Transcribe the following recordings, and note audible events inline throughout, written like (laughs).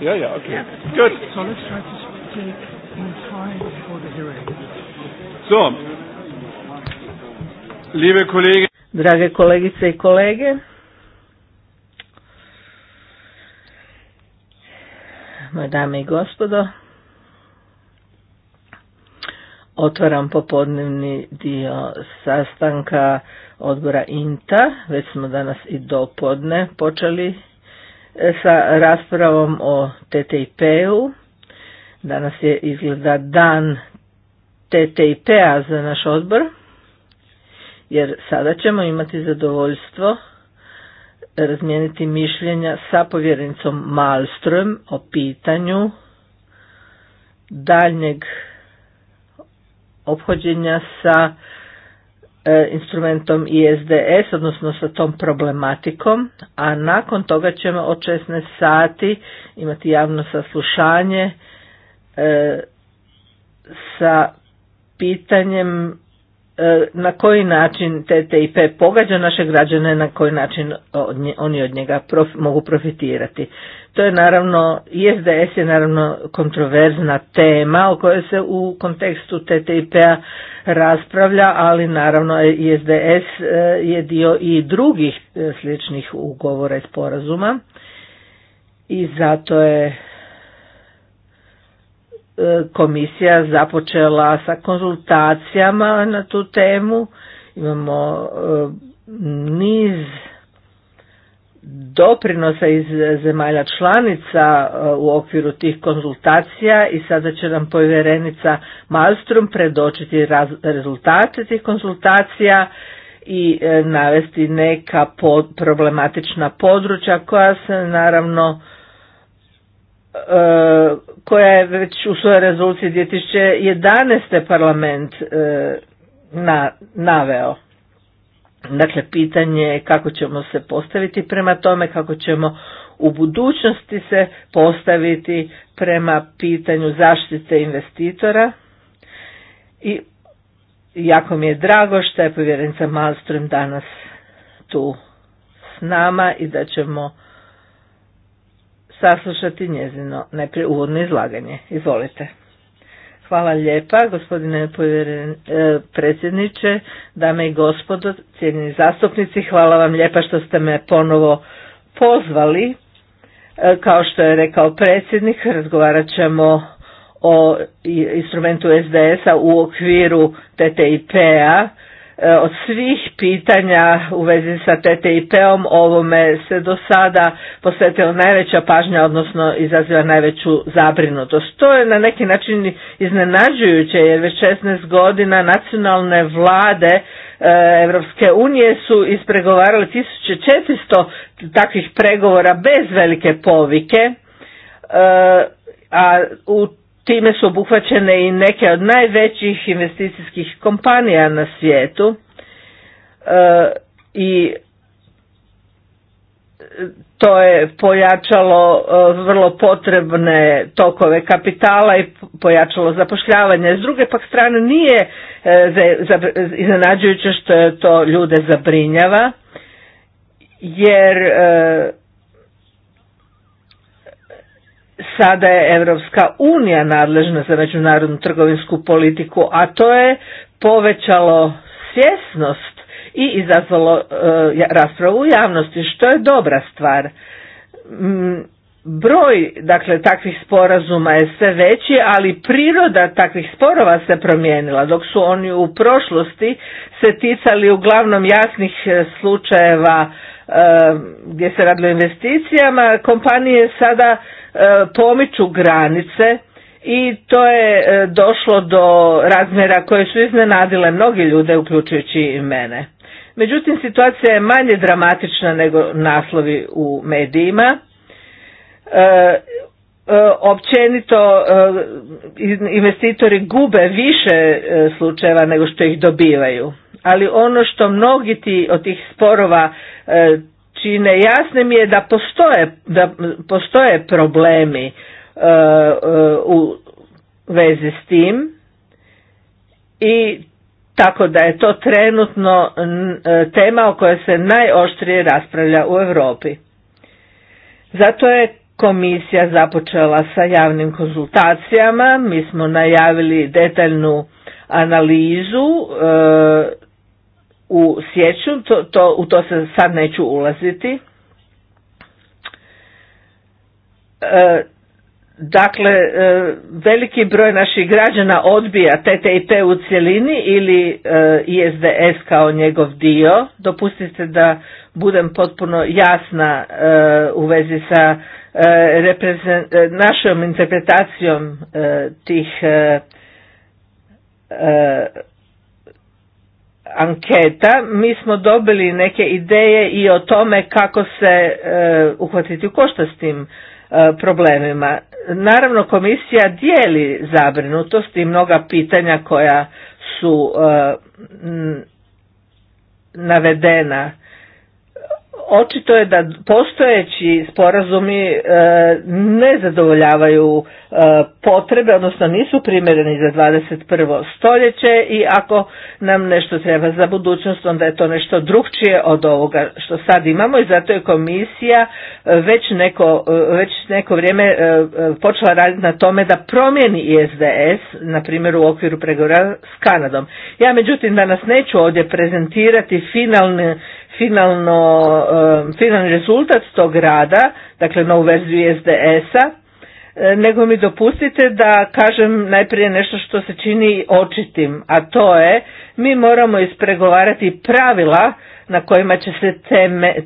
Yeah, yeah, okay. Yeah. Good. So let's try to take in time for the hearing. So, liebe kolege. Drage kolegice i kolege, moje dame i gospodo, otvaram popodnevni dio sastanka odbora INTA, već smo danas i dopodne počeli sa raspravom o TTIP-u. Danas je izgleda dan TTIP-a za naš odbor, jer sada ćemo imati zadovoljstvo razmijeniti mišljenja sa povjerenicom Malström o pitanju daljnjeg obhođenja sa E, instrumentom ISDS, odnosno sa tom problematikom, a nakon toga ćemo od 16 sati imati javno saslušanje e, sa pitanjem E, na koji način TTIP pogađa naše građane, na koji način oni od njega mogu profitirati. To je naravno, ISDS je naravno kontroverzna tema o kojoj se u kontekstu TTIP-a raspravlja, ali naravno ISDS e, je dio i drugih e, sličnih ugovora i sporazuma i zato je E, komisija započela sa konzultacijama na tu temu. Imamo e, niz doprinosa iz zemalja članica e, u okviru tih konzultacija i sada će nam povjerenica Malstrom predočiti rezultate tih konzultacija i navesti neka problematična područja koja se naravno E, koja je već u svojoj rezoluciji 2011. parlament e, naveo. Dakle, pitanje je kako ćemo se postaviti prema tome, kako ćemo u budućnosti se postaviti prema pitanju zaštite investitora i jako mi je drago što je povjerenica Malström danas tu s nama i da ćemo saslušati njezino najprije uvodno izlaganje. Izvolite. Hvala lijepa, gospodine e, predsjedniče, dame i gospodo, cijenjeni zastupnici, hvala vam lijepa što ste me ponovo pozvali. E, kao što je rekao predsjednik, razgovarat ćemo o instrumentu SDS-a u okviru TTIP-a E, od svih pitanja u vezi sa TTIP-om ovome se do sada posvetila najveća pažnja, odnosno izaziva najveću zabrinutost. To je na neki način iznenađujuće jer već 16 godina nacionalne vlade Europske unije su ispregovarali 1400 takvih pregovora bez velike povike, e, a u Time su obuhvaćene i neke od najvećih investicijskih kompanija na svijetu e, i to je pojačalo e, vrlo potrebne tokove kapitala i pojačalo zapošljavanje. S druge pak strane nije e, iznenađujuće što je to ljude zabrinjava jer sada je Europska unija nadležna za međunarodnu trgovinsku politiku, a to je povećalo svjesnost i izazvalo e, raspravu u javnosti, što je dobra stvar. Mm, broj dakle takvih sporazuma je sve veći, ali priroda takvih sporova se promijenila, dok su oni u prošlosti se ticali uglavnom jasnih e, slučajeva e, gdje se radilo investicijama, kompanije sada E, pomiču granice i to je e, došlo do razmjera koje su iznenadile mnogi ljude, uključujući i mene. Međutim, situacija je manje dramatična nego naslovi u medijima. E, općenito investitori gube više slučajeva nego što ih dobivaju. Ali ono što mnogi ti od tih sporova čine jasne mi je da postoje, da postoje problemi e, e, u vezi s tim i tako da je to trenutno e, tema o kojoj se najoštrije raspravlja u Europi. Zato je komisija započela sa javnim konzultacijama, mi smo najavili detaljnu analizu u sjeću, to, to, u to se sad neću ulaziti. E, dakle, e, veliki broj naših građana odbija TTIP u cjelini ili e, ISDS kao njegov dio. Dopustite da budem potpuno jasna u vezi sa našom interpretacijom tih anketa, mi smo dobili neke ideje i o tome kako se e, uhvatiti u košta s tim e, problemima. Naravno komisija dijeli zabrinutost i mnoga pitanja koja su e, navedena očito je da postojeći sporazumi e, ne zadovoljavaju e, potrebe, odnosno nisu primjereni za 21. stoljeće i ako nam nešto treba za budućnost, onda je to nešto drugčije od ovoga što sad imamo i zato je komisija već neko, već neko vrijeme e, počela raditi na tome da promijeni ISDS, na primjer u okviru pregovora s Kanadom. Ja međutim danas neću ovdje prezentirati finalne finalno, finalni rezultat tog rada, dakle novu verziju SDS-a, e, nego mi dopustite da kažem najprije nešto što se čini očitim, a to je mi moramo ispregovarati pravila na kojima će se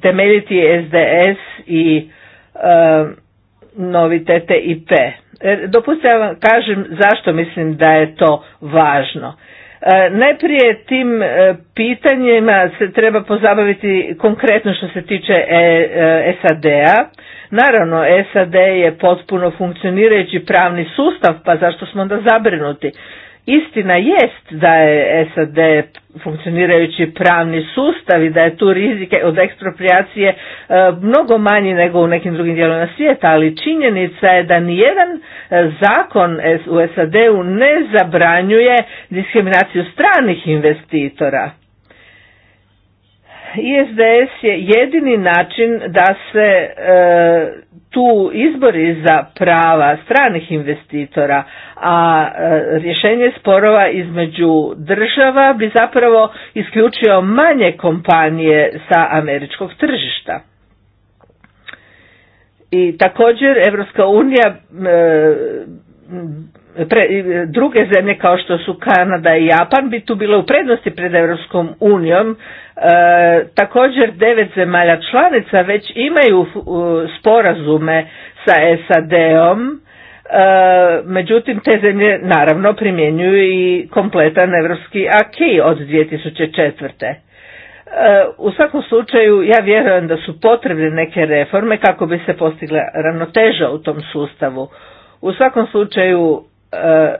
temeljiti SDS i e, novi TTIP. Dopustite da vam kažem zašto mislim da je to važno. E, najprije tim e, pitanjima se treba pozabaviti konkretno što se tiče e, SAD-a. Naravno, SAD je potpuno funkcionirajući pravni sustav, pa zašto smo onda zabrinuti? Istina jest da je SAD funkcionirajući pravni sustav i da je tu rizike od ekspropriacije e, mnogo manji nego u nekim drugim dijelovima svijeta, ali činjenica je da nijedan e, zakon u SAD-u ne zabranjuje diskriminaciju stranih investitora. ISDS je jedini način da se e, tu izbori za prava stranih investitora, a e, rješenje sporova između država bi zapravo isključio manje kompanije sa američkog tržišta. I također Evropska unija e, E, druge zemlje kao što su Kanada i Japan bi tu bile u prednosti pred Europskom unijom. E, također devet zemalja članica već imaju e, sporazume sa SAD-om, e, međutim te zemlje naravno primjenjuju i kompletan europski AKI od 2004. U svakom slučaju ja vjerujem da su potrebne neke reforme kako bi se postigla ravnoteža u tom sustavu. U svakom slučaju E,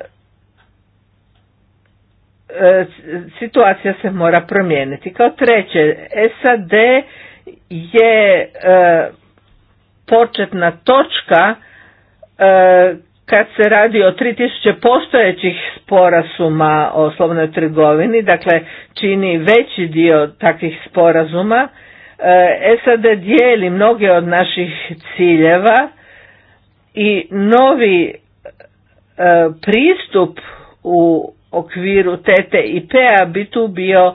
e, situacija se mora promijeniti. Kao treće, SAD je e, početna točka kad se radi o 3000 postojećih sporazuma o slobodnoj trgovini, dakle čini veći dio takvih sporazuma. SAD dijeli mnoge od naših ciljeva i novi E, pristup u okviru TTIP-a bi tu bio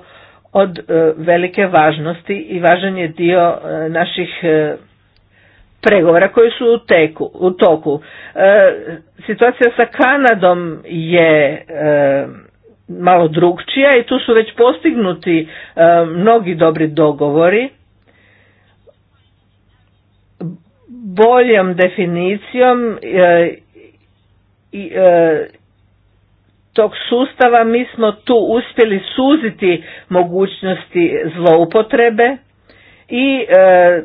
od e, velike važnosti i važan je dio e, naših pregovora koji su u, teku, u toku. situacija sa Kanadom je malo drugčija i tu su već postignuti mnogi dobri dogovori. Boljom definicijom i, e, tog sustava mi smo tu uspjeli suziti mogućnosti zloupotrebe i e,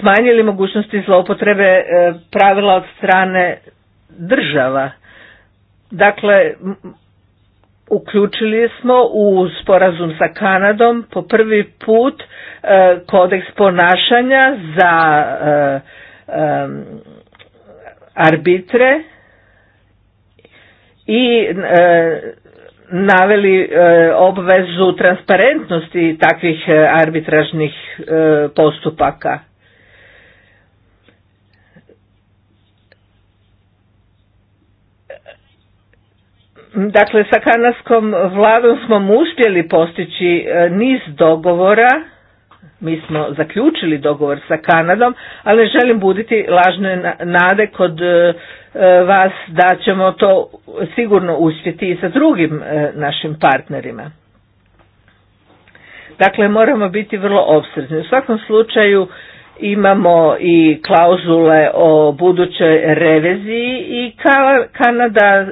smanjili mogućnosti zloupotrebe e, pravila od strane država. Dakle, uključili smo u sporazum sa Kanadom po prvi put e, kodeks ponašanja za arbitre i e, naveli e, obvezu transparentnosti takvih e, arbitražnih postupaka. Dakle, sa kanadskom vladom smo uspjeli postići niz dogovora mi smo zaključili dogovor sa Kanadom, ali želim buditi lažne nade kod e, e, vas da ćemo to sigurno uspjeti i sa drugim e, našim partnerima. Dakle, moramo biti vrlo obsrezni. U svakom slučaju imamo i klauzule o budućoj reviziji i Kanada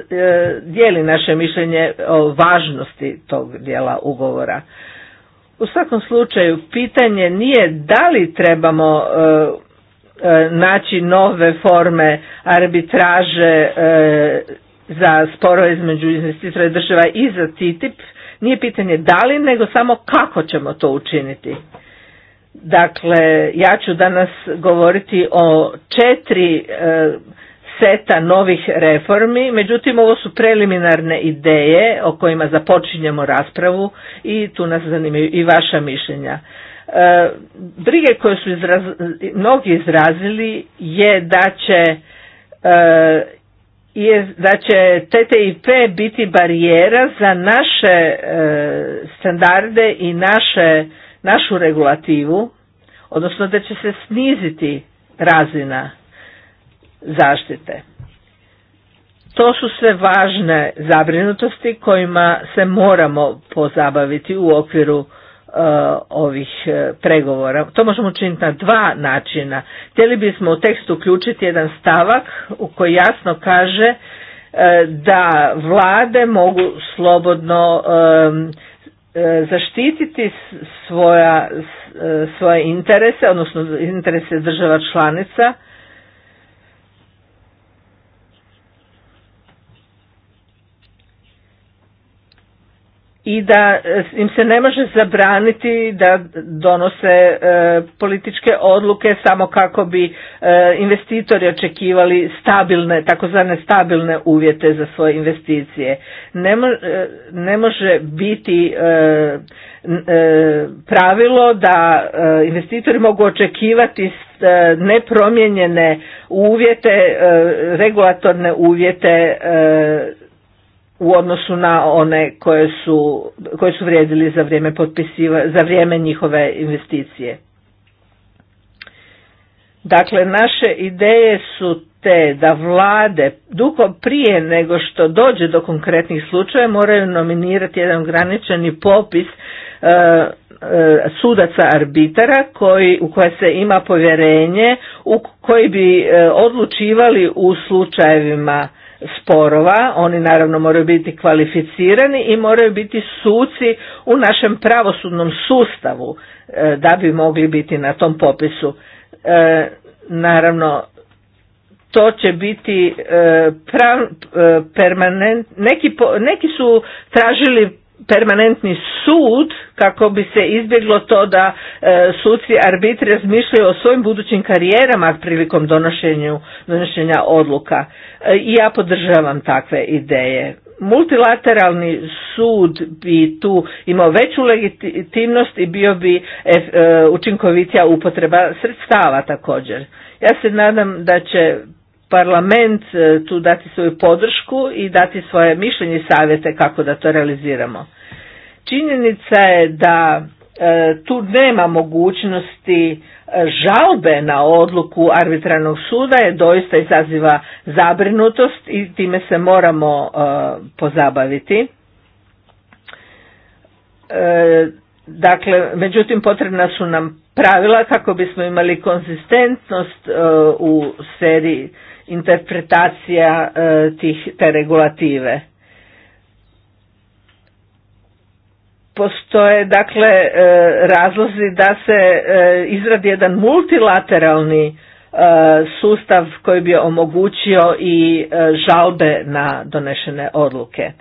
dijeli naše mišljenje o važnosti tog dijela ugovora. U svakom slučaju, pitanje nije da li trebamo e, e, naći nove forme arbitraže e, za sporo između investitora i država i za TTIP, nije pitanje da li, nego samo kako ćemo to učiniti. Dakle, ja ću danas govoriti o četiri seta novih reformi, međutim ovo su preliminarne ideje o kojima započinjemo raspravu i tu nas zanimaju i vaša mišljenja. E, brige koje su mnogi izrazili je da će e, je da će TTIP biti barijera za naše e, standarde i naše, našu regulativu, odnosno da će se sniziti razina zaštite. To su sve važne zabrinutosti kojima se moramo pozabaviti u okviru e, ovih e, pregovora. To možemo učiniti na dva načina. Htjeli bismo u tekstu uključiti jedan stavak u koji jasno kaže e, da vlade mogu slobodno zaštititi svoja, svoje interese, odnosno interese država članica i da e, im se ne može zabraniti da donose e, političke odluke samo kako bi e, investitori očekivali stabilne, takozvane stabilne uvjete za svoje investicije. Ne, ne može biti pravilo da investitori mogu očekivati nepromjenjene uvjete, regulatorne uvjete u odnosu na one koje su, koje su vrijedili za vrijeme potpisiva, za vrijeme njihove investicije. Dakle, naše ideje su te da vlade dugo prije nego što dođe do konkretnih slučaja moraju nominirati jedan ograničeni popis e, e, sudaca arbitara koji, u koje se ima povjerenje, u koji bi e, odlučivali u slučajevima sporova, oni naravno moraju biti kvalificirani i moraju biti suci u našem pravosudnom sustavu e, da bi mogli biti na tom popisu. E, naravno, to će biti e, neki, neki su tražili permanentni sud kako bi se izbjeglo to da e, suci arbitri razmišljaju o svojim budućim karijerama prilikom donošenja odluka. E, I ja podržavam takve ideje. Multilateralni sud bi tu imao veću legitimnost i bio bi e, e, učinkovitija upotreba sredstava također. Ja se nadam da će parlament e, tu dati svoju podršku i dati svoje mišljenje i savjete kako da to realiziramo. Činjenica je da e, tu nema mogućnosti e, žalbe na odluku arbitranog suda je doista izaziva zabrinutost i time se moramo pozabaviti. Dakle, međutim potrebna su nam pravila kako bismo imali konzistentnost u seriji interpretacija e, tih, te regulative. Postoje dakle e, razlozi da se e, izradi jedan multilateralni sustav koji bi omogućio i žalbe na donešene odluke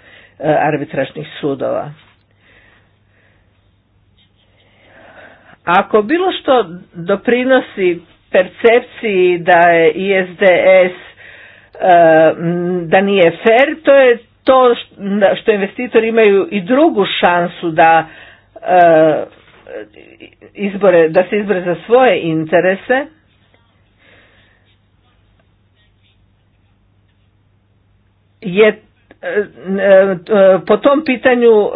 arbitražnih sudova. Ako bilo što doprinosi percepciji da je ISDS e, da nije fer, to je to što investitori imaju i drugu šansu da e, izbore, da se izbore za svoje interese. Je po tom pitanju e,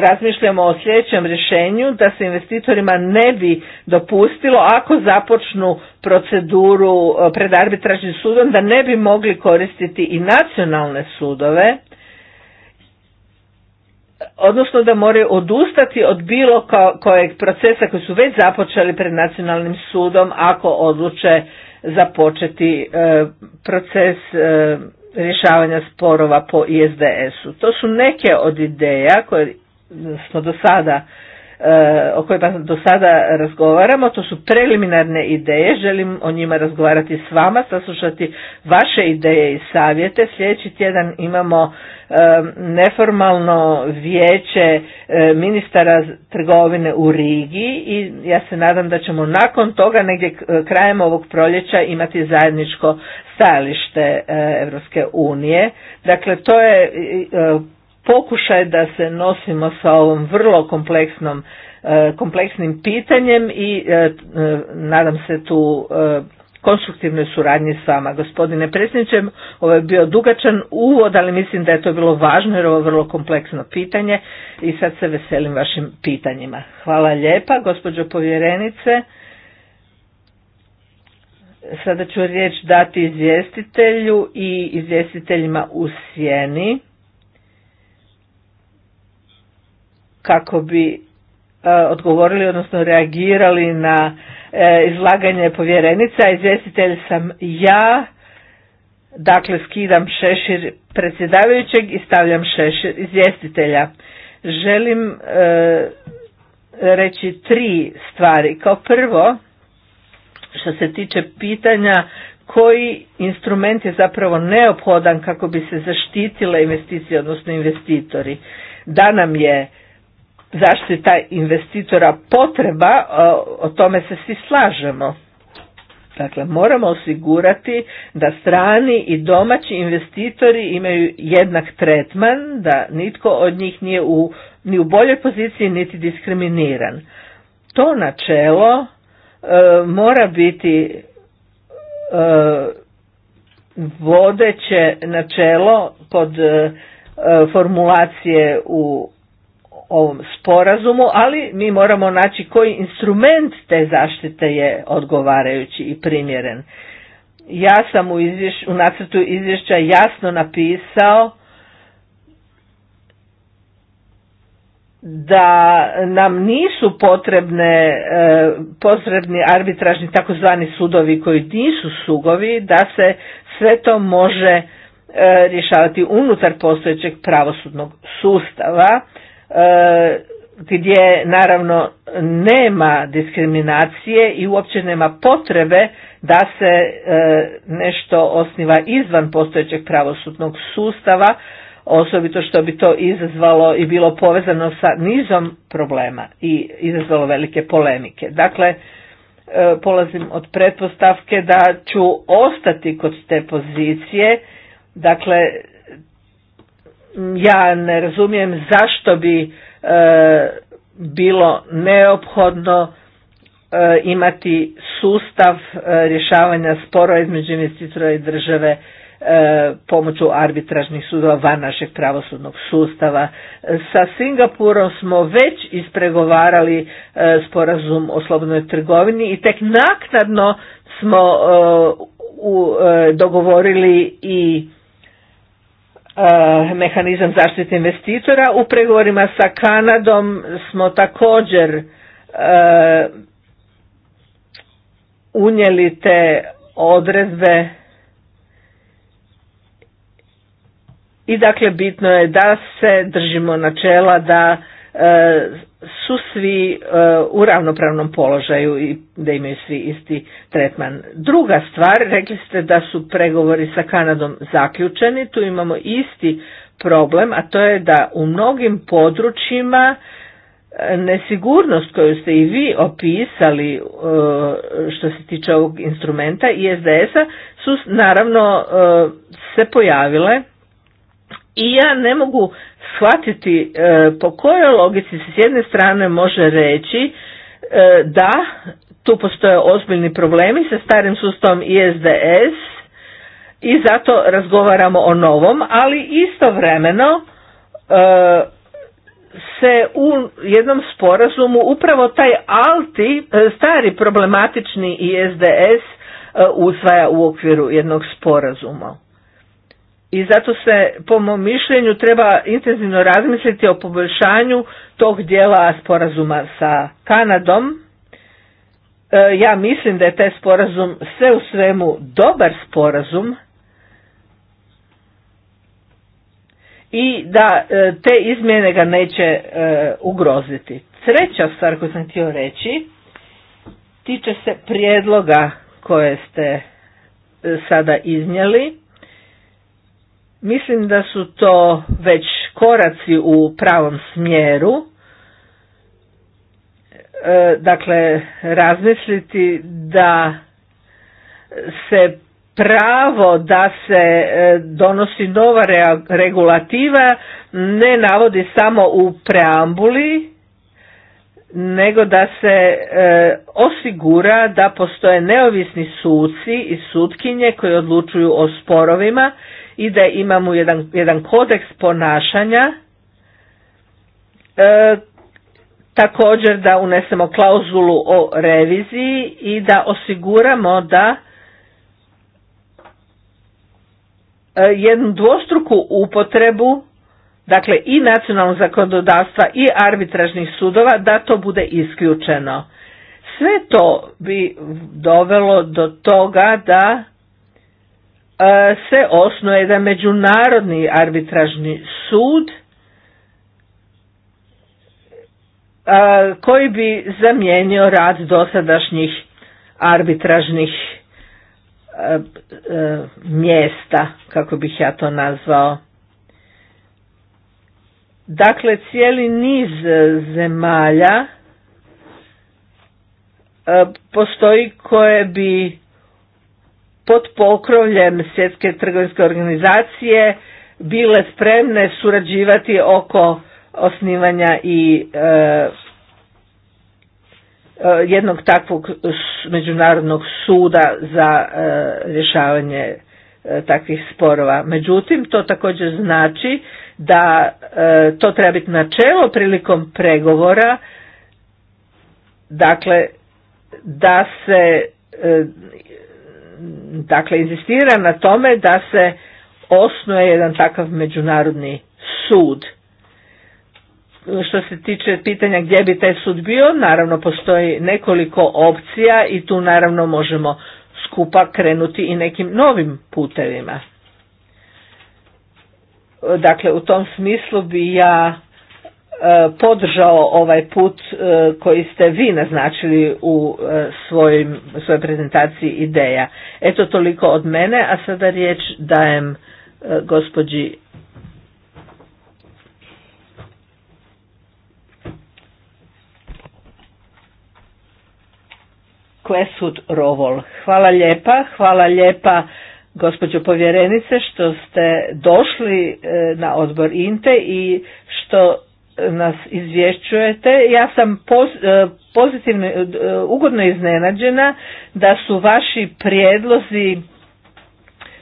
razmišljamo o sljedećem rješenju da se investitorima ne bi dopustilo ako započnu proceduru e, pred arbitražnim sudom da ne bi mogli koristiti i nacionalne sudove odnosno da moraju odustati od bilo kojeg procesa koji su već započeli pred nacionalnim sudom ako odluče započeti e, proces rješavanja sporova po ISDS-u. To su neke od ideja koje smo do sada E, o kojima do sada razgovaramo. To su preliminarne ideje, želim o njima razgovarati s vama, saslušati vaše ideje i savjete. Sljedeći tjedan imamo e, neformalno vijeće e, ministara trgovine u Rigi i ja se nadam da ćemo nakon toga negdje krajem ovog proljeća imati zajedničko stajalište Europske unije. Dakle, to je pokušaj da se nosimo sa ovom vrlo kompleksnom, e, kompleksnim pitanjem i e, e, nadam se tu konstruktivnoj suradnji s vama. Gospodine predsjedniče, ovo je bio dugačan uvod, ali mislim da je to bilo važno jer ovo je vrlo kompleksno pitanje i sad se veselim vašim pitanjima. Hvala lijepa, gospođo povjerenice. Sada ću riječ dati izvjestitelju i izvjestiteljima u sjeni. kako bi e, odgovorili, odnosno reagirali na e, izlaganje povjerenica. Izvjestitelj sam ja, dakle skidam šešir predsjedavajućeg i stavljam šešir izvjestitelja. Želim e, reći tri stvari. Kao prvo, što se tiče pitanja koji instrument je zapravo neophodan kako bi se zaštitile investicije, odnosno investitori. Da nam je zaštita investitora potreba, e, o tome se svi slažemo. Dakle, moramo osigurati da strani i domaći investitori imaju jednak tretman, da nitko od njih nije u, ni u boljoj poziciji niti diskriminiran. To načelo e, mora biti e, vodeće načelo kod formulacije u ovom sporazumu, ali mi moramo naći koji instrument te zaštite je odgovarajući i primjeren. Ja sam u, izvješ, u nacrtu izvješća jasno napisao da nam nisu potrebne e, potrebni arbitražni takozvani sudovi koji nisu sugovi, da se sve to može e, rješavati unutar postojećeg pravosudnog sustava E, gdje naravno nema diskriminacije i uopće nema potrebe da se e, nešto osniva izvan postojećeg pravosudnog sustava, osobito što bi to izazvalo i bilo povezano sa nizom problema i izazvalo velike polemike. Dakle, e, polazim od pretpostavke da ću ostati kod te pozicije, dakle ja ne razumijem zašto bi e, bilo neophodno e, imati sustav e, rješavanja sporova između investitora i države pomoću arbitražnih sudova van našeg pravosudnog sustava. Sa Singapurom smo već ispregovarali sporazum o slobodnoj trgovini i tek naknadno smo u, dogovorili i Eh, mehanizam zaštite investitora. U pregovorima sa Kanadom smo također eh, unijeli te odredbe i dakle bitno je da se držimo načela da eh, su svi e, u ravnopravnom položaju i da imaju svi isti tretman. Druga stvar, rekli ste da su pregovori sa Kanadom zaključeni, tu imamo isti problem, a to je da u mnogim područjima e, nesigurnost koju ste i vi opisali e, što se tiče ovog instrumenta i a su naravno se pojavile i ja ne mogu shvatiti e, po kojoj logici se s jedne strane može reći e, da tu postoje ozbiljni problemi sa starim sustavom ISDS i zato razgovaramo o novom, ali istovremeno e, se u jednom sporazumu upravo taj alti, stari problematični ISDS usvaja u okviru jednog sporazuma i zato se po mom mišljenju treba intenzivno razmisliti o poboljšanju tog dijela sporazuma sa Kanadom. E, ja mislim da je taj sporazum sve u svemu dobar sporazum i da e, te izmjene ga neće e, ugroziti. Treća stvar koju sam htio reći tiče se prijedloga koje ste sada iznijeli Mislim da su to već koraci u pravom smjeru. E, dakle, razmisliti da se pravo da se e, donosi nova regulativa ne navodi samo u preambuli, nego da se e, osigura da postoje neovisni suci i sutkinje koji odlučuju o sporovima i da imamo jedan, jedan kodeks ponašanja e, također da unesemo klauzulu o reviziji i da osiguramo da e, jednu dvostruku upotrebu dakle i nacionalnog zakonodavstva i arbitražnih sudova da to bude isključeno. Sve to bi dovelo do toga da E, se osnoje jedan međunarodni arbitražni sud e, koji bi zamijenio rad dosadašnjih arbitražnih e, mjesta, kako bih ja to nazvao. Dakle, cijeli niz zemalja postoji koje bi pod pokrovljem svjetske trgovinske organizacije bile spremne surađivati oko osnivanja i e, e, jednog takvog međunarodnog suda za e, rješavanje takvih sporova. Međutim, to također znači da to treba biti načelo prilikom pregovora, dakle da se dakle inzistira na tome da se osnuje jedan takav međunarodni sud. Što se tiče pitanja gdje bi taj sud bio, naravno postoji nekoliko opcija i tu naravno možemo skupa krenuti i nekim novim putevima. Dakle, u tom smislu bi ja podržao ovaj put e, koji ste vi naznačili u e, svojim, svojoj prezentaciji ideja. Eto toliko od mene, a sada riječ dajem e, gospođi Kvesud Rovol. Hvala lijepa, hvala lijepa gospođo povjerenice što ste došli na odbor INTE i što nas izvješćujete. Ja sam e, pozitivno, e, ugodno iznenađena da su vaši prijedlozi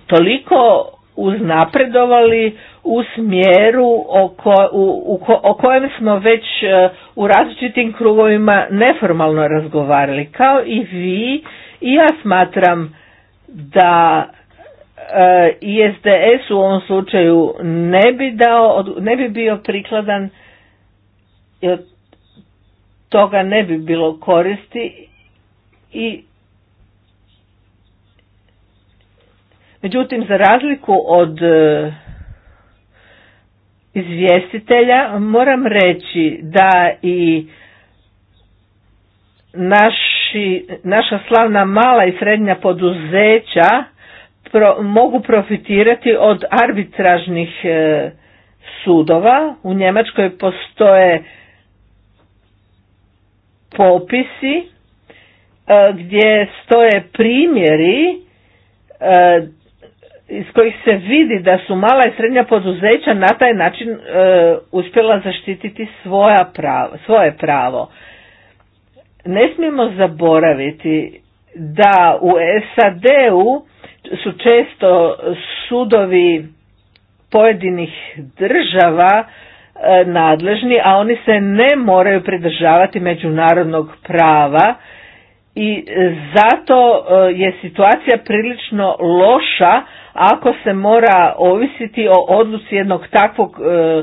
toliko uznapredovali u smjeru u, o kojem smo već e, u različitim krugovima neformalno razgovarali. Kao i vi, i ja smatram da ISDS u ovom slučaju ne bi, dao, ne bi bio prikladan i toga ne bi bilo koristi i međutim za razliku od e, izvjestitelja moram reći da i naši, naša slavna mala i srednja poduzeća pro, mogu profitirati od arbitražnih e, sudova. U Njemačkoj postoje popisi e, gdje stoje primjeri e, iz kojih se vidi da su mala i srednja poduzeća na taj način e, uspjela zaštititi svoja prava svoje pravo. Ne smijemo zaboraviti da u SAD-u su često sudovi pojedinih država E, nadležni, a oni se ne moraju pridržavati međunarodnog prava i zato e, je situacija prilično loša ako se mora ovisiti o odluci jednog takvog e,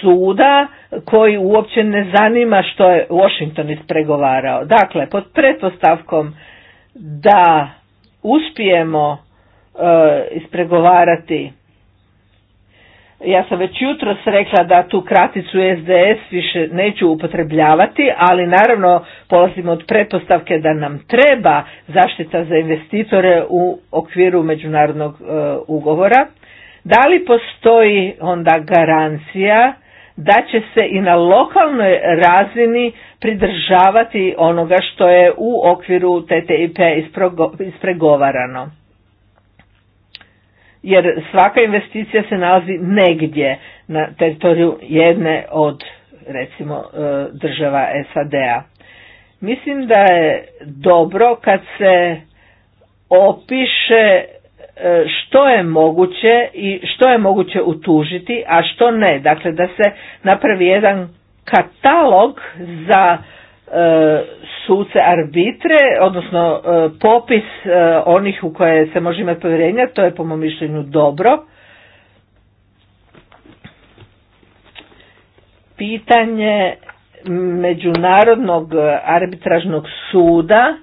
suda koji uopće ne zanima što je Washington ispregovarao. Dakle, pod pretpostavkom da uspijemo ispregovarati ja sam već jutros rekla da tu kraticu SDS više neću upotrebljavati, ali naravno polazimo od pretpostavke da nam treba zaštita za investitore u okviru međunarodnog e, ugovora. Da li postoji onda garancija da će se i na lokalnoj razini pridržavati onoga što je u okviru TTIP ispregovarano? jer svaka investicija se nalazi negdje na teritoriju jedne od recimo e, država SAD-a. Mislim da je dobro kad se opiše e, što je moguće i što je moguće utužiti, a što ne. Dakle, da se napravi jedan katalog za E, suce arbitre, odnosno e, popis e, onih u koje se može imati povjerenja, to je po mom mišljenju dobro. Pitanje Međunarodnog arbitražnog suda,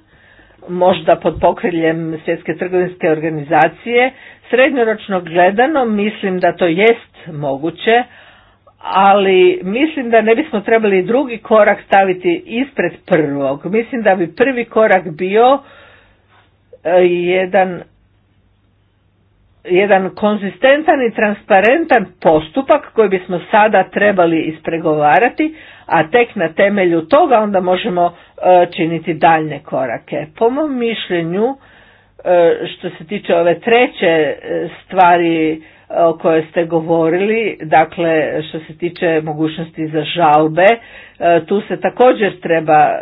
možda pod pokriljem Svjetske trgovinske organizacije, srednjoročno gledano mislim da to jest moguće, ali mislim da ne bismo trebali drugi korak staviti ispred prvog. Mislim da bi prvi korak bio e, jedan jedan konzistentan i transparentan postupak koji bismo sada trebali ispregovarati, a tek na temelju toga onda možemo e, činiti daljne korake. Po mom mišljenju, e, što se tiče ove treće stvari o kojoj ste govorili, dakle što se tiče mogućnosti za žalbe, e, tu se također treba e,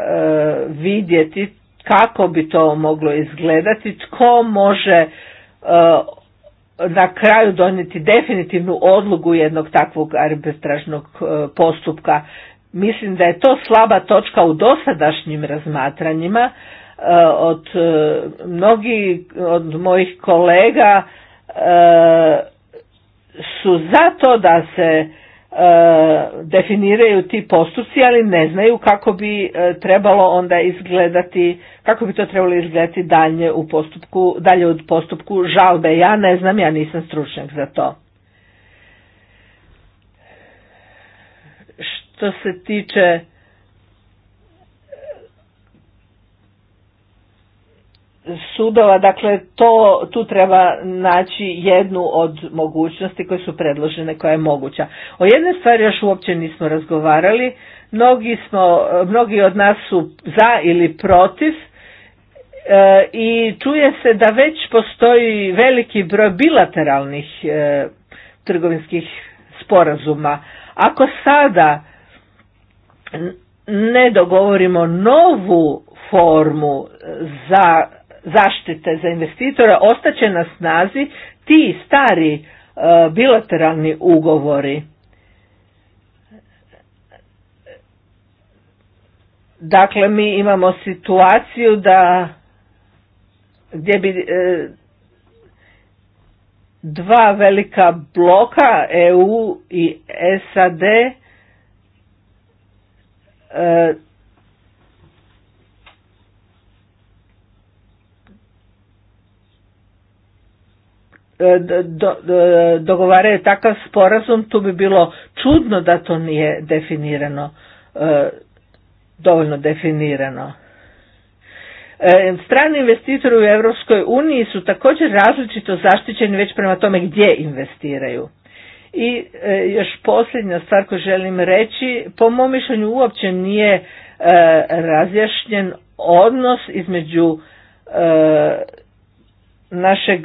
vidjeti kako bi to moglo izgledati, tko može e, na kraju donijeti definitivnu odlugu jednog takvog arbitražnog postupka. Mislim da je to slaba točka u dosadašnjim razmatranjima. Od mnogih od mojih kolega su za to da se e, definiraju ti postupci, ali ne znaju kako bi e, trebalo onda izgledati, kako bi to trebalo izgledati dalje u postupku, dalje u postupku žalbe. Ja ne znam, ja nisam stručnjak za to. Što se tiče sudova, dakle to, tu treba naći jednu od mogućnosti koje su predložene, koja je moguća. O jednoj stvari još uopće nismo razgovarali, mnogi, smo, mnogi od nas su za ili protiv e, i čuje se da već postoji veliki broj bilateralnih e, trgovinskih sporazuma. Ako sada ne dogovorimo novu formu za zaštite za investitora ostaće na snazi ti stari e, bilateralni ugovori. Dakle, mi imamo situaciju da gdje bi e, dva velika bloka EU i SAD e, E, do, e, dogovaraju takav sporazum, tu bi bilo čudno da to nije definirano, e, dovoljno definirano. Strani investitori u Europskoj uniji su također različito zaštićeni već prema tome gdje investiraju. I još posljednja stvar koju želim reći, po mom mišljenju uopće nije razjašnjen odnos između našeg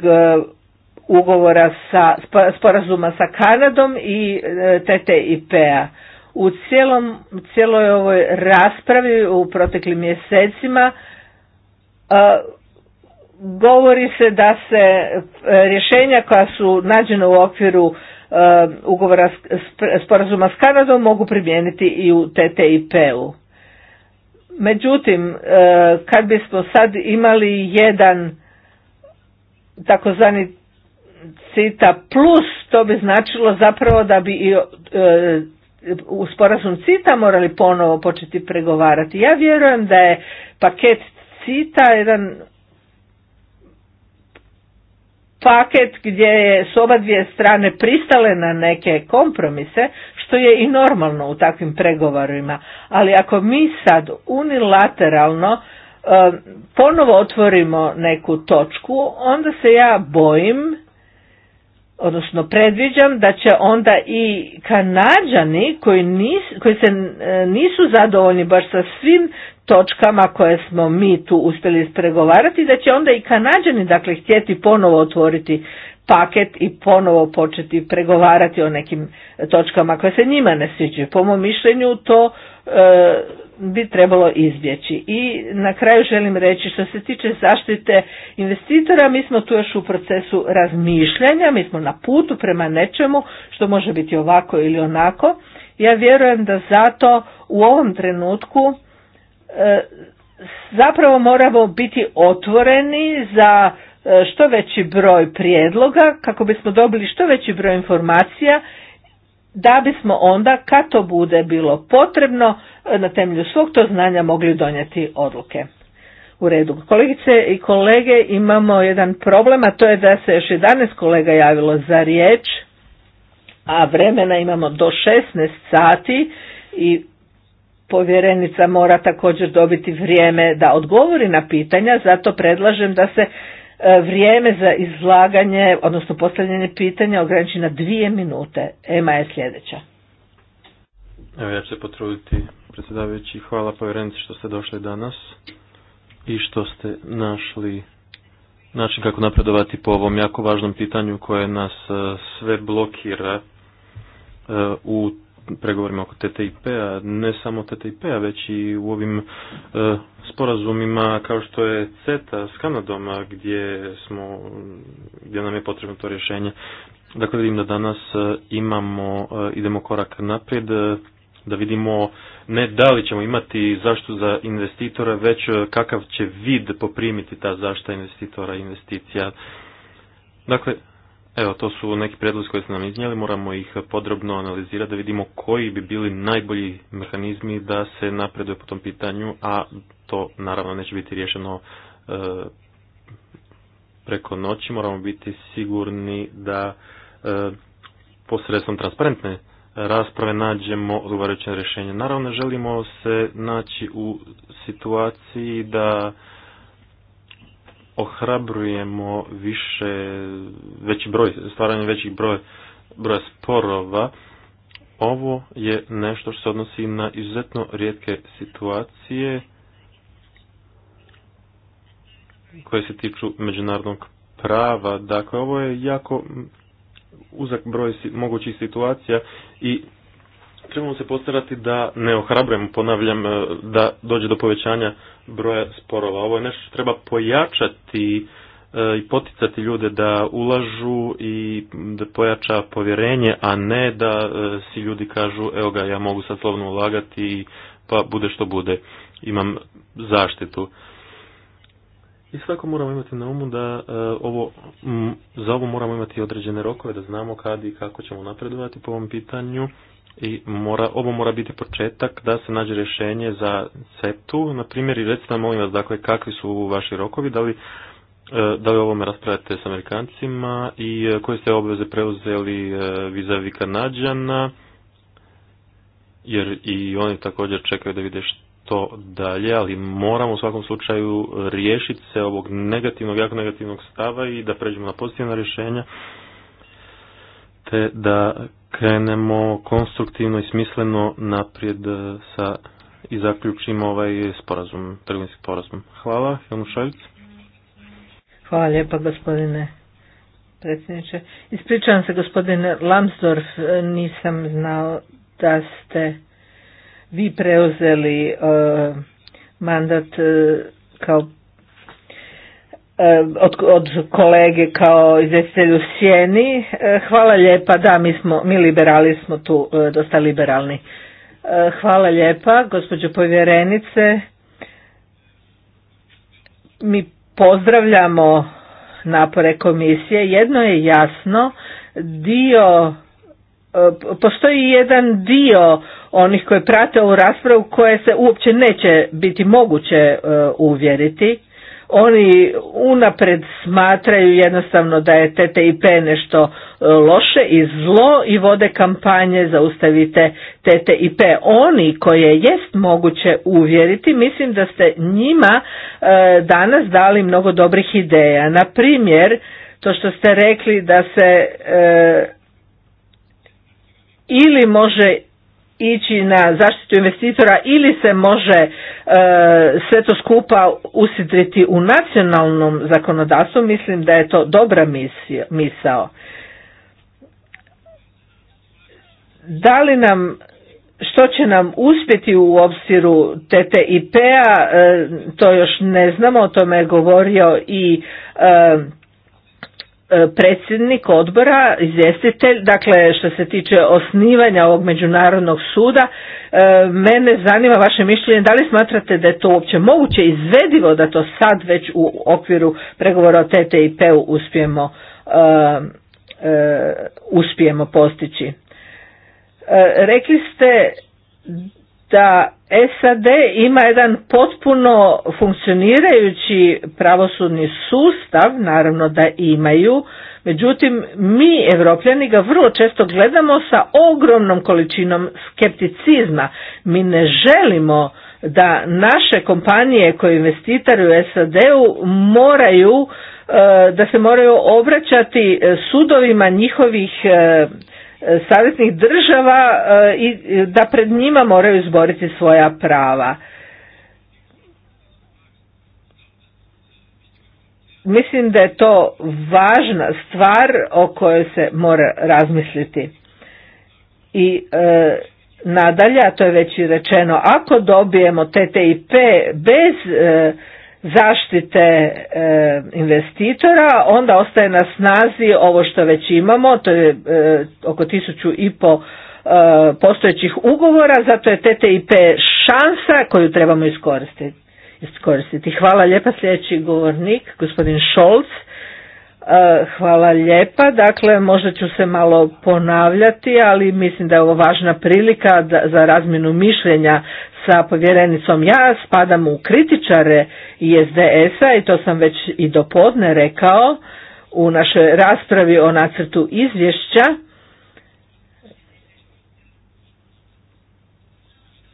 ugovora sa, sporazuma sa Kanadom i e, TTIP-a. U cijelom, cijeloj ovoj raspravi u proteklim mjesecima e, govori se da se e, rješenja koja su nađena u okviru ugovora sporazuma s Kanadom mogu primijeniti i u TTIP-u. Međutim, kad bismo sad imali jedan takozvani CITA plus, to bi značilo zapravo da bi i e, u sporazum CITA morali ponovo početi pregovarati. Ja vjerujem da je paket CITA jedan paket gdje je s oba dvije strane pristale na neke kompromise, što je i normalno u takvim pregovorima. Ali ako mi sad unilateralno e, ponovo otvorimo neku točku, onda se ja bojim odnosno predviđam da će onda i Kanađani koji, koji se e, nisu zadovoljni baš sa svim točkama koje smo mi tu uspjeli ispregovarati, da će onda i Kanađani dakle htjeti ponovo otvoriti paket i ponovo početi pregovarati o nekim točkama koje se njima ne sviđaju. Po mom mišljenju to e, bi trebalo izbjeći. I na kraju želim reći što se tiče zaštite investitora, mi smo tu još u procesu razmišljanja, mi smo na putu prema nečemu što može biti ovako ili onako. Ja vjerujem da zato u ovom trenutku e, zapravo moramo biti otvoreni za e, što veći broj prijedloga kako bismo dobili što veći broj informacija da bismo onda kad to bude bilo potrebno e, na temelju svog to znanja mogli donijeti odluke. U redu. Kolegice i kolege, imamo jedan problem, a to je da se još 11 kolega javilo za riječ, a vremena imamo do 16 sati i povjerenica mora također dobiti vrijeme da odgovori na pitanja, zato predlažem da se E, vrijeme za izlaganje, odnosno postavljanje pitanja ograniči na dvije minute. Ema je sljedeća. Evo ja ću se potruditi predsjedavajući. Hvala povjerenici što ste došli danas i što ste našli način kako napredovati po ovom jako važnom pitanju koje nas e, sve blokira e, u pregovorima oko TTIP-a, ne samo TTIP-a, već i u ovim e, sporazumima kao što je CETA s Kanadom, gdje, smo, gdje nam je potrebno to rješenje. Dakle, vidim da danas e, imamo, e, idemo korak naprijed, da vidimo ne da li ćemo imati zaštu za investitora, već kakav će vid poprimiti ta zašta investitora investicija. Dakle, Evo, to su neki predlozi koje ste nam iznijeli, moramo ih podrobno analizirati da vidimo koji bi bili najbolji mehanizmi da se napreduje po tom pitanju, a to naravno neće biti riješeno e, preko noći. Moramo biti sigurni da e, posredstvom transparentne rasprave nađemo odgovarajuće rješenje. Naravno, želimo se naći u situaciji da ohrabrujemo više, veći broj, stvaranje većih broj, broja sporova, ovo je nešto što se odnosi na izuzetno rijetke situacije koje se tiču međunarodnog prava. Dakle, ovo je jako uzak broj mogućih situacija i trebamo se postarati da ne ohrabrujemo, ponavljam, e, da dođe do povećanja broja sporova. Ovo je nešto što treba pojačati e, i poticati ljude da ulažu i da pojača povjerenje, a ne da e, si ljudi kažu evo ga ja mogu sad slovno ulagati pa bude što bude, imam zaštitu. I svako moramo imati na umu da ovo, za ovo moramo imati određene rokove, da znamo kad i kako ćemo napredovati po ovom pitanju i mora, ovo mora biti početak da se nađe rješenje za CETU. Na primjer, i recite molim vas, dakle, kakvi su vaši rokovi, da li, e, da li ovome raspravljate s Amerikancima i e, koje ste obveze preuzeli e, vizavi Kanadžana, jer i oni također čekaju da vide što dalje, ali moramo u svakom slučaju riješiti se ovog negativnog, jako negativnog stava i da pređemo na pozitivna rješenja te da krenemo konstruktivno i smisleno naprijed e, sa i zaključimo ovaj sporazum, trgovinski sporazum. Hvala, Helmu Šaljic. Hvala lijepa gospodine predsjedniče. Ispričavam se gospodine Lamsdorf, e, nisam znao da ste vi preuzeli e, mandat kao E, od, od kolege kao izvjestitelju Sjeni. E, hvala lijepa, da mi, smo, mi liberali smo tu e, dosta liberalni. Hvala lijepa, gospođo povjerenice. Mi pozdravljamo napore komisije. Jedno je jasno, dio postoji jedan dio onih koji prate ovu raspravu koje se uopće neće biti moguće uvjeriti oni unapred smatraju jednostavno da je TTIP nešto e, loše i zlo i vode kampanje zaustavite TTIP. Oni koje jest moguće uvjeriti, mislim da ste njima e, danas dali mnogo dobrih ideja. Na primjer, to što ste rekli da se e, ili može ići na zaštitu investitora ili se može e, sve to skupa usidriti u nacionalnom zakonodavstvu, mislim da je to dobra misija misao. Da li nam što će nam uspjeti u obsiru TTIP-a, e, to još ne znamo, o tome je govorio i e, E, predsjednik odbora, izvjestitelj, dakle što se tiče osnivanja ovog međunarodnog suda, e, mene zanima vaše mišljenje, da li smatrate da je to uopće moguće izvedivo da to sad već u okviru pregovora o TTIP-u uspijemo, e, uspijemo postići? rekli ste da SAD ima jedan potpuno funkcionirajući pravosudni sustav, naravno da imaju, međutim mi evropljani ga vrlo često gledamo sa ogromnom količinom skepticizma. Mi ne želimo da naše kompanije koje investiraju u SAD-u moraju e, da se moraju obraćati e, sudovima njihovih e, E, savjetnih država e, i da pred njima moraju izboriti svoja prava. Mislim da je to važna stvar o kojoj se mora razmisliti. I e, nadalje, a to je već i rečeno, ako dobijemo TTIP bez e, zaštite e, investitora, onda ostaje na snazi ovo što već imamo, to je e, oko tisuću i po e, postojećih ugovora, zato je TTIP šansa koju trebamo iskoristiti. iskoristiti. Hvala lijepa sljedeći govornik, gospodin Šolc. E, hvala lijepa. Dakle, možda ću se malo ponavljati, ali mislim da je ovo važna prilika za razmjenu mišljenja sa povjerenicom. Ja spadam u kritičare ISDS-a i to sam već i dopodne rekao u našoj raspravi o nacrtu izvješća.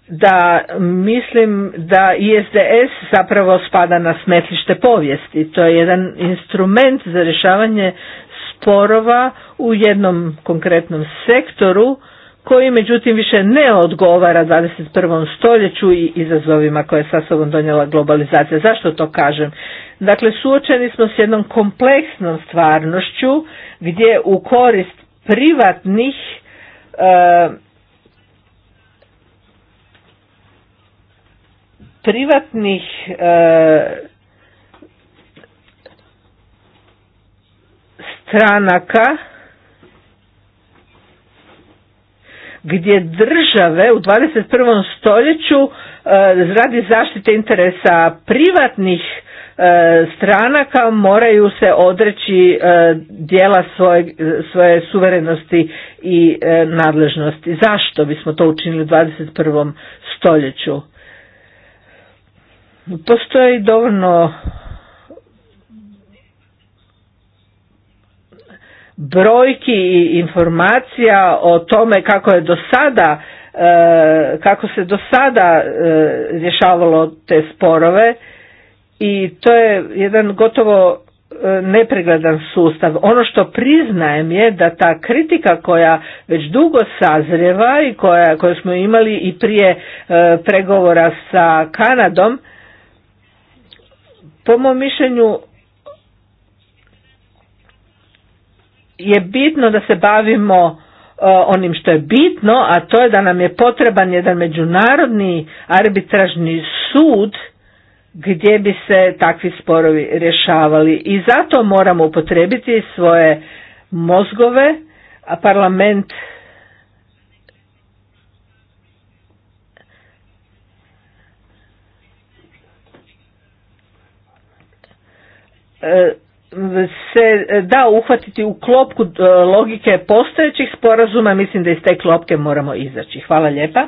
da mislim da ISDS zapravo spada na smetlište povijesti. To je jedan instrument za rješavanje sporova u jednom konkretnom sektoru koji međutim više ne odgovara 21. stoljeću i izazovima koje je sa sobom donijela globalizacija. Zašto to kažem? Dakle, suočeni smo s jednom kompleksnom stvarnošću gdje u korist privatnih eh, privatnih e, stranaka gdje države u 21. stoljeću e, radi zaštite interesa privatnih e, stranaka moraju se odreći dijela svoje, svoje suverenosti i nadležnosti. Zašto bismo to učinili u 21. stoljeću? Postoji dovoljno brojki i informacija o tome kako je do sada e, kako se do sada e, rješavalo te sporove i to je jedan gotovo e, nepregledan sustav. Ono što priznajem je da ta kritika koja već dugo sazrijeva i koja, koju smo imali i prije pregovora sa Kanadom po mom mišljenju je bitno da se bavimo e, onim što je bitno, a to je da nam je potreban jedan međunarodni arbitražni sud gdje bi se takvi sporovi rješavali. I zato moramo upotrebiti svoje mozgove, a parlament E, se da uhvatiti u klopku e, logike postojećih sporazuma, mislim da iz te klopke moramo izaći. Hvala lijepa.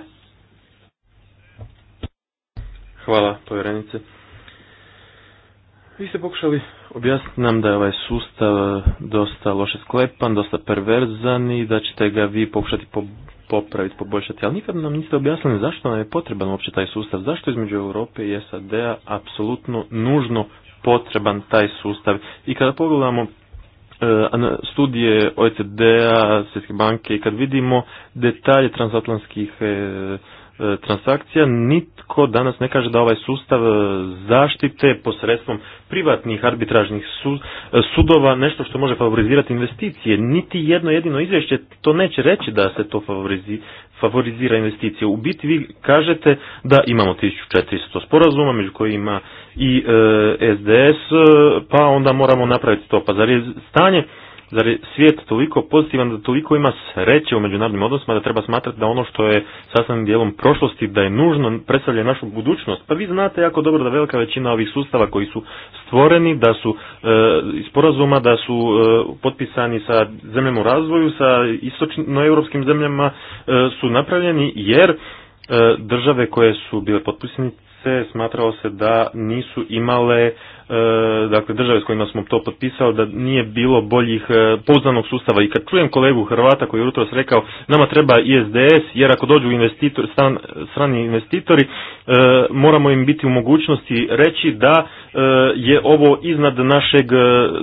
Hvala povjerenice. Vi ste pokušali objasniti nam da je ovaj sustav e, dosta loše sklepan, dosta perverzan i da ćete ga vi pokušati popraviti, poboljšati, ali nikad nam niste objasnili zašto nam je potreban uopće taj sustav, zašto između Europe i SAD-a apsolutno nužno potreban taj sustav. I kada pogledamo e, studije OECD-a, Svjetske banke i kad vidimo detalje transatlantskih e, e, transakcija, nitko danas ne kaže da ovaj sustav zaštite posredstvom privatnih arbitražnih sudova nešto što može favorizirati investicije. Niti jedno jedino izvješće to neće reći da se to favorizira favorizira investicije. U biti vi kažete da imamo 1400 sporazuma, među kojima i SDS, e, pa onda moramo napraviti to. Pa zar je stanje Zar je svijet toliko pozitivan da toliko ima sreće u međunarodnim odnosima da treba smatrati da ono što je sastavnim dijelom prošlosti da je nužno predstavlja našu budućnost? Pa vi znate jako dobro da velika većina ovih sustava koji su stvoreni, da su e, iz sporazuma, da su e, potpisani sa zemljama u razvoju, sa europskim zemljama e, su napravljeni jer države koje su bile potpisnice se smatralo se da nisu imale e, dakle države s kojima smo to potpisali da nije bilo boljih e, pouzdanog sustava i kad čujem kolegu Hrvata koji je jutros rekao nama treba ISDS jer ako dođu investitor, strani investitori e, moramo im biti u mogućnosti reći da je ovo iznad našeg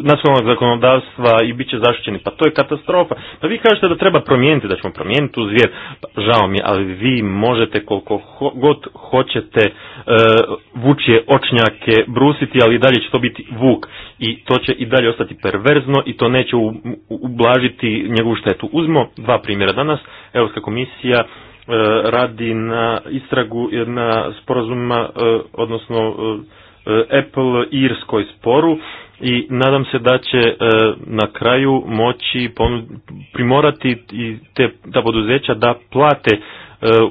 nacionalnog zakonodavstva i bit će zaštićeni pa to je katastrofa pa vi kažete da treba promijeniti da ćemo promijeniti tu zvijer pa, žao mi ali vi možete koliko god hoćete E, vučje očnjake brusiti, ali i dalje će to biti vuk i to će i dalje ostati perverzno i to neće ublažiti njegovu štetu. Uzmo dva primjera danas. Europska komisija e, radi na istragu e, na sporazuma, odnosno Apple Irskoj sporu i nadam se da će na kraju moći primorati te, ta poduzeća da plate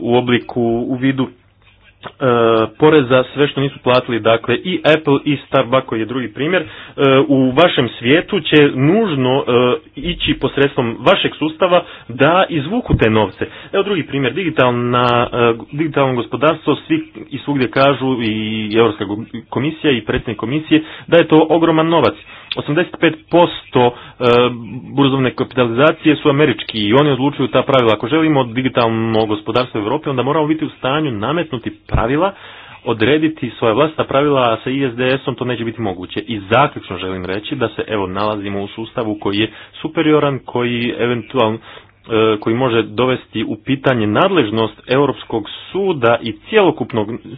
u obliku u vidu E, poreza sve što nisu platili, dakle i Apple i Starbucks koji je drugi primjer, e, u vašem svijetu će nužno e, ići posredstvom vašeg sustava da izvuku te novce. Evo drugi primjer, digitalna, e, digitalno gospodarstvo, svi i svugdje kažu i Europska komisija i predsjednik komisije da je to ogroman novac. 85% e, burzovne kapitalizacije su američki i oni odlučuju ta pravila. Ako želimo digitalno gospodarstvo u Europi, onda moramo biti u stanju nametnuti pravila, odrediti svoja vlastita pravila, a sa ISDS-om to neće biti moguće. I zaključno želim reći da se evo nalazimo u sustavu koji je superioran, koji eventualno E, koji može dovesti u pitanje nadležnost Europskog suda i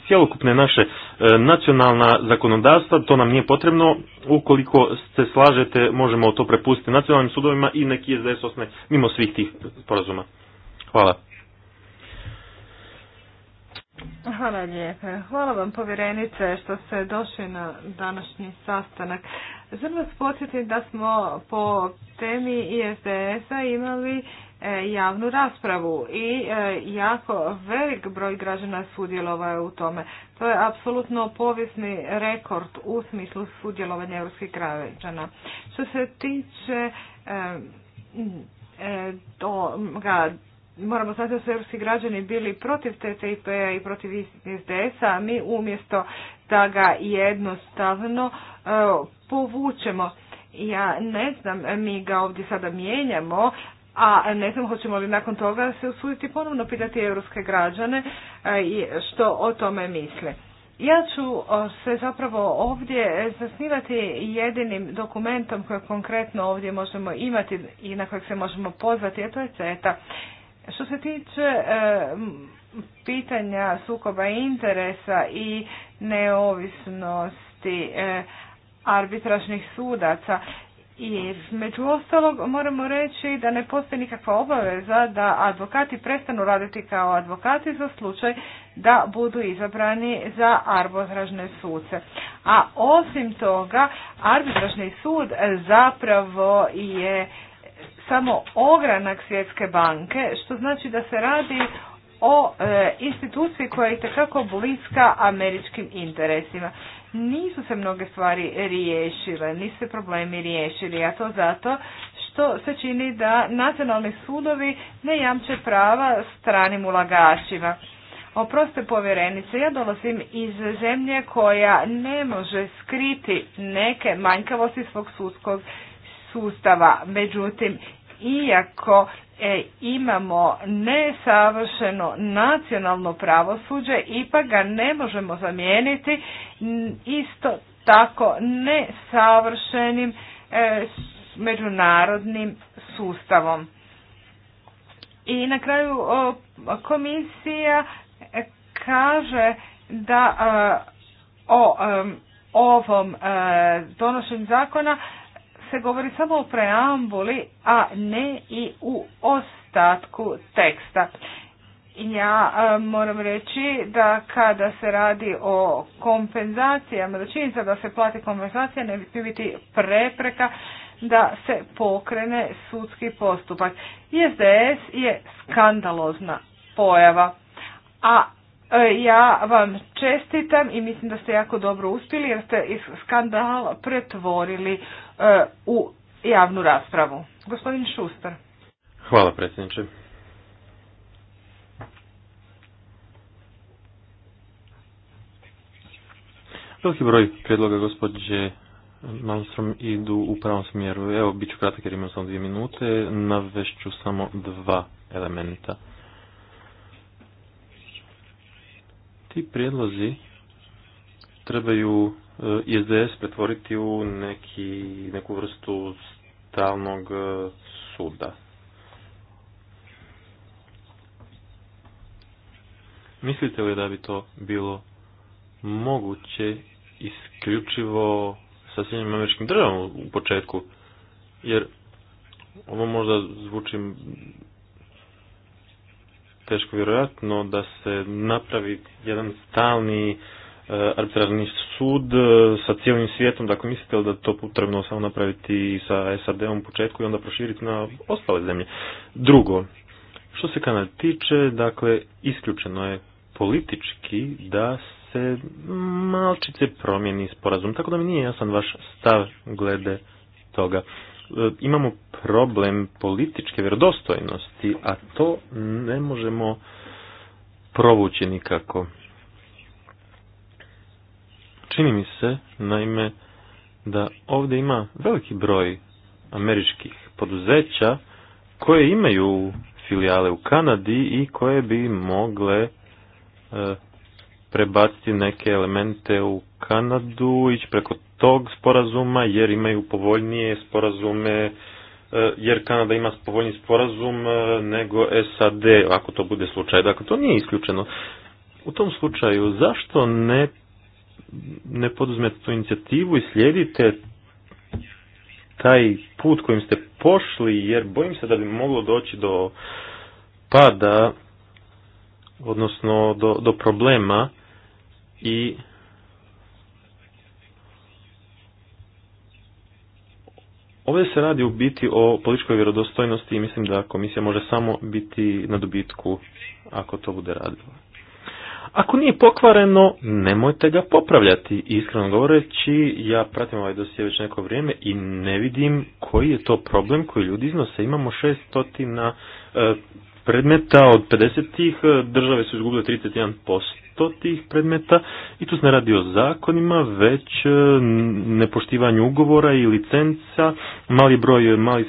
cjelokupne naše e, nacionalna zakonodavstva, to nam nije potrebno. Ukoliko se slažete, možemo to prepustiti nacionalnim sudovima i neki SDS osne mimo svih tih sporazuma. Hvala. Hvala lijepe. Hvala vam povjerenice što ste došli na današnji sastanak. Želim vas podsjetiti da smo po temi ISDS-a imali e, javnu raspravu i e, jako velik broj građana sudjelovao u tome. To je apsolutno povijesni rekord u smislu sudjelovanja europskih građana. Što se tiče e, toga moramo znati da su europski građani bili protiv TTIP-a i protiv SDS-a, a mi umjesto da ga jednostavno e, povučemo. Ja ne znam, mi ga ovdje sada mijenjamo, a ne znam hoćemo li nakon toga se usuditi ponovno pitati europske građane e, što o tome misle. Ja ću se zapravo ovdje zasnivati jedinim dokumentom koje konkretno ovdje možemo imati i na kojeg se možemo pozvati, a to je CETA. Što se tiče e, pitanja sukoba interesa i neovisnosti e, arbitražnih sudaca, i među ostalog moramo reći da ne postoji nikakva obaveza da advokati prestanu raditi kao advokati za slučaj da budu izabrani za arbitražne suce. A osim toga, arbitražni sud zapravo je samo ogranak svjetske banke, što znači da se radi o e, instituciji koja je tekako bliska američkim interesima. Nisu se mnoge stvari riješile, nisu se problemi riješili, a to zato što se čini da nacionalni sudovi ne jamče prava stranim ulagačima. Oproste povjerenice, ja dolazim iz zemlje koja ne može skriti neke manjkavosti svog sudskog sustava. Međutim, iako e, imamo nesavršeno nacionalno pravosuđe, ipak ga ne možemo zamijeniti isto tako nesavršenim e, međunarodnim sustavom. I na kraju komisija e, kaže da e, o, o ovom donošenju zakona se govori samo o preambuli, a ne i u ostatku teksta. Ja e, moram reći da kada se radi o kompenzacijama, da činjenica da se plati kompenzacija ne bi biti prepreka da se pokrene sudski postupak. ISDS je skandalozna pojava, a E, ja vam čestitam i mislim da ste jako dobro uspjeli jer ste iz skandal pretvorili e, u javnu raspravu. Gospodin Šuster. Hvala predsjedniče. Veliki broj predloga, gospođe Malmstrom idu u pravom smjeru. Evo, bit ću kratak jer imam samo dvije minute. Navešću samo dva elementa. Ti prijedlozi trebaju eh, ISDS pretvoriti u neki, neku vrstu stalnog eh, suda. Mislite li da bi to bilo moguće isključivo sa svim američkim državom u početku? Jer ovo možda zvuči teško vjerojatno da se napravi jedan stalni e, arbitražni sud e, sa cijelim svijetom, dakle mislite li da to potrebno samo napraviti sa SAD-om u početku i onda proširiti na ostale zemlje? Drugo, što se kanal tiče, dakle isključeno je politički da se malčice promijeni sporazum, tako da mi nije jasan vaš stav glede toga. E, imamo problem političke vjerodostojnosti, a to ne možemo provući nikako. Čini mi se, naime, da ovdje ima veliki broj američkih poduzeća koje imaju filijale u Kanadi i koje bi mogle e, prebaciti neke elemente u Kanadu ići preko tog sporazuma jer imaju povoljnije sporazume e, jer Kanada ima povoljni sporazum e, nego SAD, ako to bude slučaj. Dakle, to nije isključeno. U tom slučaju, zašto ne, ne poduzmete tu inicijativu i slijedite taj put kojim ste pošli, jer bojim se da bi moglo doći do pada, odnosno do, do problema i Ovdje se radi u biti o političkoj vjerodostojnosti i mislim da komisija može samo biti na dobitku ako to bude radilo. Ako nije pokvareno, nemojte ga popravljati. Iskreno govoreći, ja pratim ovaj dosje već neko vrijeme i ne vidim koji je to problem koji ljudi iznose. Imamo 600 na predmeta od 50 tih e, države su izgubile 31% tih predmeta i tu se ne radi o zakonima, već e, nepoštivanju ugovora i licenca, mali broj malih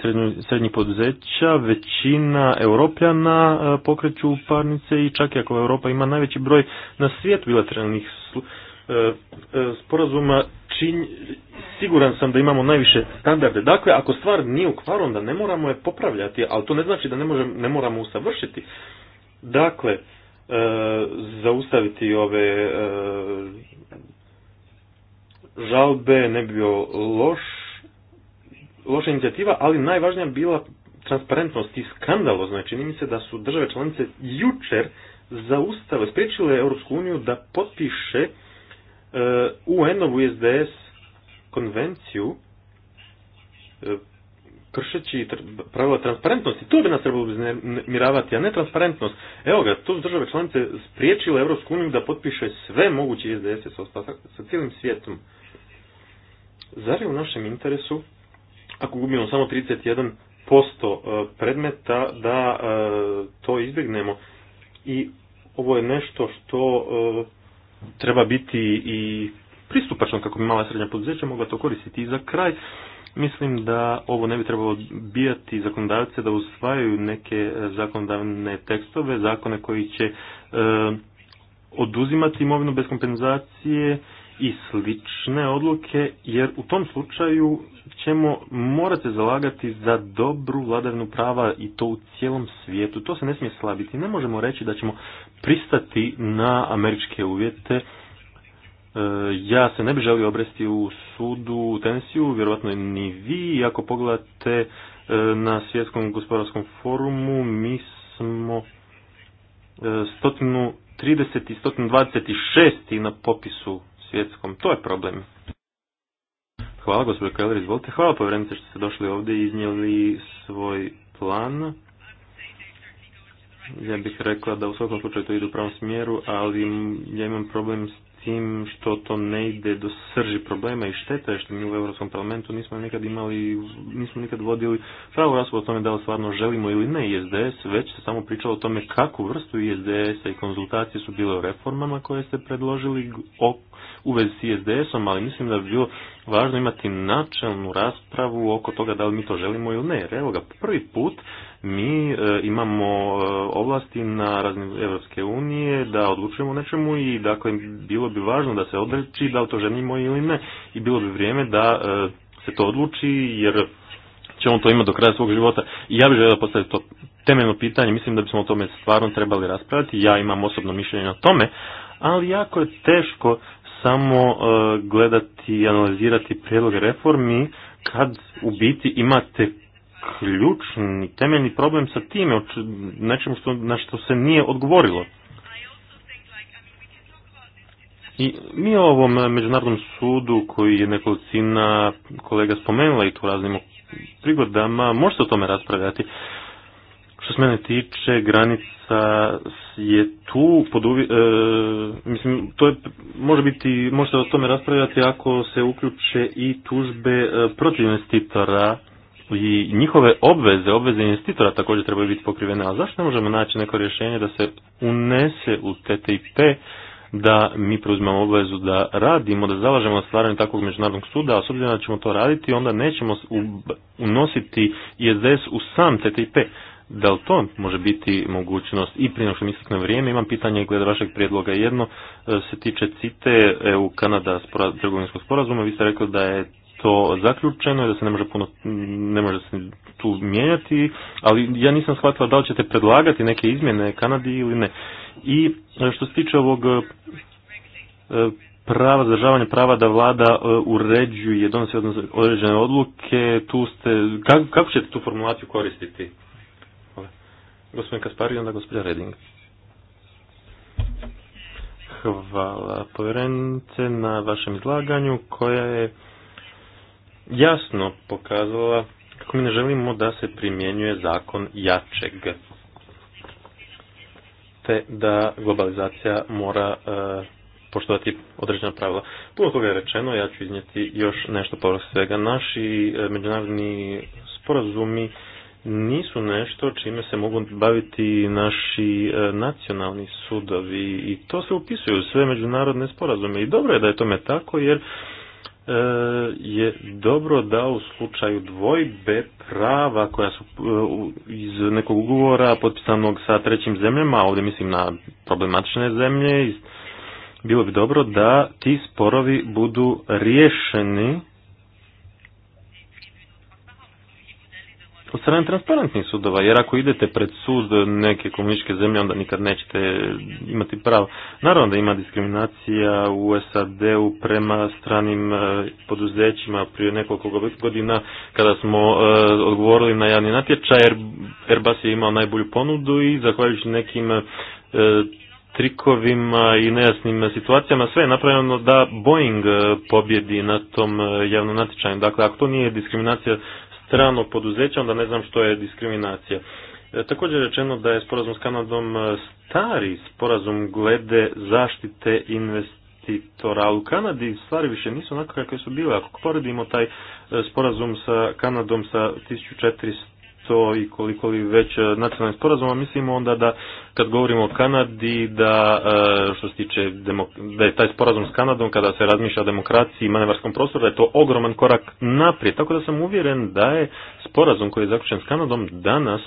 srednjih poduzeća, većina europljana e, pokreću parnice i čak i ako Europa ima najveći broj na svijetu bilateralnih E, e, sporazuma čin, siguran sam da imamo najviše standarde. Dakle, ako stvar nije u kvaru, onda ne moramo je popravljati, ali to ne znači da ne, možem, ne moramo usavršiti. Dakle, e, zaustaviti ove e, žalbe ne bi bio loš, loša inicijativa, ali najvažnija bila transparentnost i skandalo. Znači, čini mi se da su države članice jučer zaustavile, spriječile Europsku uniju da potpiše Eh, UN-ovu SDS konvenciju eh, kršeći pravila transparentnosti. To bi nas trebalo miravati, a ne transparentnost. Evo ga, tu države članice spriječile Europsku uniju da potpiše sve moguće SDS sa, sa cijelim svijetom. Zar je u našem interesu, ako gubimo samo 31% eh, predmeta, da to izbjegnemo? I ovo je nešto što treba biti i pristupačno kako bi mala srednja poduzeća mogla to koristiti. I za kraj, mislim da ovo ne bi trebalo bijati zakonodavce da usvajaju neke e, zakonodavne tekstove, zakone koji će e, oduzimati imovinu bez kompenzacije i slične odluke, jer u tom slučaju ćemo morate zalagati za dobru vladavnu prava i to u cijelom svijetu. To se ne smije slabiti. Ne možemo reći da ćemo pristati na američke uvjete. E, ja se ne bi želio obresti u sudu u vjerovatno vjerojatno ni vi. Ako pogledate e, na svjetskom gospodarskom forumu, mi smo e, stotinu 30 i 126 na popisu svjetskom. To je problem. Hvala, gospođo Keller, izvolite. Hvala povjerenice što ste došli ovdje i iznijeli svoj plan. Ja bih rekla da u svakom slučaju to ide u pravom smjeru, ali ja imam problem s tim što to ne ide do srži problema i šteta je što mi u Europskom parlamentu nismo nikad imali, nismo nikad vodili pravu raspravu o tome da li stvarno želimo ili ne ISDS, već se samo pričalo o tome kakvu vrstu ISDS-a i konzultacije su bile o reformama koje ste predložili o, u vezi s ISDS-om, ali mislim da bi bilo važno imati načelnu raspravu oko toga da li mi to želimo ili ne. Jer Evo ga, prvi put mi e, imamo e, ovlasti na razini Evropske unije da odlučujemo nečemu i dakle bilo bi važno da se odreći da li to želimo ili ne i bilo bi vrijeme da e, se to odluči jer će on to imati do kraja svog života. I ja bih želio postaviti to temeljno pitanje, mislim da bismo o tome stvarno trebali raspraviti, ja imam osobno mišljenje o tome, ali jako je teško samo e, gledati i analizirati prijedlog reformi kad u biti imate ključni, temeljni problem sa time, nečemu što, na što se nije odgovorilo. I mi o ovom Međunarodnom sudu koji je nekolicina kolega spomenula i tu raznim prigodama, možete o tome raspravljati, što se mene tiče, granica je tu, pod uvi, e, mislim, to je, može biti, može o tome raspravljati ako se uključe i tužbe e, protiv investitora i njihove obveze, obveze investitora također trebaju biti pokrivene, a zašto ne možemo naći neko rješenje da se unese u TTIP, da mi preuzmemo obvezu da radimo, da zalažemo na stvaranje takvog međunarodnog suda, a s obzirom da ćemo to raditi, onda nećemo unositi ISDS u sam TTIP da li to može biti mogućnost i prije što na vrijeme, imam pitanje glede vašeg prijedloga. Jedno e, se tiče CITE EU Kanada trgovinskog sporazuma, vi ste rekli da je to zaključeno i da se ne može puno ne može se tu mijenjati, ali ja nisam shvatila da li ćete predlagati neke izmjene Kanadi ili ne. I e, što se tiče ovog e, prava, zadržavanja prava da vlada uređuje, donosi određene odluke, tu ste, kako ćete tu formulaciju koristiti? Gospodin Kaspar i onda gospodin Reding. Hvala povjerenice na vašem izlaganju koja je jasno pokazala kako mi ne želimo da se primjenjuje zakon jačeg te da globalizacija mora e, poštovati određena pravila. Puno toga je rečeno, ja ću iznijeti još nešto povrst svega. Naši e, međunarodni sporazumi nisu nešto čime se mogu baviti naši e, nacionalni sudovi i to se upisuje u sve međunarodne sporazume i dobro je da je tome tako jer e, je dobro da u slučaju dvojbe prava koja su e, iz nekog ugovora potpisanog sa trećim zemljama, ovdje mislim na problematične zemlje, bilo bi dobro da ti sporovi budu riješeni od strane transparentnih sudova, jer ako idete pred sud neke komunističke zemlje, onda nikad nećete imati pravo. Naravno da ima diskriminacija u SAD-u prema stranim e, poduzećima prije nekoliko godina kada smo e, odgovorili na javni natječaj, Airbus je imao najbolju ponudu i zahvaljujući nekim e, trikovima i nejasnim situacijama, sve je napravljeno da Boeing pobjedi na tom javnom natječaju. Dakle, ako to nije diskriminacija stranog poduzeća, onda ne znam što je diskriminacija. E, također je rečeno da je sporazum s Kanadom e, stari sporazum glede zaštite investitora. U Kanadi stvari više nisu onako kakve su bile. Ako poredimo taj e, sporazum sa Kanadom sa 1400 i koliko li već e, nacionalnih sporazuma, mislimo onda da kad govorimo o Kanadi, da e, što se tiče da je taj sporazum s Kanadom, kada se razmišlja o demokraciji i manevarskom prostoru, da je to ogroman korak naprijed. Tako da sam uvjeren da je sporazum koji je zaključen s Kanadom danas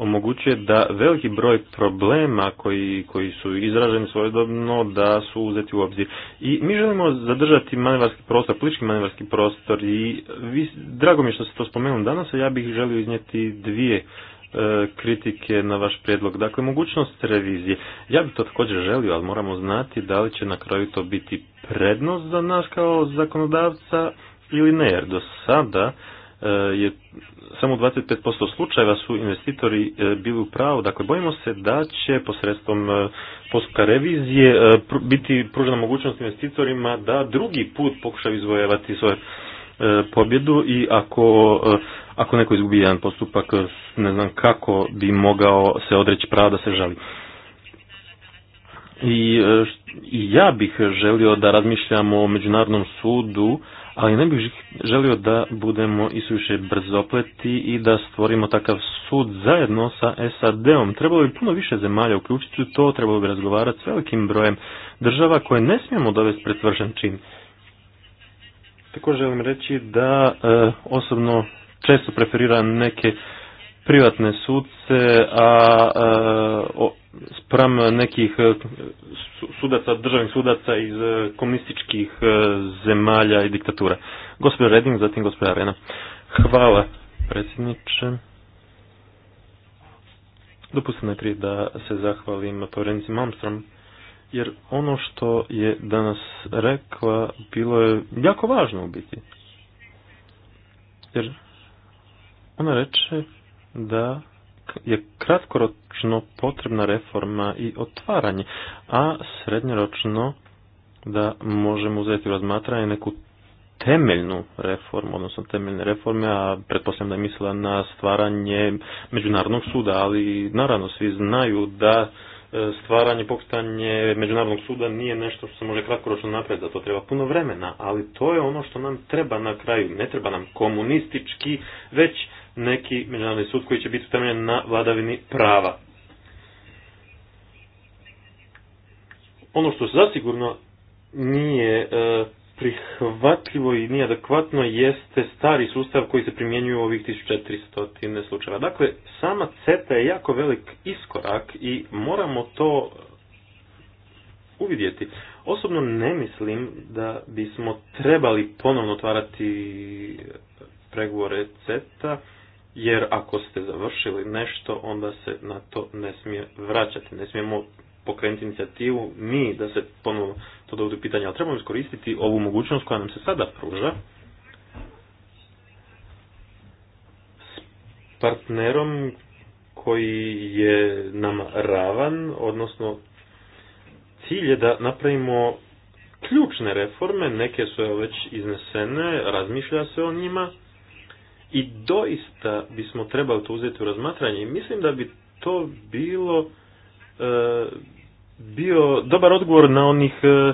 omogućuje da veliki broj problema koji, koji su izraženi svojedobno da su uzeti u obzir. I mi želimo zadržati manevarski prostor, politički manevarski prostor i vi, drago mi je što ste to spomenuli danas, a ja bih želio iznijeti dvije e, kritike na vaš prijedlog. Dakle, mogućnost revizije. Ja bih to također želio, ali moramo znati da li će na kraju to biti prednost za nas kao zakonodavca ili ne, jer do sada e, je samo u 25% slučajeva su investitori e, bili u pravu. Dakle, bojimo se da će posredstvom e, postupka revizije e, biti pružena mogućnost investitorima da drugi put pokušaju izvojevati svoje pobjedu i ako, ako neko izgubi jedan postupak, ne znam kako bi mogao se odreći prava da se žali. I, i ja bih želio da razmišljamo o Međunarodnom sudu ali ne bih želio da budemo isuviše brzopleti i da stvorimo takav sud zajedno sa SAD-om. Trebalo bi puno više zemalja uključiti u to, trebalo bi razgovarati s velikim brojem država koje ne smijemo dovesti pretvršen čin. Tako želim reći da e, osobno često preferiram neke privatne sudce, a e, spram nekih e, sudaca, državnih sudaca iz e, komunističkih zemalja i diktatura. Gospodin Reding, zatim gospodin Arena. Hvala predsjedniče. Dopustite najprije da se zahvalim Povrednici Malmström, jer ono što je danas rekla bilo je jako važno u biti. Jer ona reče da je kratkoročno potrebna reforma i otvaranje, a srednjoročno da možemo uzeti u razmatranje neku temeljnu reformu, odnosno temeljne reforme, a pretpostavljam da je mislila na stvaranje Međunarodnog suda, ali naravno svi znaju da e, stvaranje, pokstanje Međunarodnog suda nije nešto što se može kratkoročno napraviti, da to treba puno vremena, ali to je ono što nam treba na kraju. Ne treba nam komunistički, već neki međunarodni sud koji će biti utemeljen na vladavini prava. Ono što zasigurno nije e, prihvatljivo i nije adekvatno jeste stari sustav koji se primjenjuje u ovih 1400 slučajeva. Dakle, sama CETA je jako velik iskorak i moramo to uvidjeti. Osobno ne mislim da bismo trebali ponovno otvarati pregovore CETA jer ako ste završili nešto, onda se na to ne smije vraćati. Ne smijemo pokrenuti inicijativu mi da se ponovno to dovodi pitanje, ali trebamo iskoristiti ovu mogućnost koja nam se sada pruža s partnerom koji je nam ravan, odnosno cilj je da napravimo ključne reforme, neke su već iznesene, razmišlja se o njima, i doista bismo trebali to uzeti u razmatranje i mislim da bi to bilo e, bio dobar odgovor na onih e,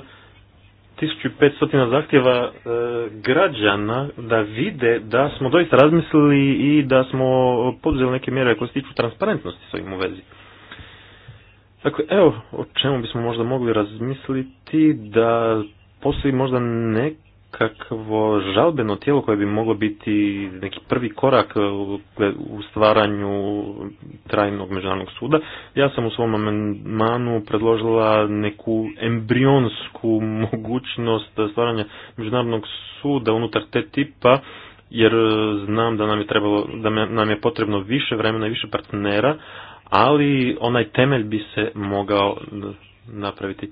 1500 zahtjeva e, građana da vide da smo doista razmislili i da smo poduzeli neke mjere koje se tiču transparentnosti s ovim u vezi. Dakle, evo, o čemu bismo možda mogli razmisliti da postoji možda neki kakvo žalbeno tijelo koje bi moglo biti neki prvi korak e, u stvaranju trajnog međunarodnog suda. Ja sam u svom amandmanu predložila neku embrionsku (laughs) mogućnost stvaranja međunarodnog suda unutar te tipa jer e, znam da nam je trebalo da nam je potrebno više vremena i više partnera, ali onaj temelj bi se mogao napraviti.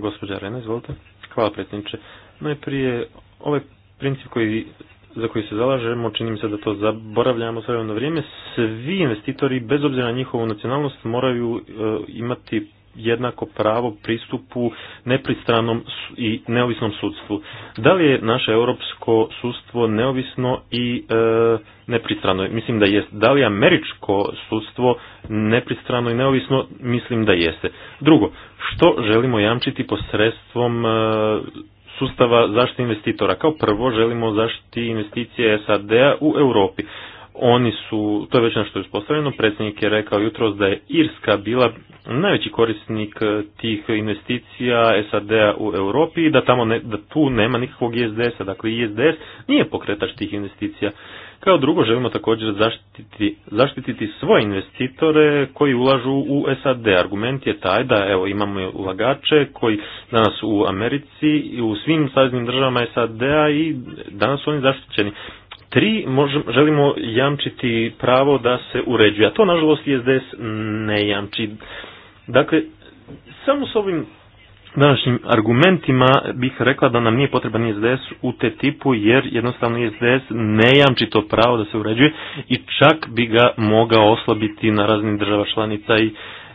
Gospođa Rena, izvolite. Hvala predsjedniče. Najprije, ovaj princip koji, za koji se zalažemo, čini mi se da to zaboravljamo sve ono vrijeme, svi investitori, bez obzira na njihovu nacionalnost, moraju e, imati jednako pravo pristupu nepristranom i neovisnom sudstvu. Da li je naše europsko sudstvo neovisno i e, nepristrano? Mislim da jeste. Da li je američko sudstvo nepristrano i neovisno? Mislim da jeste. Drugo, što želimo jamčiti posredstvom e, sustava zaštite investitora? Kao prvo želimo zaštiti investicije SAD-a u Europi oni su, to je već nešto uspostavljeno, predsjednik je rekao jutros da je Irska bila najveći korisnik eh, tih investicija SAD-a u Europi i da, tamo ne, da tu nema nikakvog ISDS-a, dakle ISDS nije pokretač tih investicija. Kao drugo želimo također zaštititi, zaštititi svoje investitore koji ulažu u SAD. Argument je taj da evo imamo ulagače koji danas u Americi i u svim saveznim državama SAD-a i danas su oni zaštićeni tri želimo jamčiti pravo da se uređuje, a to nažalost SDS ne jamči. Dakle, samo s ovim današnjim argumentima bih rekla da nam nije potreban SDS u te tipu jer jednostavno SDS ne jamči to pravo da se uređuje i čak bi ga mogao oslabiti na raznim država članica i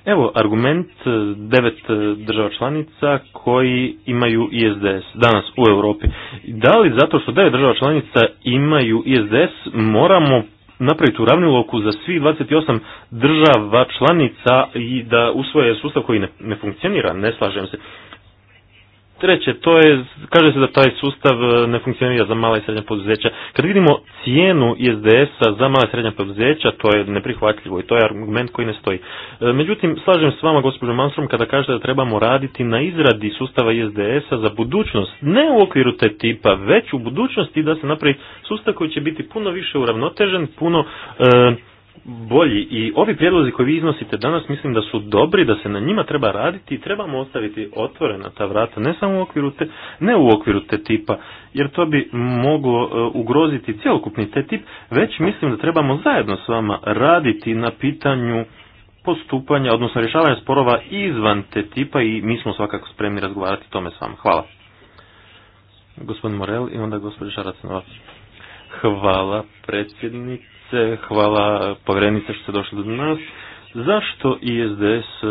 Evo argument e, devet e, država članica koji imaju ISDS danas u Europi. Da li zato što devet država članica imaju ISDS moramo napraviti ravniloku za svih 28 država članica i da usvoje sustav koji ne, ne funkcionira, ne slažem se. Treće, to je, kaže se da taj sustav e, ne funkcionira za mala i srednja poduzeća. Kad vidimo cijenu ISDS-a za mala i srednja poduzeća, to je neprihvatljivo i to je argument koji ne stoji. E, međutim, slažem s vama, gospođo Manstrom, kada kažete da trebamo raditi na izradi sustava ISDS-a za budućnost, ne u okviru te tipa, već u budućnosti da se napravi sustav koji će biti puno više uravnotežen, puno... E, bolji i ovi prijedlozi koji vi iznosite danas mislim da su dobri, da se na njima treba raditi i trebamo ostaviti otvorena ta vrata, ne samo u okviru te, ne u okviru te tipa, jer to bi moglo e, ugroziti cjelokupni te tip, već mislim da trebamo zajedno s vama raditi na pitanju postupanja, odnosno rješavanja sporova izvan te tipa i mi smo svakako spremni razgovarati tome s vama. Hvala. Gospodin Morel i onda gospodin Hvala predsjednik se hvala povjerenice što ste došli do nas. Zašto ISDS e,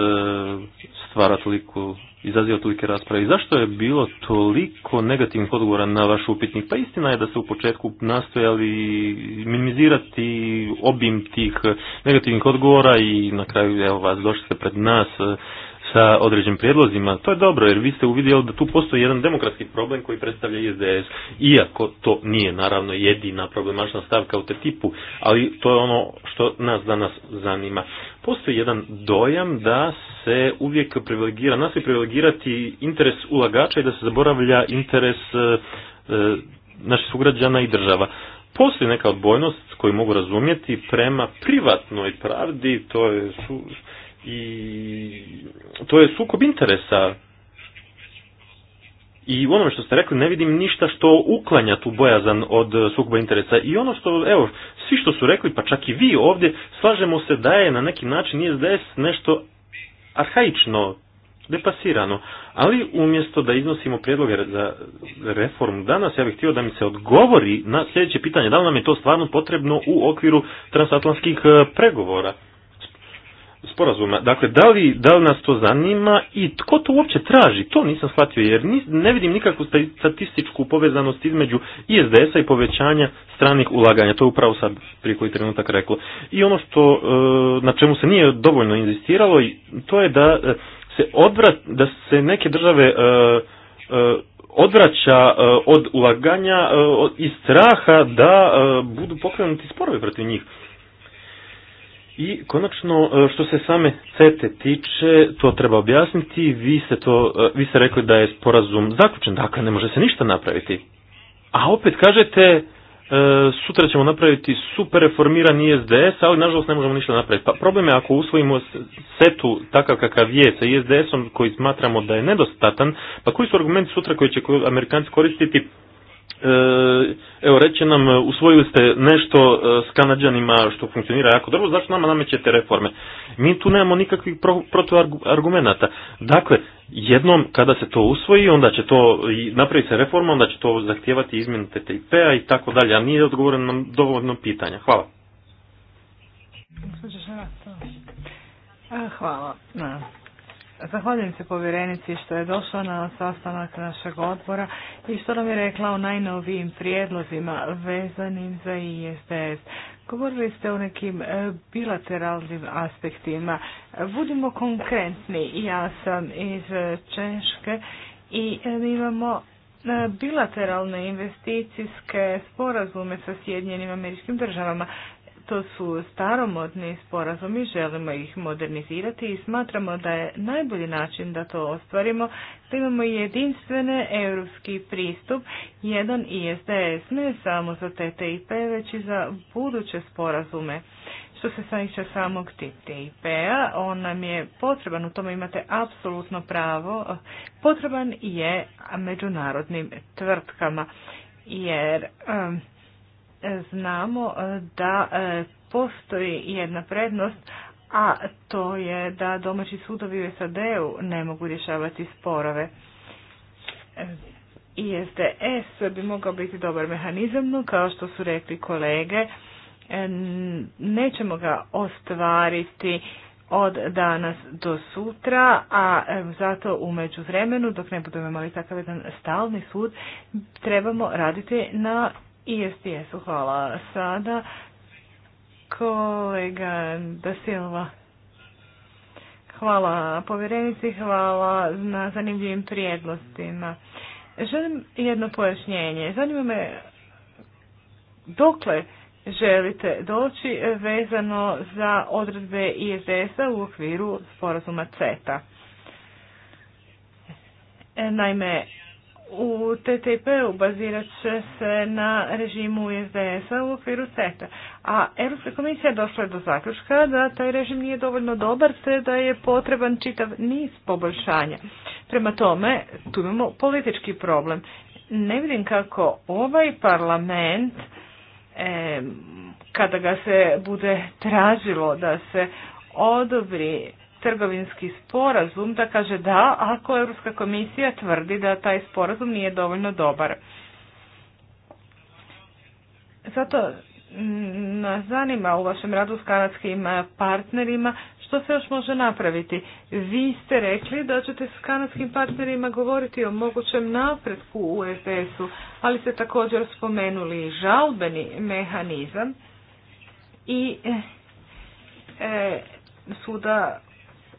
stvara toliko, izaziva tolike rasprave i zašto je bilo toliko negativnih odgovora na vaš upitnik? Pa istina je da se u početku nastojali minimizirati obim tih negativnih odgovora i na kraju evo vas došli ste pred nas e, sa određenim prijedlozima, to je dobro jer vi ste uvidjeli da tu postoji jedan demokratski problem koji predstavlja sds iako to nije naravno jedina problemačna stavka u te tipu, ali to je ono što nas danas zanima. Postoji jedan dojam da se uvijek privilegira, nas je privilegirati interes ulagača i da se zaboravlja interes e, e, naših sugrađana i država. Postoji neka odbojnost koju mogu razumjeti prema privatnoj pravdi, to je su, i to je sukob interesa i u onome što ste rekli ne vidim ništa što uklanja tu bojazan od sukoba interesa i ono što, evo, svi što su rekli, pa čak i vi ovdje, slažemo se da je na neki način ISDS nešto arhaično, depasirano. Ali umjesto da iznosimo prijedloge za reformu danas, ja bih htio da mi se odgovori na sljedeće pitanje, da li nam je to stvarno potrebno u okviru transatlantskih e, pregovora sporazuma. Dakle, da li, da li nas to zanima i tko to uopće traži? To nisam shvatio jer ne vidim nikakvu statističku povezanost između ISDS-a i povećanja stranih ulaganja. To je upravo sad prije koji trenutak reklo. I ono što, e, na čemu se nije dovoljno inzistiralo, to je da e, se odvrat, da se neke države e, odvraća od ulaganja iz straha da budu pokrenuti sporovi protiv njih. I konačno, e, što se same CETE tiče, to treba objasniti, vi ste, to, e, vi ste rekli da je sporazum zaključen, dakle ne može se ništa napraviti. A opet kažete, e, sutra ćemo napraviti super reformirani SDS, ali nažalost ne možemo ništa napraviti. Pa problem je ako usvojimo setu takav kakav je sa ISDS-om koji smatramo da je nedostatan, pa koji su argumenti sutra koji će Amerikanci koristiti E, evo reći nam, e, usvojili ste nešto e, s kanadžanima što funkcionira jako dobro, zašto znači nama namećete reforme? Mi tu nemamo nikakvih protuargumenata. Dakle, jednom kada se to usvoji, onda će to napraviti se reforma, onda će to zahtijevati izmjenu TTIP-a i tako dalje, a nije odgovoreno nam dovoljno pitanja. Hvala. Hvala. Zahvaljujem se povjerenici što je došla na sastanak našeg odbora i što nam je rekla o najnovijim prijedlozima vezanim za ISDS. Govorili ste o nekim e, bilateralnim aspektima. Budimo konkretni. Ja sam iz e, Češke i e, mi imamo bilateralne investicijske sporazume sa Sjedinjenim američkim državama. To su staromodni sporazumi, želimo ih modernizirati i smatramo da je najbolji način da to ostvarimo da imamo jedinstvene europski pristup, jedan ISDS, ne samo za TTIP, već i za buduće sporazume. Što se sajče samog TTIP-a, on nam je potreban, u tome imate apsolutno pravo, potreban je međunarodnim tvrtkama, jer znamo e, da e, postoji jedna prednost, a to je da domaći sudovi u SAD-u ne mogu rješavati sporove. E, ISDS bi mogao biti dobar mehanizam, no kao što su rekli kolege, nećemo ga ostvariti od danas do sutra, a zato u međuvremenu dok ne budemo imali takav jedan stalni sud, trebamo raditi na ISTS-u. Hvala. Sada kolega Da Silva. Hvala povjerenici, hvala na zanimljivim prijedlostima. Želim jedno pojašnjenje. Zanima me dokle želite doći vezano za odredbe ISDS-a u okviru sporazuma CETA. E, naime, u ttp u bazirat će se na režimu SDS-a u okviru CETA. A Europska komisija je do zaključka da taj režim nije dovoljno dobar te da je potreban čitav niz poboljšanja. Prema tome, tu imamo politički problem. Ne vidim kako ovaj parlament, kada ga se bude tražilo da se odobri trgovinski sporazum da kaže da ako Europska komisija tvrdi da taj sporazum nije dovoljno dobar. Zato mm, nas zanima u vašem radu s kanadskim e, partnerima što se još može napraviti. Vi ste rekli da ćete s kanadskim partnerima govoriti o mogućem napretku u e u ali ste također spomenuli žalbeni mehanizam i e, suda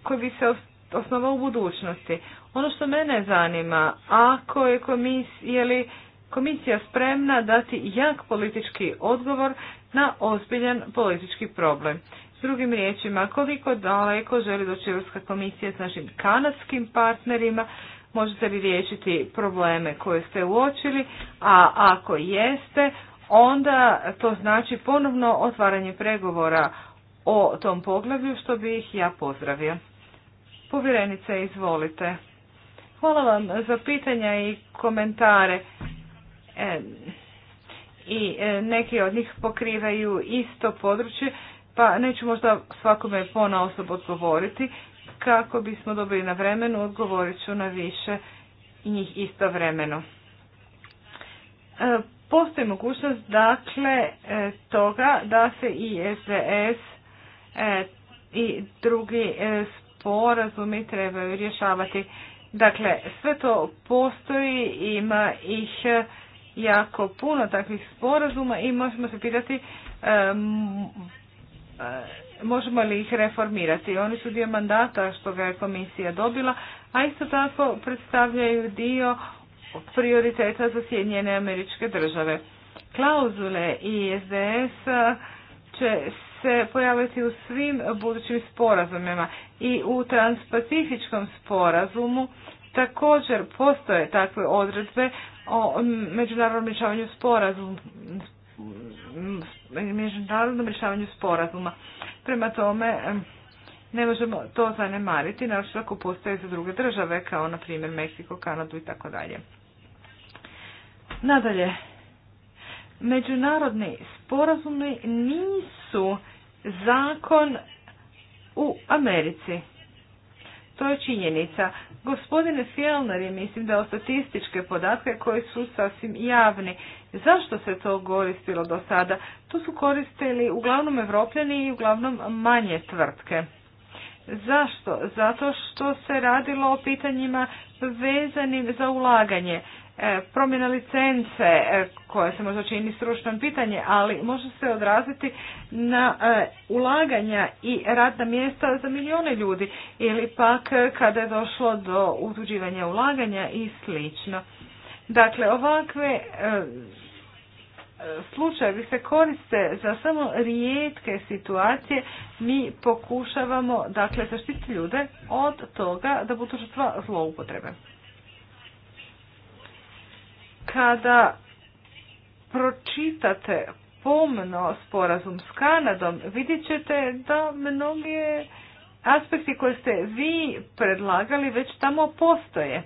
koji bi se osnovao u budućnosti. Ono što mene zanima, ako je komisija je li komisija spremna dati jak politički odgovor na ozbiljan politički problem. S drugim riječima, koliko daleko želi doći Europska komisija s našim kanadskim partnerima, možete li riješiti probleme koje ste uočili, a ako jeste, onda to znači ponovno otvaranje pregovora o tom poglavlju, što bih ja pozdravio. Povjerenice, izvolite. Hvala vam za pitanja i komentare. E, I e, neki od njih pokrivaju isto područje, pa neću možda svakome pona osob odgovoriti. Kako bismo dobili na vremenu, odgovorit ću na više njih istovremeno. E, postoji mogućnost dakle e, toga da se i SDS e, i drugi sporazumi trebaju rješavati. Dakle, sve to postoji, ima ih e, jako puno takvih sporazuma i možemo se pitati e, e, možemo li ih reformirati. Oni su dio mandata što ga je komisija dobila, a isto tako predstavljaju dio prioriteta za Sjedinjene američke države. Klauzule i SDS će se pojaviti u svim budućim sporazumima i u transpacifičkom sporazumu također postoje takve odredbe o međunarodnom rješavanju sporazuma međunarodnom rješavanju sporazuma. Prema tome, ne možemo to zanemariti, naročito ako postoje za druge države, kao na primjer Meksiko, Kanadu i tako dalje. Nadalje, međunarodni sporazumi nisu zakon u Americi. To je činjenica. Gospodine Fjellner je mislim dao statističke podatke koji su sasvim javni. Zašto se to koristilo do sada? To su koristili uglavnom evropljani i uglavnom manje tvrtke. Zašto? Zato što se radilo o pitanjima vezanim za ulaganje. E, promjena licence e, koja se možda čini stručno pitanje, ali može se odraziti na e, ulaganja i radna mjesta za milijone ljudi ili pak kada je došlo do utuđivanja ulaganja i slično. Dakle, ovakve slučajevi se koriste za samo rijetke situacije, mi pokušavamo dakle zaštiti ljude od toga da budu žrtva zloupotrebe. Kada pročitate pomno sporazum s Kanadom, vidjet ćete da mnoge aspekti koje ste vi predlagali već tamo postoje.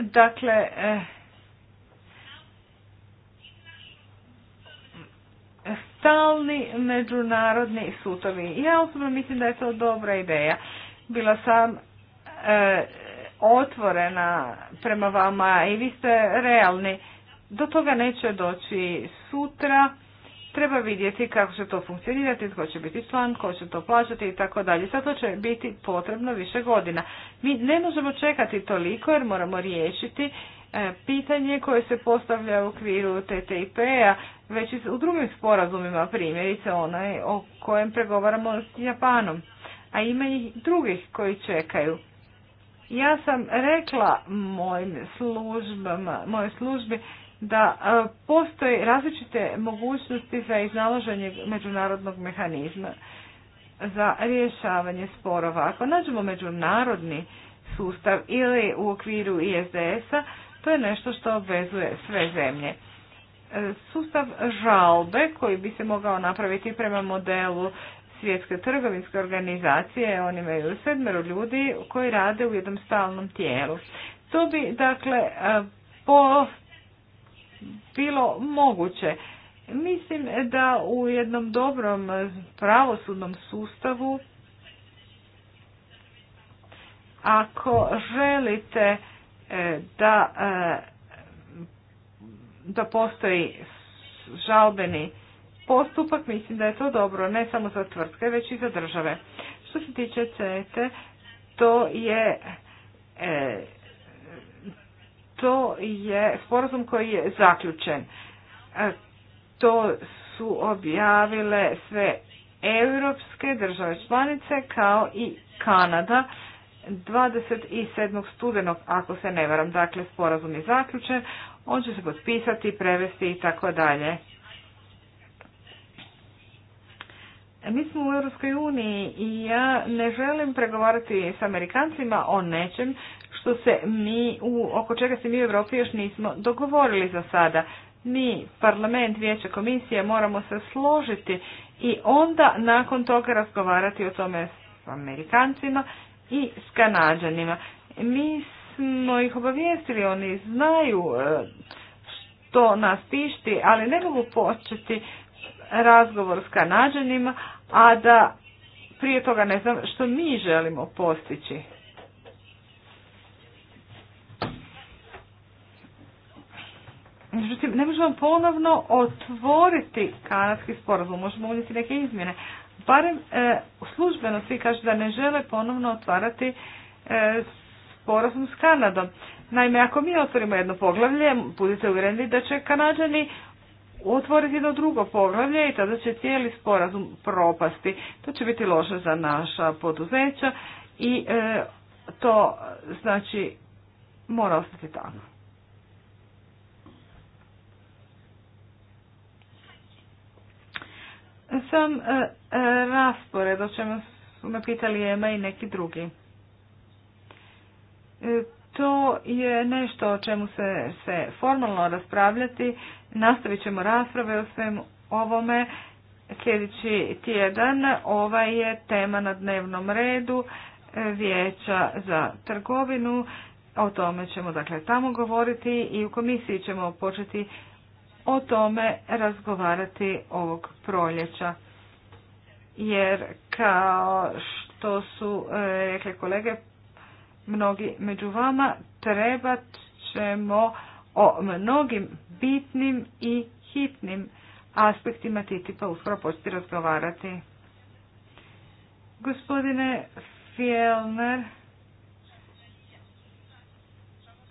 Dakle, eh, stalni međunarodni sutovi. Ja osobno mislim da je to dobra ideja. Bila sam eh, otvorena prema vama i vi ste realni. Do toga neće doći sutra. Treba vidjeti kako će to funkcionirati, tko će biti član, tko će to plaćati i tako dalje. Sad to će biti potrebno više godina. Mi ne možemo čekati toliko jer moramo riješiti e, pitanje koje se postavlja u okviru TTIP-a, već i u drugim sporazumima, primjerice onaj o kojem pregovaramo s Japanom. A ima i drugih koji čekaju. Ja sam rekla mojim službama, moje službi da e, postoje različite mogućnosti za iznalaženje međunarodnog mehanizma za rješavanje sporova. Ako nađemo međunarodni sustav ili u okviru ISDS-a, to je nešto što obvezuje sve zemlje. E, sustav žalbe koji bi se mogao napraviti prema modelu svjetske trgovinske organizacije, oni imaju sedmero ljudi koji rade u jednom stalnom tijelu. To bi, dakle, e, po, bilo moguće. Mislim da u jednom dobrom pravosudnom sustavu ako želite e, da, e, da postoji žalbeni postupak, mislim da je to dobro, ne samo za tvrtke, već i za države. Što se tiče CETE, to je e, to je sporazum koji je zaključen. E, to su objavile sve europske države članice kao i Kanada 27. studenog, ako se ne varam, dakle sporazum je zaključen, on će se potpisati, prevesti i tako dalje. Mi smo u Europskoj uniji i ja ne želim pregovarati s Amerikancima o nečem što se mi, u, oko čega se mi u Europi još nismo dogovorili za sada. Mi, parlament, vijeće, komisije moramo se složiti i onda nakon toga razgovarati o tome s Amerikancima i s Kanadžanima. Mi smo ih obavijestili, oni znaju e, što nas tišti, ali ne mogu početi razgovor s Kanađanima, a da prije toga ne znam što mi želimo postići. Međutim, ne možemo ponovno otvoriti kanadski sporazum, možemo unijeti neke izmjene. Barem e, službeno svi kažu da ne žele ponovno otvarati e, sporazum s Kanadom. Naime, ako mi otvorimo jedno poglavlje, budite uvjereni da će Kanadžani otvoriti jedno drugo poglavlje i tada će cijeli sporazum propasti. To će biti loše za naša poduzeća i e, to znači mora ostati tako. Sam e, e, raspored, o čemu su me pitali Ema i neki drugi. E, to je nešto o čemu se, se formalno raspravljati Nastavit ćemo rasprave o svemu ovome. Sljedeći tjedan ova je tema na dnevnom redu e, vijeća za trgovinu. O tome ćemo dakle tamo govoriti i u komisiji ćemo početi o tome razgovarati ovog proljeća. Jer kao što su e, rekli kolege, mnogi među vama, trebat ćemo o mnogim bitnim i hitnim aspektima TTIP-a uskoro početi razgovarati. Gospodine Fjellner,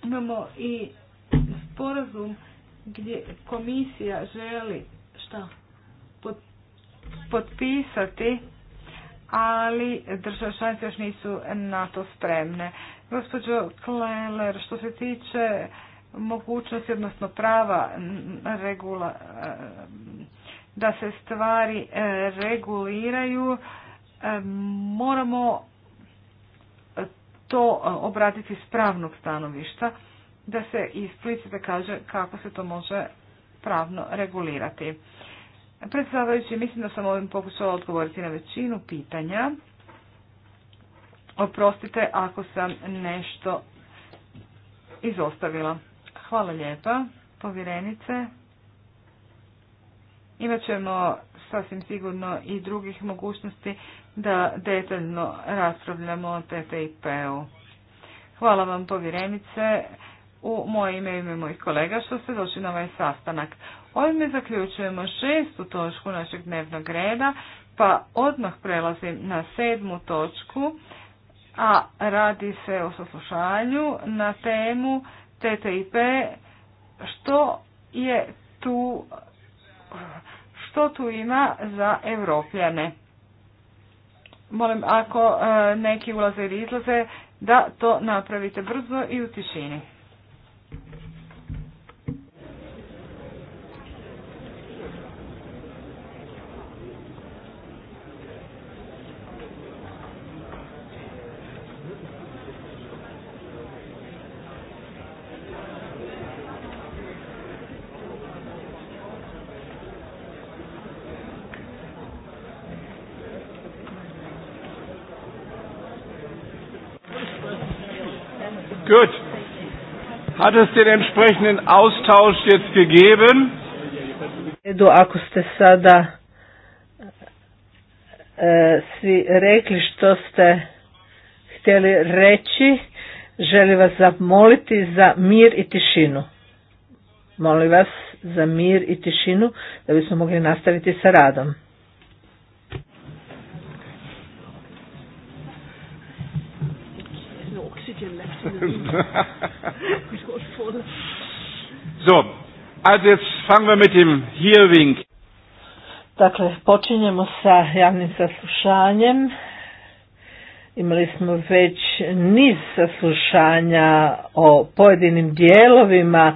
imamo i sporazum gdje komisija želi šta potpisati, ali države članice još nisu na to spremne. Gospođo Kleller, što se tiče Mogućnost, odnosno prava regula, eh, da se stvari eh, reguliraju, eh, moramo to obratiti s pravnog stanovišta, da se isplicite kaže kako se to može pravno regulirati. Predsjedavajući, mislim da sam ovim pokušala odgovoriti na većinu pitanja. Oprostite ako sam nešto izostavila. Hvala lijepa, povjerenice. Imaćemo sasvim sigurno i drugih mogućnosti da detaljno raspravljamo o TTIP-u. Hvala vam povjerenice u moje ime i ime mojih kolega što ste došli na ovaj sastanak. Ovime zaključujemo šestu točku našeg dnevnog reda, pa odmah prelazim na sedmu točku, a radi se o saslušanju na temu TTIP, što je tu, što tu ima za Evropljane. Molim, ako e, neki ulaze ili izlaze, da to napravite brzo i u tišini. Gut. Hat es den entsprechenden Austausch jetzt gegeben? Edu, ako ste sada e, svi rekli što ste htjeli reći, želim vas zamoliti za mir i tišinu. Molim vas za mir i tišinu da bismo mogli nastaviti sa radom. (laughs) so, also jetzt fangen wir mit dem Hearing. Dakle, počinjemo sa javnim saslušanjem. Imali smo već niz saslušanja o pojedinim dijelovima e,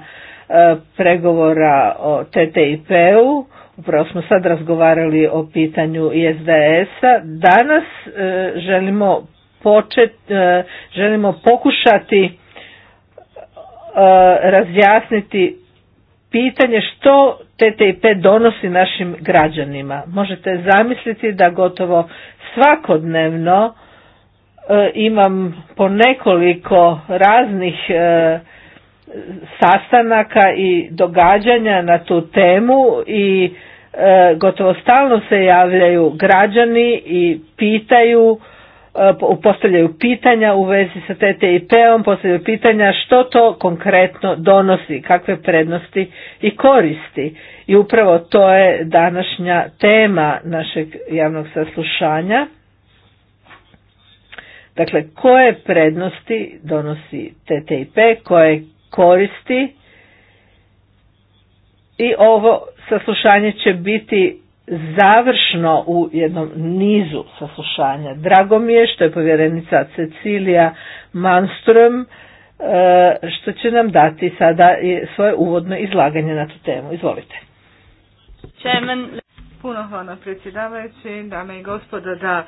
pregovora o TTIP-u. Upravo smo sad razgovarali o pitanju ISDS-a. Danas e, želimo počet, e, želimo pokušati e, razjasniti pitanje što TTIP donosi našim građanima. Možete zamisliti da gotovo svakodnevno e, imam po nekoliko raznih sastanaka i događanja na tu temu i gotovo stalno se javljaju građani i pitaju postavljaju pitanja u vezi sa TTIP-om, postavljaju pitanja što to konkretno donosi, kakve prednosti i koristi. I upravo to je današnja tema našeg javnog saslušanja. Dakle, koje prednosti donosi TTIP, koje koristi i ovo saslušanje će biti završno u jednom nizu saslušanja. Drago mi je što je povjerenica Cecilija Manström e, što će nam dati sada svoje uvodno izlaganje na tu temu. Izvolite. puno hvala predsjedavajući, dame i gospodo, da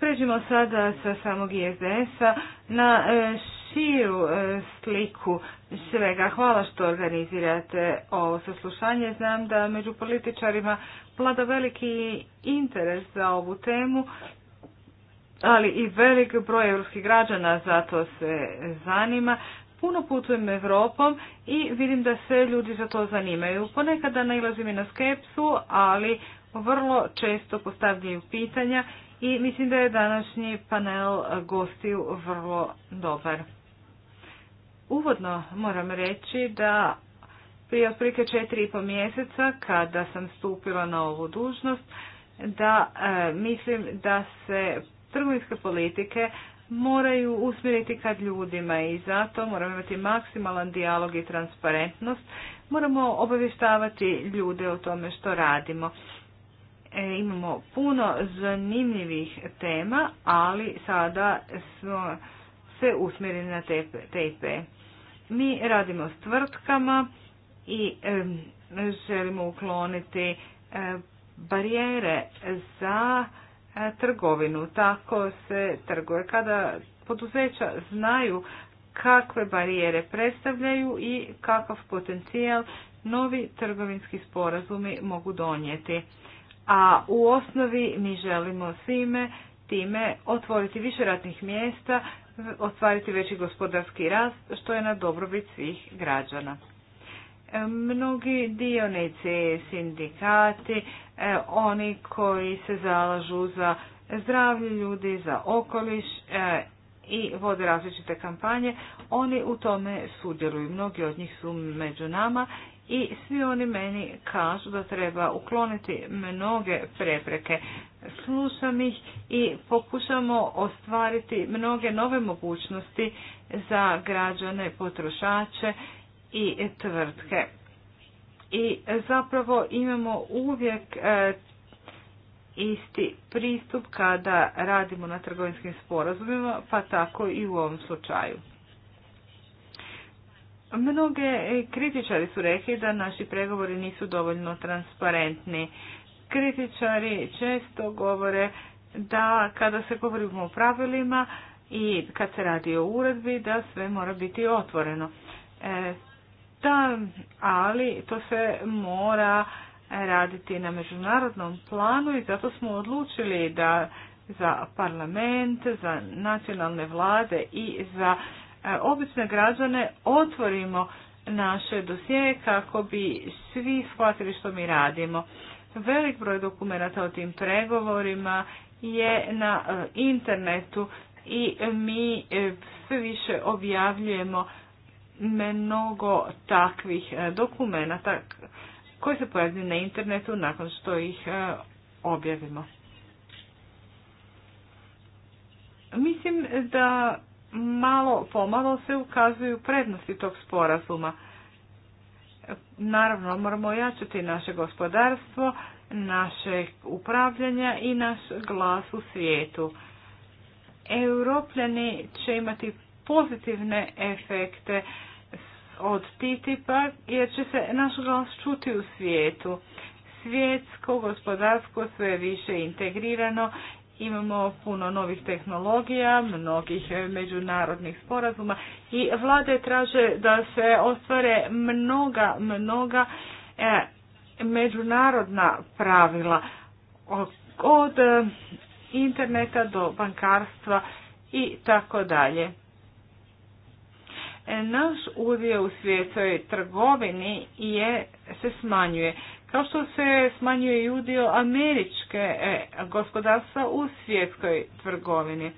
pređimo sada sa samog ISDS-a na e, širu e, sliku svega. Hvala što organizirate ovo saslušanje. Znam da među političarima vlada veliki interes za ovu temu, ali i velik broj europskih građana za to se zanima. Puno putujem Evropom i vidim da se ljudi za to zanimaju. Ponekada nailazim i na skepsu, ali vrlo često postavljaju pitanja i mislim da je današnji panel gostiju vrlo dobar. Uvodno moram reći da prije otprilike četiri i pol mjeseca kada sam stupila na ovu dužnost, da e, mislim da se trgovinske politike moraju usmjeriti kad ljudima i zato moramo imati maksimalan dijalog i transparentnost. Moramo obavještavati ljude o tome što radimo. E, imamo puno zanimljivih tema, ali sada smo se usmjerili na TP. Mi radimo s tvrtkama i želimo ukloniti e, barijere za e, trgovinu. Tako se trguje. Kada poduzeća znaju kakve barijere predstavljaju i kakav potencijal novi trgovinski sporazumi mogu donijeti. A u osnovi mi želimo svime time otvoriti više ratnih mjesta, ostvariti veći gospodarski rast, što je na dobrobit svih građana. E, mnogi dionici, sindikati, e, oni koji se zalažu za zdravlje ljudi, za okoliš e, i vode različite kampanje, oni u tome sudjeluju. Mnogi od njih su među nama i svi oni meni kažu da treba ukloniti mnoge prepreke slušam ih i pokušamo ostvariti mnoge nove mogućnosti za građane, potrošače i tvrtke. I zapravo imamo uvijek e, isti pristup kada radimo na trgovinskim sporazumima, pa tako i u ovom slučaju. Mnoge kritičari su rekli da naši pregovori nisu dovoljno transparentni. Kritičari često govore da kada se govorimo o pravilima i kad se radi o uredbi da sve mora biti otvoreno. E, da, ali to se mora raditi na međunarodnom planu i zato smo odlučili da za parlament, za nacionalne vlade i za e, obične građane otvorimo naše dosije kako bi svi shvatili što mi radimo. Velik broj dokumenata o tim pregovorima je na e, internetu i mi e, sve više objavljujemo mnogo takvih e, dokumenata koji se pojavljuju na internetu nakon što ih objavimo. Mislim da malo pomalo se ukazuju prednosti tog sporazuma. Naravno, moramo ojačati naše gospodarstvo, naše upravljanja i naš glas u svijetu. Europljani će imati pozitivne efekte od TTIP-a jer će se naš glas čuti u svijetu. Svjetsko gospodarstvo sve više integrirano Imamo puno novih tehnologija, mnogih međunarodnih sporazuma i vlade traže da se ostvare mnoga, mnoga e, međunarodna pravila od e, interneta do bankarstva i tako dalje. E, naš udio u svjetskoj trgovini je, se smanjuje. Kao što se smanjuje i udio američke e, gospodarstva u svjetskoj trgovini.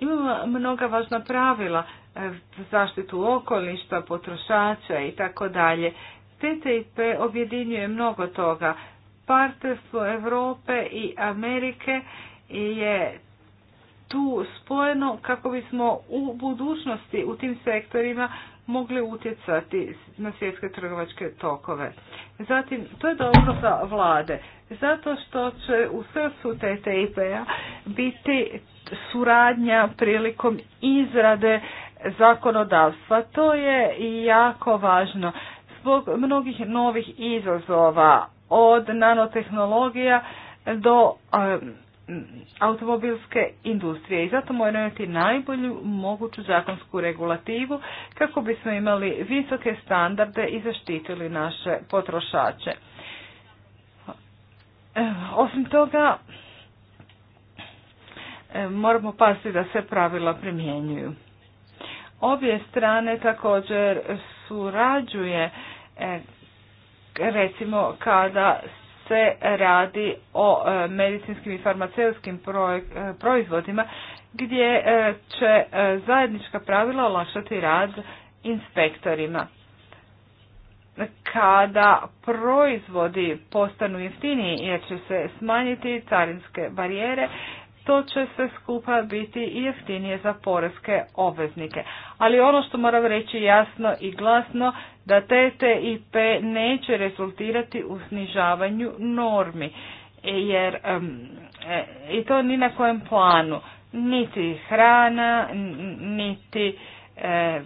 Imamo mnoga važna pravila za e, zaštitu okolišta, potrošača i tako dalje. TTIP objedinjuje mnogo toga. Partnerstvo Europe i Amerike je tu spojeno kako bismo u budućnosti u tim sektorima mogli utjecati na svjetske trgovačke tokove. Zatim, to je dobro za vlade, zato što će u srcu TTIP-a biti suradnja prilikom izrade zakonodavstva. To je jako važno zbog mnogih novih izazova od nanotehnologija do automobilske industrije i zato moramo imati najbolju moguću zakonsku regulativu kako bismo imali visoke standarde i zaštitili naše potrošače. Ehm, osim toga, ehm, moramo paziti da se pravila primjenjuju. Obje strane također surađuje ehm, recimo kada se radi o e, medicinskim i farmaceutskim e, proizvodima gdje e, će zajednička pravila olakšati rad inspektorima. Kada proizvodi postanu jeftiniji jer će se smanjiti carinske barijere, to će se skupa biti i jeftinije za porezke obveznike. Ali ono što moram reći jasno i glasno da TTIP neće rezultirati u snižavanju normi jer e, i to ni na kojem planu niti hrana niti e,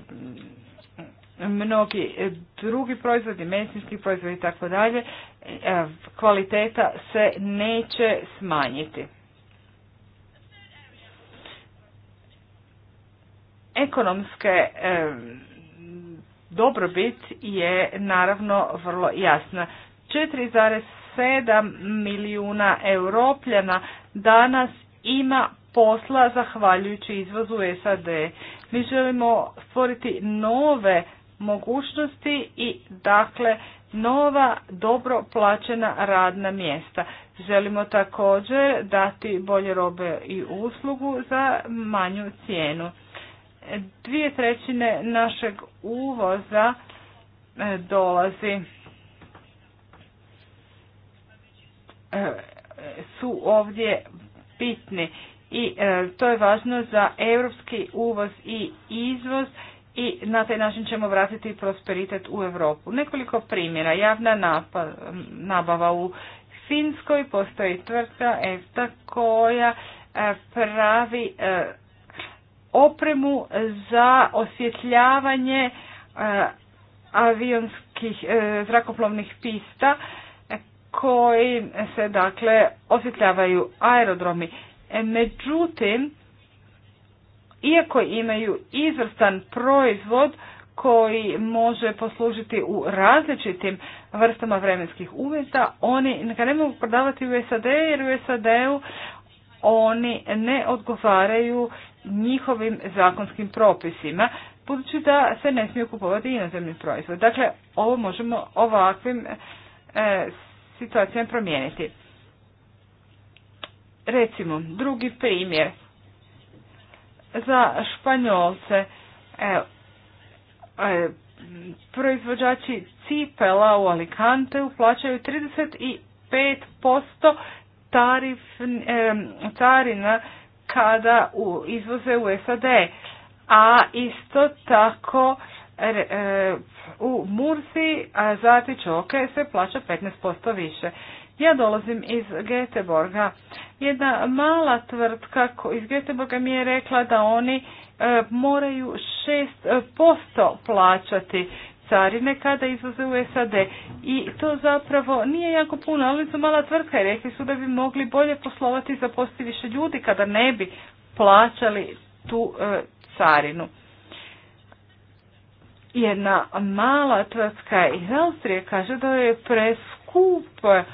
mnogi drugi proizvodi medicinski proizvodi i tako dalje e, kvaliteta se neće smanjiti ekonomske dobrobit je naravno vrlo jasna. 4,7 milijuna europljana danas ima posla zahvaljujući izvozu SAD. Mi želimo stvoriti nove mogućnosti i dakle nova dobro plaćena radna mjesta. Želimo također dati bolje robe i uslugu za manju cijenu. Dvije trećine našeg uvoza e, dolazi e, su ovdje bitni i e, to je važno za europski uvoz i izvoz i na taj način ćemo vratiti prosperitet u Europu. Nekoliko primjera. Javna nabava u Finskoj postoji tvrtka EFTA koja pravi opremu za osvjetljavanje e, avionskih e, zrakoplovnih pista koji se dakle osvjetljavaju aerodromi. E, međutim, iako imaju izvrstan proizvod koji može poslužiti u različitim vrstama vremenskih uvjeta, oni ga ne mogu prodavati u SAD jer u SAD-u oni ne odgovaraju njihovim zakonskim propisima, budući da se ne smiju kupovati inozemni proizvod. Dakle, ovo možemo ovakvim e, situacijama promijeniti. Recimo, drugi primjer za Španjolce e, e proizvođači cipela u Alicante uplaćaju 35% tarif, e, carina kada u, izvoze u SAD, a isto tako e, u Mursi a za tičoke se plaća 15% više. Ja dolazim iz Geteborga. Jedna mala tvrtka iz Göteborga mi je rekla da oni e, moraju 6% plaćati carine kada izvoze u SAD. I to zapravo nije jako puno, ali su mala tvrtka i rekli su da bi mogli bolje poslovati za posti više ljudi kada ne bi plaćali tu e, carinu. Jedna mala tvrtka iz Austrije kaže da je preskup e,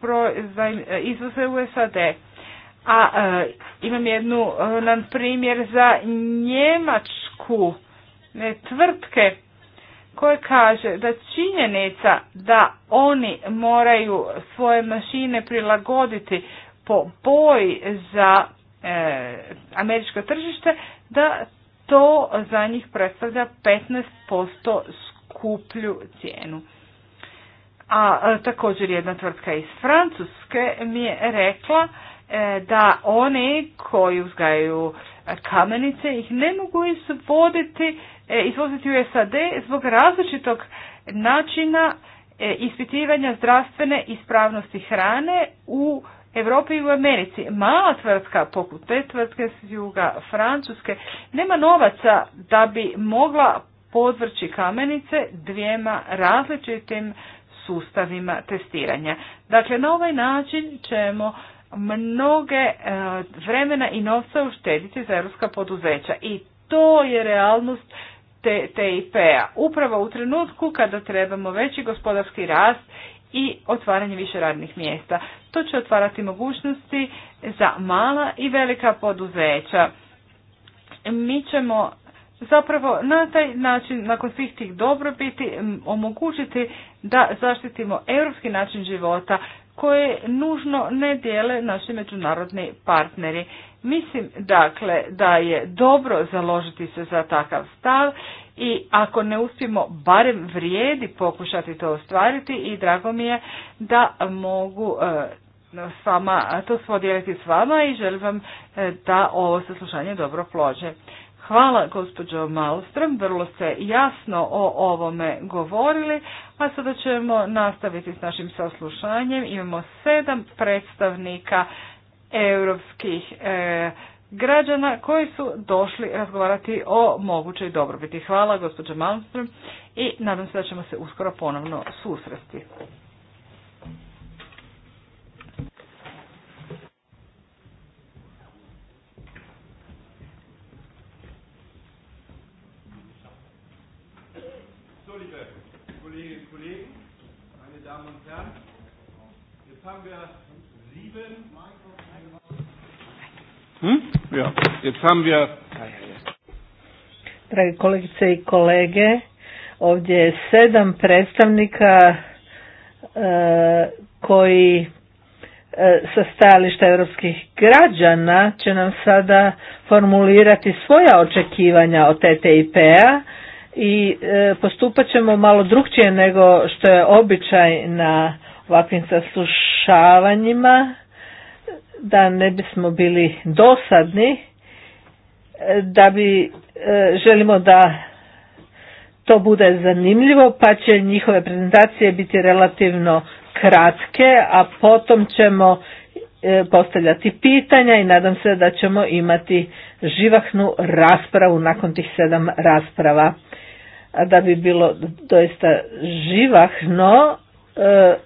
pro, za izvoze u SAD. A e, imam jednu, e, primjer za Njemačku ne tvrtke koje kaže da činjenica da oni moraju svoje mašine prilagoditi po boji za e, američko tržište, da to za njih predstavlja 15% skuplju cijenu. A, e, također jedna tvrtka iz Francuske mi je rekla e, da oni koji uzgajaju kamenice ih ne mogu izvoditi E, izvoziti u SAD zbog različitog načina e, ispitivanja zdravstvene ispravnosti hrane u Europi i u Americi. Mala tvrtka, poput te tvrtke s juga Francuske, nema novaca da bi mogla podvrći kamenice dvijema različitim sustavima testiranja. Dakle, na ovaj način ćemo mnoge e, vremena i novca uštediti za europska poduzeća i to je realnost TIP-a, upravo u trenutku kada trebamo veći gospodarski rast i otvaranje više radnih mjesta. To će otvarati mogućnosti za mala i velika poduzeća. Mi ćemo zapravo na taj način, nakon svih tih dobrobiti, omogućiti da zaštitimo europski način života koje nužno ne dijele naši međunarodni partneri. Mislim dakle da je dobro založiti se za takav stav i ako ne uspijemo barem vrijedi pokušati to ostvariti i drago mi je da mogu e, s vama, to svodijeliti s vama i želim vam e, da ovo saslušanje dobro plođe. Hvala gospođo Malstrom, vrlo ste jasno o ovome govorili, a sada ćemo nastaviti s našim saslušanjem. Imamo sedam predstavnika europskih e, građana koji su došli razgovarati o mogućoj dobrobiti. Hvala gospođo Malmström i nadam se da ćemo se uskoro ponovno susresti. Hm? Drage kolegice i kolege, ovdje je sedam predstavnika e, koji e, sa stajališta europskih građana će nam sada formulirati svoja očekivanja od TTIP-a i e, postupat ćemo malo drukčije nego što je običaj na ovakvim saslušavanjima da ne bismo bili dosadni e, da bi e, želimo da to bude zanimljivo pa će njihove prezentacije biti relativno kratke a potom ćemo postavljati pitanja i nadam se da ćemo imati živahnu raspravu nakon tih sedam rasprava a da bi bilo doista živahno, e,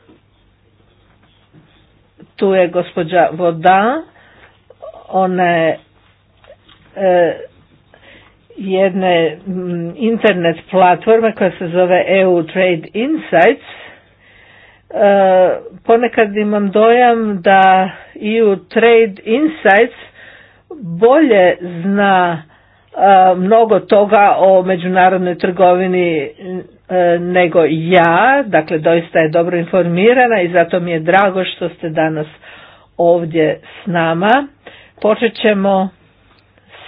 tu je gospođa Voda, ona je e, jedne internet platforme koja se zove EU Trade Insights. E, ponekad imam dojam da EU Trade Insights bolje zna mnogo toga o međunarodnoj trgovini e, nego ja, dakle doista je dobro informirana i zato mi je drago što ste danas ovdje s nama. Počet ćemo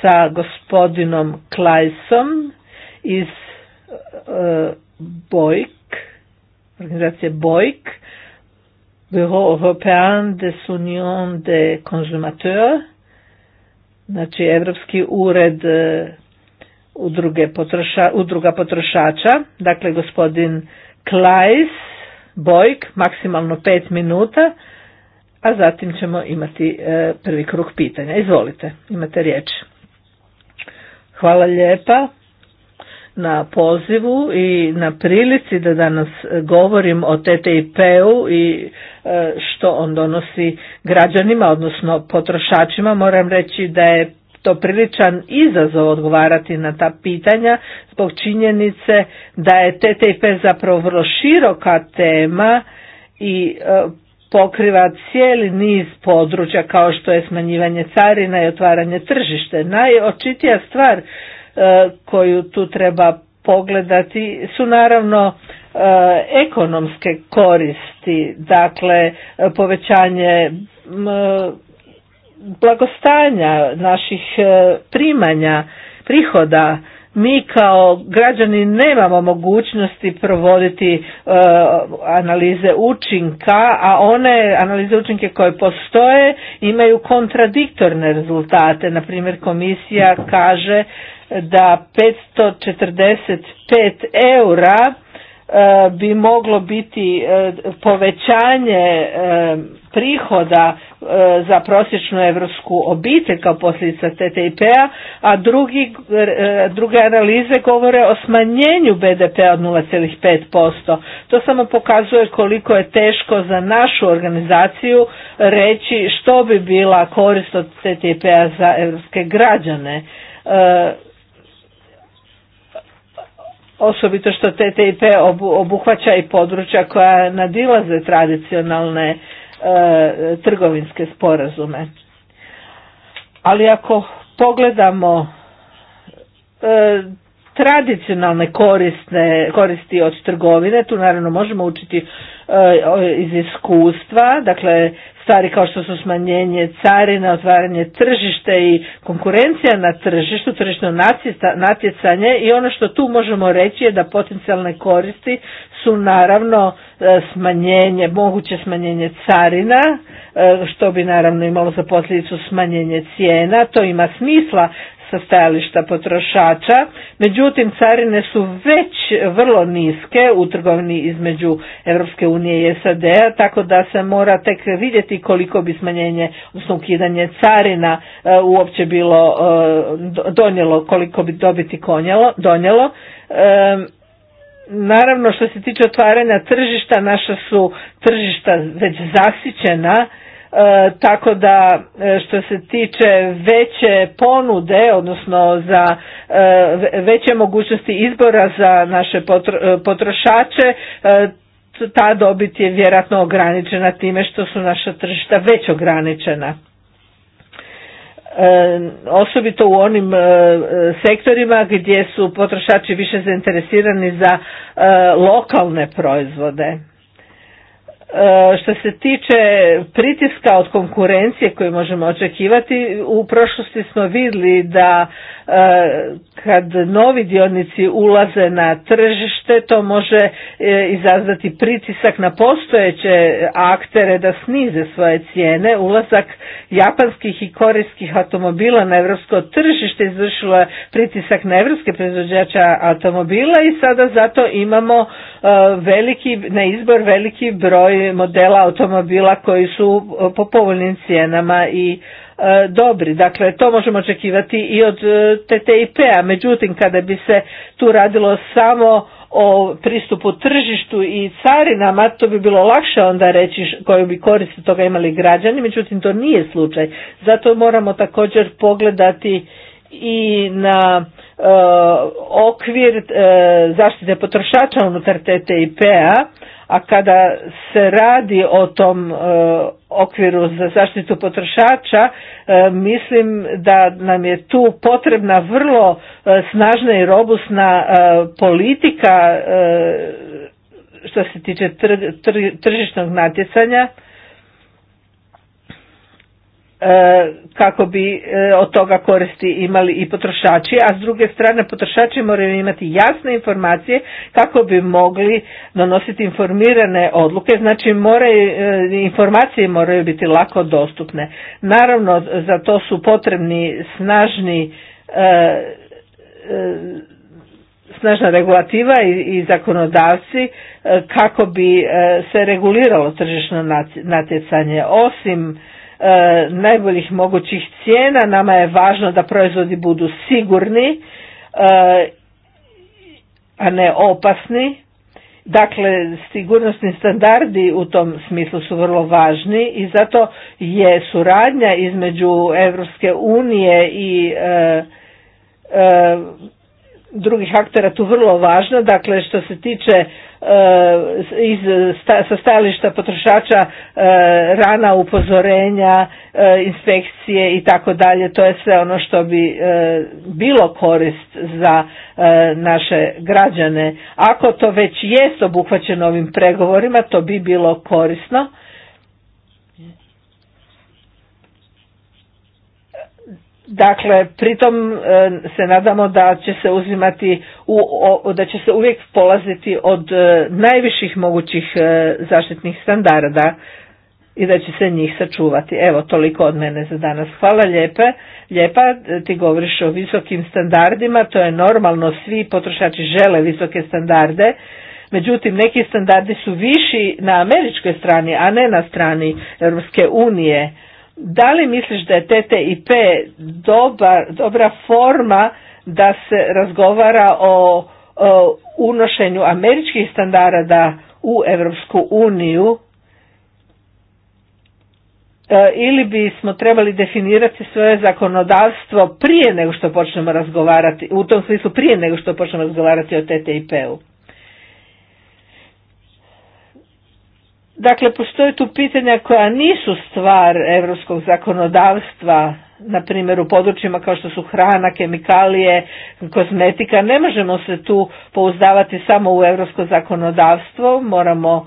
sa gospodinom Klajsom iz e, BOIK, organizacije BOIK, Bureau Européen des Unions des Consommateurs znači Europski ured e, udruge potroša, udruga potrošača, dakle gospodin Klajs, Bojk, maksimalno pet minuta, a zatim ćemo imati e, prvi krug pitanja. Izvolite, imate riječ. Hvala lijepa na pozivu i na prilici da danas e, govorim o TTIP-u i e, što on donosi građanima, odnosno potrošačima. Moram reći da je to priličan izazov odgovarati na ta pitanja zbog činjenice da je TTIP zapravo vrlo široka tema i e, pokriva cijeli niz područja kao što je smanjivanje carina i otvaranje tržište. Najočitija stvar E, koju tu treba pogledati su naravno e, ekonomske koristi, dakle povećanje blagostanja naših e, primanja, prihoda mi kao građani nemamo mogućnosti provoditi e, analize učinka, a one analize učinke koje postoje imaju kontradiktorne rezultate. Na primjer komisija kaže da 545 eura E, bi moglo biti e, povećanje e, prihoda za prosječnu evropsku obitelj kao posljedica TTIP-a, a drugi, druge analize govore o smanjenju BDP-a od 0,5%. To samo pokazuje koliko je teško za našu organizaciju reći što bi bila korist od TTIP-a za evropske građane osobito što TTIP obuhvaća i područja koja nadilaze tradicionalne e, trgovinske sporazume. Ali ako pogledamo e, tradicionalne korisne, koristi od trgovine, tu naravno možemo učiti e, iz iskustva, dakle stvari kao što su smanjenje carina, otvaranje tržišta i konkurencija na tržištu, tržišno natjecanje i ono što tu možemo reći je da potencijalne koristi su naravno e, smanjenje, moguće smanjenje carina, e, što bi naravno imalo za posljedicu smanjenje cijena, to ima smisla sa stajališta potrošača, međutim carine su već vrlo niske u trgovini između Europske unije i SAD-a, tako da se mora tek vidjeti koliko bi smanjenje, odnosno ukidanje carina e, uopće bilo e, donijelo, koliko bi dobiti konjelo, donijelo. E, naravno što se tiče otvaranja tržišta, naša su tržišta već zasićena, E, tako da e, što se tiče veće ponude, odnosno za e, veće mogućnosti izbora za naše potrošače, ta dobit je vjerojatno ograničena time što su naša tržišta već ograničena. osobito u onim sektorima gdje su potrošači više zainteresirani za lokalne proizvode. E, što se tiče pritiska od konkurencije koju možemo očekivati, u prošlosti smo vidjeli da e, kad novi dionici ulaze na tržište, to može e, izazvati pritisak na postojeće aktere da snize svoje cijene. Ulazak japanskih i korejskih automobila na evropsko tržište izvršilo je pritisak na evropske proizvođača automobila i sada zato imamo veliki, na izbor veliki broj modela automobila koji su e, po povoljnim cijenama i e, dobri. Dakle, to možemo očekivati i od e, TTIP-a. Međutim, kada bi se tu radilo samo o pristupu tržištu i carinama, to bi bilo lakše onda reći koju bi koristi toga imali građani, međutim to nije slučaj. Zato moramo također pogledati i na okvir zaštite potrošača unutar TTIP-a a kada se radi o tom e, okviru za zaštitu potrošača e, mislim da nam je tu potrebna vrlo e, snažna i robustna politika što se tiče tr, tr, tržišnog natjecanja E, kako bi e, od toga koristi imali i potrošači, a s druge strane potrošači moraju imati jasne informacije kako bi mogli donositi informirane odluke, znači moraju, e, informacije moraju biti lako dostupne. Naravno za to su potrebni snažni snažna regulativa i zakonodavci kako bi se reguliralo tržišno natjecanje. Osim E, najboljih mogućih cijena. Nama je važno da proizvodi budu sigurni, e, a ne opasni. Dakle, sigurnosni standardi u tom smislu su vrlo važni i zato je suradnja između Europske unije i e, drugih aktera tu vrlo važna. Dakle, što se tiče E, iz, sa stajališta potrošača e, rana upozorenja, e, inspekcije i tako dalje. To je sve ono što bi bilo korist za naše građane. Ako to već jest obuhvaćeno ovim pregovorima, to bi bilo korisno Dakle, pritom e, se nadamo da će se uzimati, u, da će se uvijek polaziti od e, najviših mogućih e, zaštitnih standarda i da će se njih sačuvati. Evo, toliko od mene za danas. Hvala lijepa. Lijepa, ti govoriš o visokim standardima, to je normalno, svi potrošači žele visoke standarde, međutim neki standardi su viši na američkoj strani, a ne na strani Europske unije. Da li misliš da je TTIP dobra forma da se razgovara o, unošenju američkih standarda u Europsku uniju e, ili bismo trebali definirati svoje zakonodavstvo prije nego što počnemo razgovarati, u tom smislu prije nego što počnemo razgovarati o TTIP-u? Dakle, postoje tu pitanja koja nisu stvar europskog zakonodavstva, na primjer u područjima kao što su hrana, kemikalije, kozmetika. Ne možemo se tu pouzdavati samo u europsko zakonodavstvo, moramo e,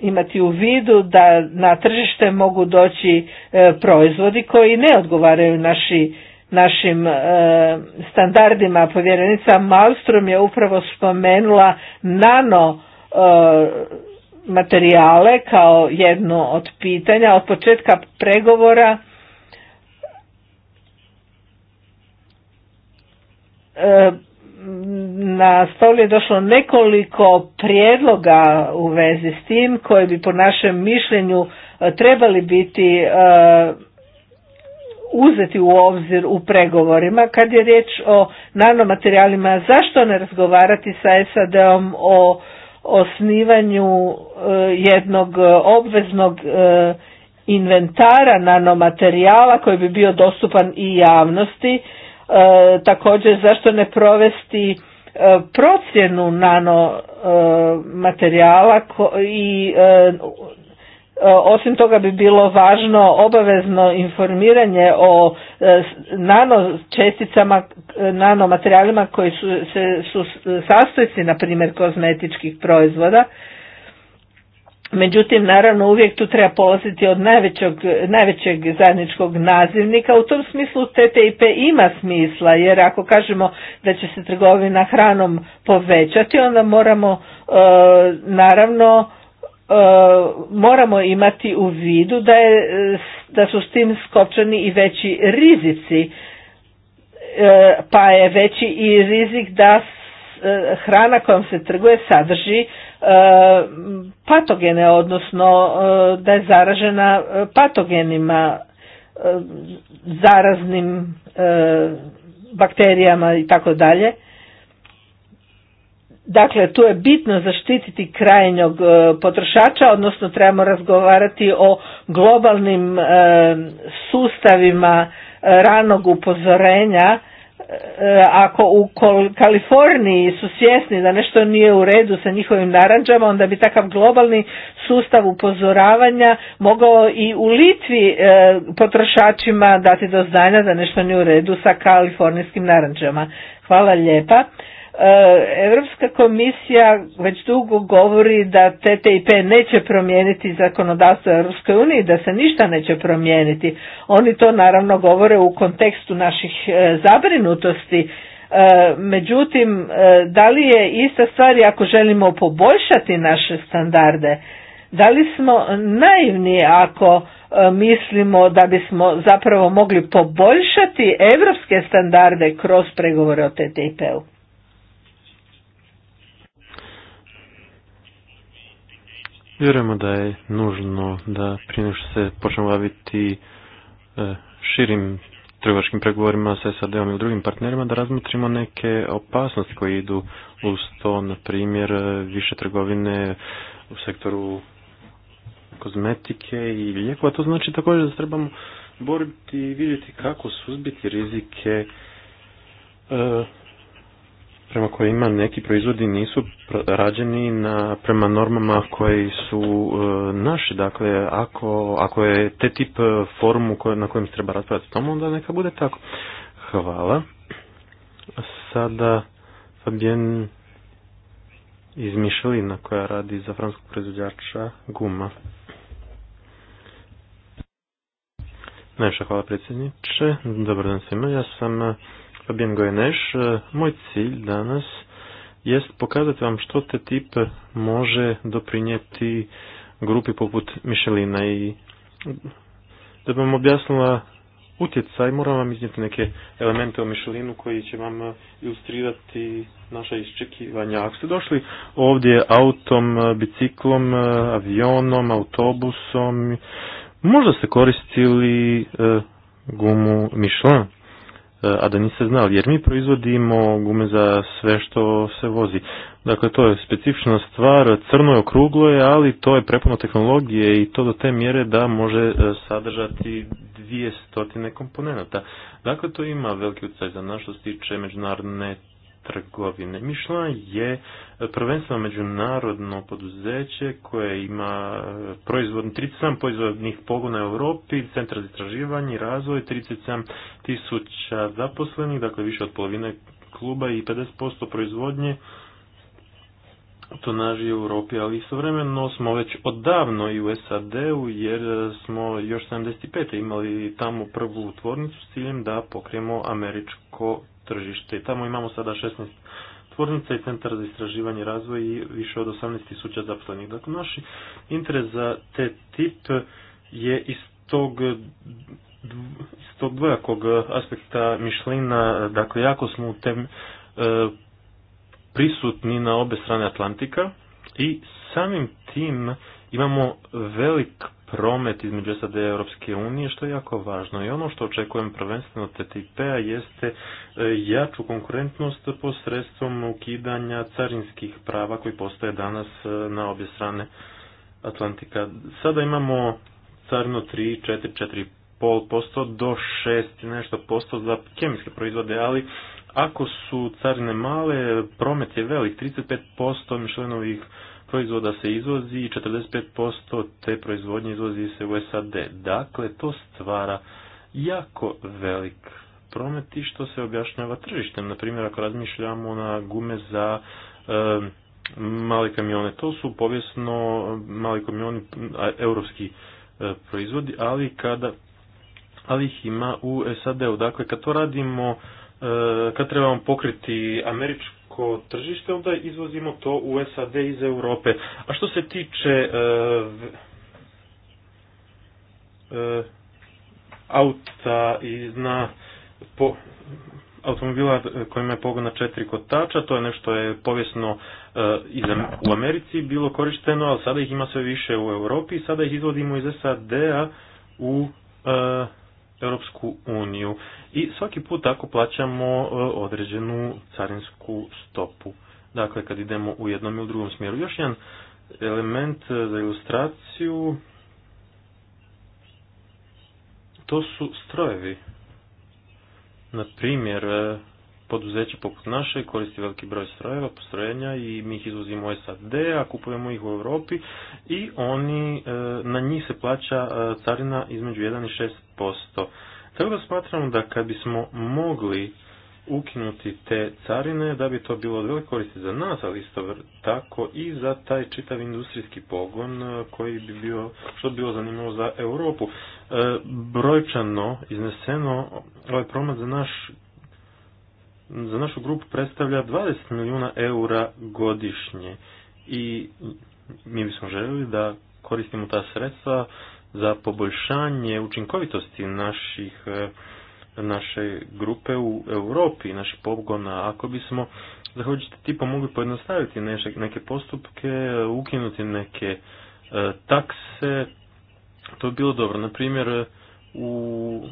imati u vidu da na tržište mogu doći e, proizvodi koji ne odgovaraju naši, našim e, standardima. Povjerenica Malstrom je upravo spomenula nano materijale kao jedno od pitanja od početka pregovora e, na stol je došlo nekoliko prijedloga u vezi s tim koji bi po našem mišljenju e, trebali biti e, uzeti u obzir u pregovorima kad je riječ o nanomaterijalima zašto ne razgovarati sa SAD-om o osnivanju e, jednog e, obveznog e, inventara nanomaterijala koji bi bio dostupan i javnosti. Također zašto ne provesti procjenu nanomaterijala i E, osim toga bi bilo važno obavezno informiranje o e, nano e, nanomaterijalima koji su, se, su sastojci, na primjer, kozmetičkih proizvoda. Međutim, naravno, uvijek tu treba polaziti od najvećeg, najvećeg zajedničkog nazivnika. U tom smislu TTIP ima smisla, jer ako kažemo da će se trgovina hranom povećati, onda moramo, naravno, E, moramo imati u vidu da, je, e, da su s tim skopčani i veći rizici, e, pa je veći i rizik da hrana kojom se trguje sadrži patogene, odnosno da je zaražena patogenima, zaraznim bakterijama i tako dalje. Dakle, tu je bitno zaštititi krajnjog e, potrošača, odnosno trebamo razgovarati o globalnim e, sustavima e, ranog upozorenja. Ako u Kaliforniji su svjesni da nešto nije u redu sa njihovim naranđama, onda bi takav globalni sustav upozoravanja mogao i u Litvi potrošačima dati do znanja da nešto nije u redu sa kalifornijskim naranđama. Hvala lijepa. Europska komisija već dugo govori da TTIP neće promijeniti zakonodavstvo Europske unije i da se ništa neće promijeniti. Oni to naravno govore u kontekstu naših e, zabrinutosti. E, međutim, e, da li je ista stvar ako želimo poboljšati naše standarde? Da li smo naivni ako mislimo da bismo zapravo mogli poboljšati evropske standarde kroz pregovore o TTIP-u? Vjerujemo da je nužno da prije što se počnemo baviti e, širim trgovačkim pregovorima sa SAD-om i drugim partnerima, da razmotrimo neke opasnosti koje idu uz to, na primjer, više trgovine u sektoru kozmetike i lijekova. To znači također da se trebamo boriti i vidjeti kako suzbiti rizike e, prema kojima neki proizvodi nisu rađeni na, prema normama koji su e, naši. Dakle, ako, ako je te tip e, formu koje, na kojem se treba raspravljati s onda neka bude tako. Hvala. Sada Fabien iz Mišelina koja radi za franskog proizvođača guma. Najviše hvala predsjedniče. Dobar dan svima. Ja sam neš e, Moj cilj danas jest pokazati vam što te tip može doprinijeti grupi poput Mišelina i da bi vam objasnila utjecaj, moram vam iznijeti neke elemente o Mišelinu koji će vam ilustrirati naša iščekivanja. Ako ste došli ovdje autom, biciklom, avionom, autobusom, možda ste koristili e, gumu Michelin. E, a da niste znali, jer mi proizvodimo gume za sve što se vozi. Dakle, to je specifična stvar, crno je okruglo je, ali to je prepuno tehnologije i to do te mjere da može e, sadržati dvije stotine komponenata. Dakle, to ima veliki utjecaj za nas što se tiče međunarodne trgovine. Mišla je prvenstveno međunarodno poduzeće koje ima eh, proizvodni, 37 proizvodnih pogona u Europi, centar za istraživanje i razvoj, 37 tisuća zaposlenih, dakle više od polovine kluba i 50% proizvodnje tonaži u Europi, ali istovremeno smo već odavno i u SAD-u jer eh, smo još 75. imali tamo prvu tvornicu s ciljem da pokrijemo američko tržište. Tamo imamo sada 16 tvornica i centar za istraživanje i razvoj i više od tisuća zaposlenih. Dakle, naš interes za te tip je iz tog iz dvojakog aspekta mišlina, dakle jako smo u tem e, prisutni na obe strane Atlantika i samim tim imamo velik promet između SAD i Europske unije, što je jako važno. I ono što očekujem prvenstveno TTIP-a jeste e, jaču konkurentnost posredstvom ukidanja carinskih prava koji postoje danas e, na obje strane Atlantika. Sada imamo carinu 3, 4, 4,5 posto do 6 nešto posto za kemijske proizvode, ali ako su carine male, promet je velik, 35% mišljenovih proizvoda se izvozi i 45% te proizvodnje izvozi se u SAD. Dakle, to stvara jako velik promet i što se objašnjava tržištem. Naprimjer, ako razmišljamo na gume za e, male kamione, to su povijesno mali kamioni europski e, proizvodi, ali kada ali ih ima u SAD-u. Dakle, kad to radimo, e, kad trebamo pokriti američku europsko tržište, onda izvozimo to u SAD iz Europe. A što se tiče e, e, auta iz na po, automobila kojima je pogona četiri kotača, to je nešto je povijesno e, u Americi bilo korišteno, ali sada ih ima sve više u Europi, sada ih izvodimo iz SAD-a u Europsku uniju i svaki put tako plaćamo e, određenu carinsku stopu. Dakle, kad idemo u jednom i u drugom smjeru. Još jedan element e, za ilustraciju, to su strojevi. Na primjer, e, poduzeće poput naše koristi veliki broj strojeva, postrojenja i mi ih izvozimo u SAD, a kupujemo ih u Europi i oni, e, na njih se plaća e, carina između 1 i 6%. Tako da smatramo da kad bismo mogli ukinuti te carine, da bi to bilo od velike koristi za nas, ali isto tako i za taj čitav industrijski pogon e, koji bi bio, što bi bilo zanimljivo za Europu. brojčano izneseno, ovaj promet za naš za našu grupu predstavlja 20 milijuna eura godišnje i mi bismo željeli da koristimo ta sredstva za poboljšanje učinkovitosti naših e, naše grupe u Europi, naših pogona. Ako bismo zahvaljujući ti mogli pojednostaviti neke postupke, ukinuti neke e, takse, to bi bilo dobro. Na primjer, u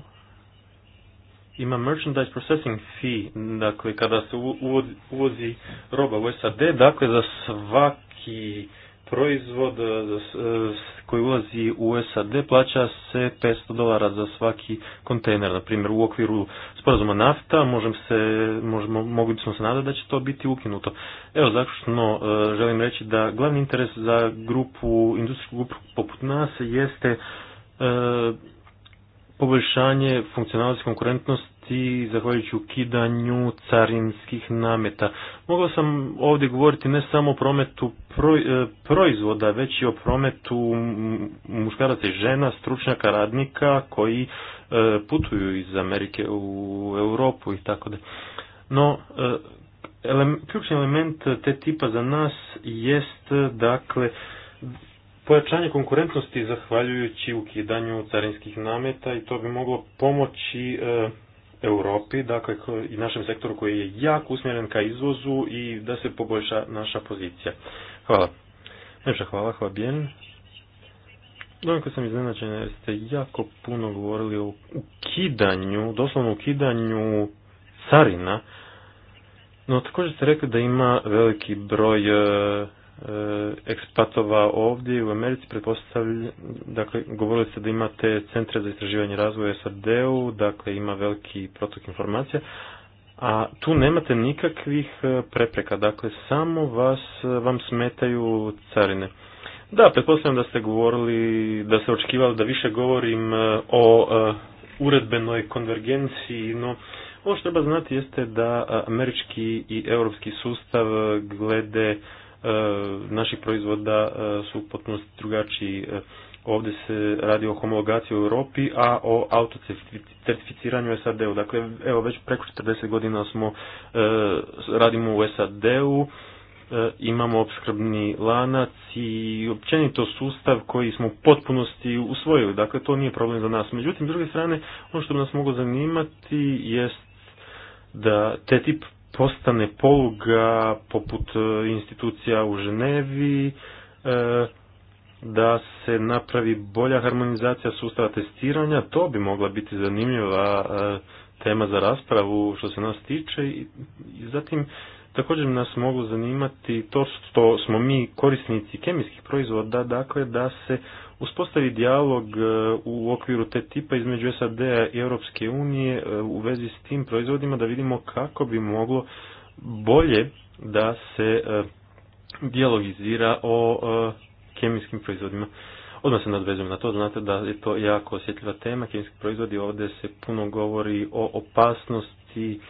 ima merchandise processing fee, dakle kada se uvozi, roba u SAD, dakle za svaki proizvod eh, eh, koji ulazi u SAD plaća se 500 dolara za svaki kontejner. Na primjer, u okviru sporazuma nafta možem se, možemo, mogli bismo se nadati da će to biti ukinuto. Evo, zaključno eh, želim reći da glavni interes za grupu, industrijsku grupu poput nas jeste poboljšanje funkcionalnosti konkurentnosti zahvaljujući ukidanju carinskih nameta. Mogao sam ovdje govoriti ne samo o prometu e, proizvoda, već i o prometu muškaraca i žena, stručnjaka, radnika koji e, putuju iz Amerike u Europu i tako da. No, e, ključni element te tipa za nas jest dakle pojačanje konkurentnosti zahvaljujući ukidanju carinskih nameta i to bi moglo pomoći e, Europi, dakle i našem sektoru koji je jako usmjeren ka izvozu i da se poboljša naša pozicija. Hvala. Najviše hvala, hvala Bijen. sam iznenađen jer ste jako puno govorili o ukidanju, doslovno ukidanju carina, no također ste rekli da ima veliki broj e, E, ekspatova ovdje u Americi, pretpostavlja, dakle, govorili ste da imate centre za istraživanje razvoja SAD-u, dakle, ima veliki protok informacija, a tu nemate nikakvih e, prepreka, dakle, samo vas, e, vam smetaju carine. Da, pretpostavljam da ste govorili, da ste očekivali da više govorim o uredbenoj konvergenciji, no ovo što treba znati jeste da američki i europski sustav glede E, naših proizvoda e, su u potpunosti drugačiji. E, ovdje se radi o homologaciji u Europi, a o autocertificiranju SAD-u. Dakle, evo već preko 40 godina smo radimo u SAD-u, imamo opskrbni lanac i općenito sustav koji smo u potpunosti usvojili. Dakle, to nije problem za nas. Međutim, s druge strane, ono što bi nas moglo zanimati jest da te tip postane poluga poput e, institucija u Ženevi, e, da se napravi bolja harmonizacija sustava testiranja, to bi mogla biti zanimljiva e, tema za raspravu što se nas tiče i zatim također nas mogu zanimati to što smo mi korisnici kemijskih proizvoda, dakle da se uspostavi dijalog e, u okviru te tipa između SAD-a i Europske unije e, u vezi s tim proizvodima da vidimo kako bi moglo bolje da se e, dijalogizira o kemijskim proizvodima. Odmah se nadvezujem na to, znate da je to jako osjetljiva tema, kemijski proizvodi, ovdje se puno govori o opasnosti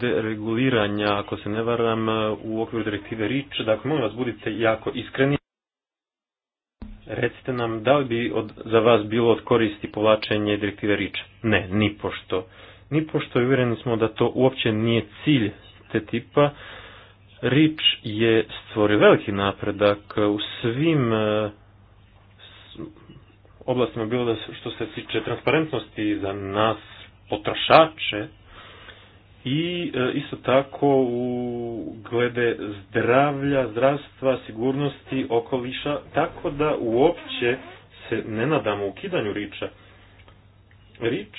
dereguliranja, ako se ne varam, u okviru direktive RIČ. Dakle, molim vas, budite jako iskreni. Recite nam, da li bi od, za vas bilo od koristi povlačenje direktive rič? Ne, ni pošto i uvjereni smo da to uopće nije cilj te tipa. Rič je stvorio veliki napredak u svim e, oblastima, bilo da što se tiče transparentnosti za nas, potrošače, i e, isto tako u glede zdravlja, zdravstva, sigurnosti, okoliša, tako da uopće se ne nadamo ukidanju riča. Rič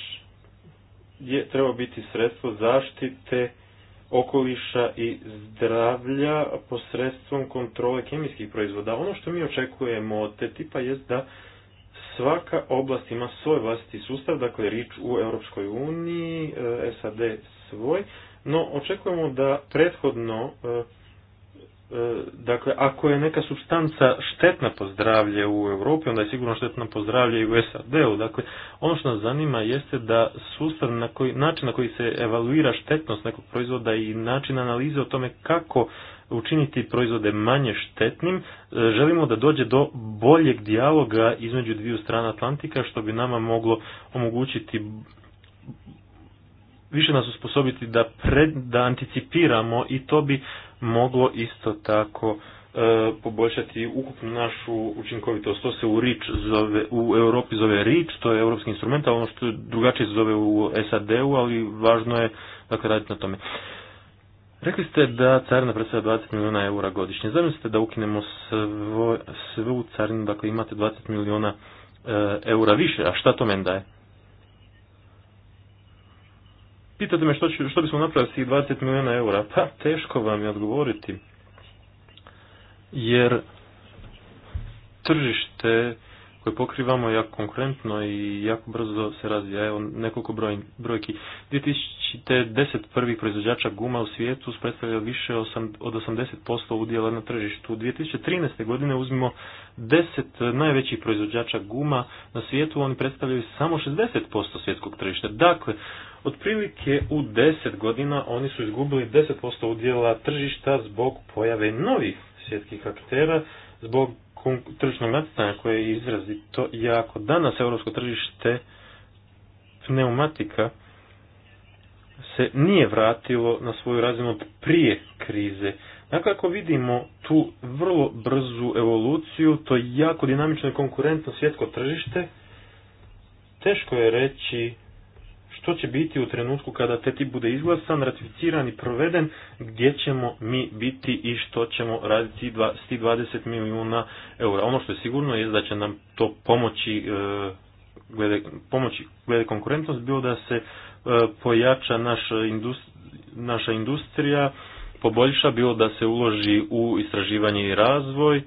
je treba biti sredstvo zaštite okoliša i zdravlja posredstvom kontrole kemijskih proizvoda. Ono što mi očekujemo od te tipa je da svaka oblast ima svoj vlastiti sustav, dakle rič u Europskoj uniji, e, SAD svoj, no očekujemo da prethodno, e, e, dakle, ako je neka substanca štetna po zdravlje u Europi, onda je sigurno štetna po zdravlje i u SAD-u. Dakle, ono što nas zanima jeste da sustav na koji, način na koji se evaluira štetnost nekog proizvoda i način analize o tome kako učiniti proizvode manje štetnim, e, želimo da dođe do boljeg dijaloga između dviju strana Atlantika, što bi nama moglo omogućiti više nas usposobiti da, pred, da anticipiramo i to bi moglo isto tako e, poboljšati ukupnu našu učinkovitost. To se u rič zove, u Europi zove rič, to je europski instrument, ali ono što drugačije zove u SAD-u, ali važno je dakle, raditi na tome. Rekli ste da carina predstavlja 20 milijuna eura godišnje. Zamislite da ukinemo svo, svu carinu, dakle imate 20 milijuna e, eura više, a šta to meni daje? Pitate me što, što bismo napravili s tih 20 milijuna eura. Pa, teško vam je odgovoriti. Jer tržište koje pokrivamo je jako konkurentno i jako brzo se razvija. Evo nekoliko broj, brojki. 2010 prvih proizvođača guma u svijetu predstavlja više od 80% udjela na tržištu. U 2013. godine uzmimo 10 najvećih proizvođača guma na svijetu, oni predstavljaju samo 60% svjetskog tržišta. Dakle, Otprilike u deset godina oni su izgubili 10% udjela tržišta zbog pojave novih svjetskih aktera, zbog tržišnog natjecanja koje je izrazito jako. Danas europsko tržište pneumatika se nije vratilo na svoju razinu od prije krize. Dakle, ako vidimo tu vrlo brzu evoluciju, to jako dinamično i konkurentno svjetsko tržište, teško je reći što će biti u trenutku kada TTIP bude izglasan, ratificiran i proveden, gdje ćemo mi biti i što ćemo raditi s tih 20 milijuna eura. Ono što je sigurno je da će nam to pomoći e, glede, pomoći glede konkurentnost, bilo da se e, pojača naš industri, naša industrija, poboljša, bilo da se uloži u istraživanje i razvoj,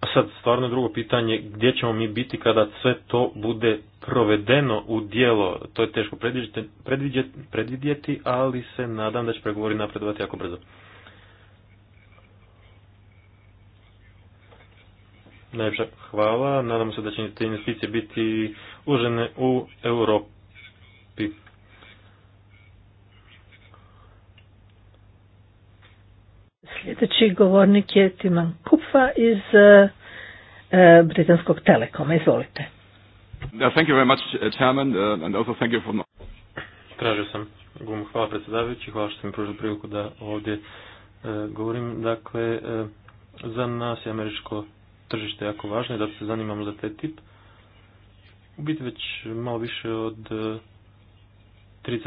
a sad stvarno drugo pitanje, gdje ćemo mi biti kada sve to bude provedeno u dijelo? To je teško predvidjeti, ali se nadam da će pregovori napredovati jako brzo. Najljepša hvala. Nadamo se da će te investicije biti užene u Europi. Sljedeći govornik je Timan Kupfa iz e, e, Britanskog telekoma. Izvolite. Thank you very much, uh, Chairman, uh, and also thank you for... Tražio sam gumu. Hvala predsjedavajući, hvala što mi pružili priliku da ovdje e, govorim. Dakle, za nas je američko tržište jako važno i da se zanimamo za taj tip. U biti već malo više od 30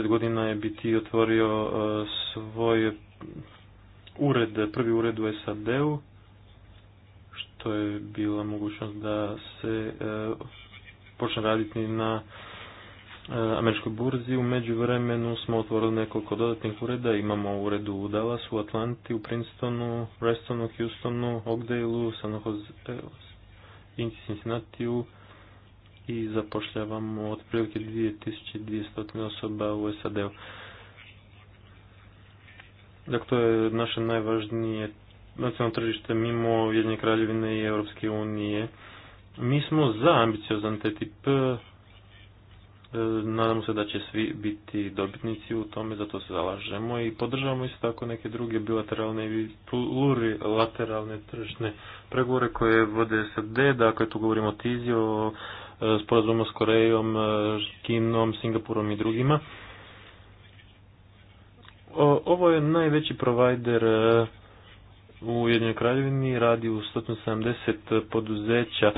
godina je biti otvorio svoje ured, prvi ured u SAD-u, što je bila mogućnost da se e, počne raditi na e, američkoj burzi. U međuvremenu smo otvorili nekoliko dodatnih ureda. Imamo ured u Dallasu, Atlanti, u Princetonu, Restonu, Houstonu, Oakdaleu, u San Jose, e, Cincinnatiu i zapošljavamo otprilike 2200 osoba u SAD-u. Dakle, to je naše najvažnije nacionalno tržište mimo jedne Kraljevine i Europske unije. Mi smo za ambiciozan TTIP. E, nadamo se da će svi biti dobitnici u tome, zato se zalažemo i podržavamo isto tako neke druge bilateralne i plurilateralne tržne pregovore koje vode SAD, dakle tu govorimo o TIZI, o e, sporazumu s Korejom, e, Kinom, Singapurom i drugima. Ovo je najveći provider e, u Jednoj kraljevini, radi u 170 poduzeća.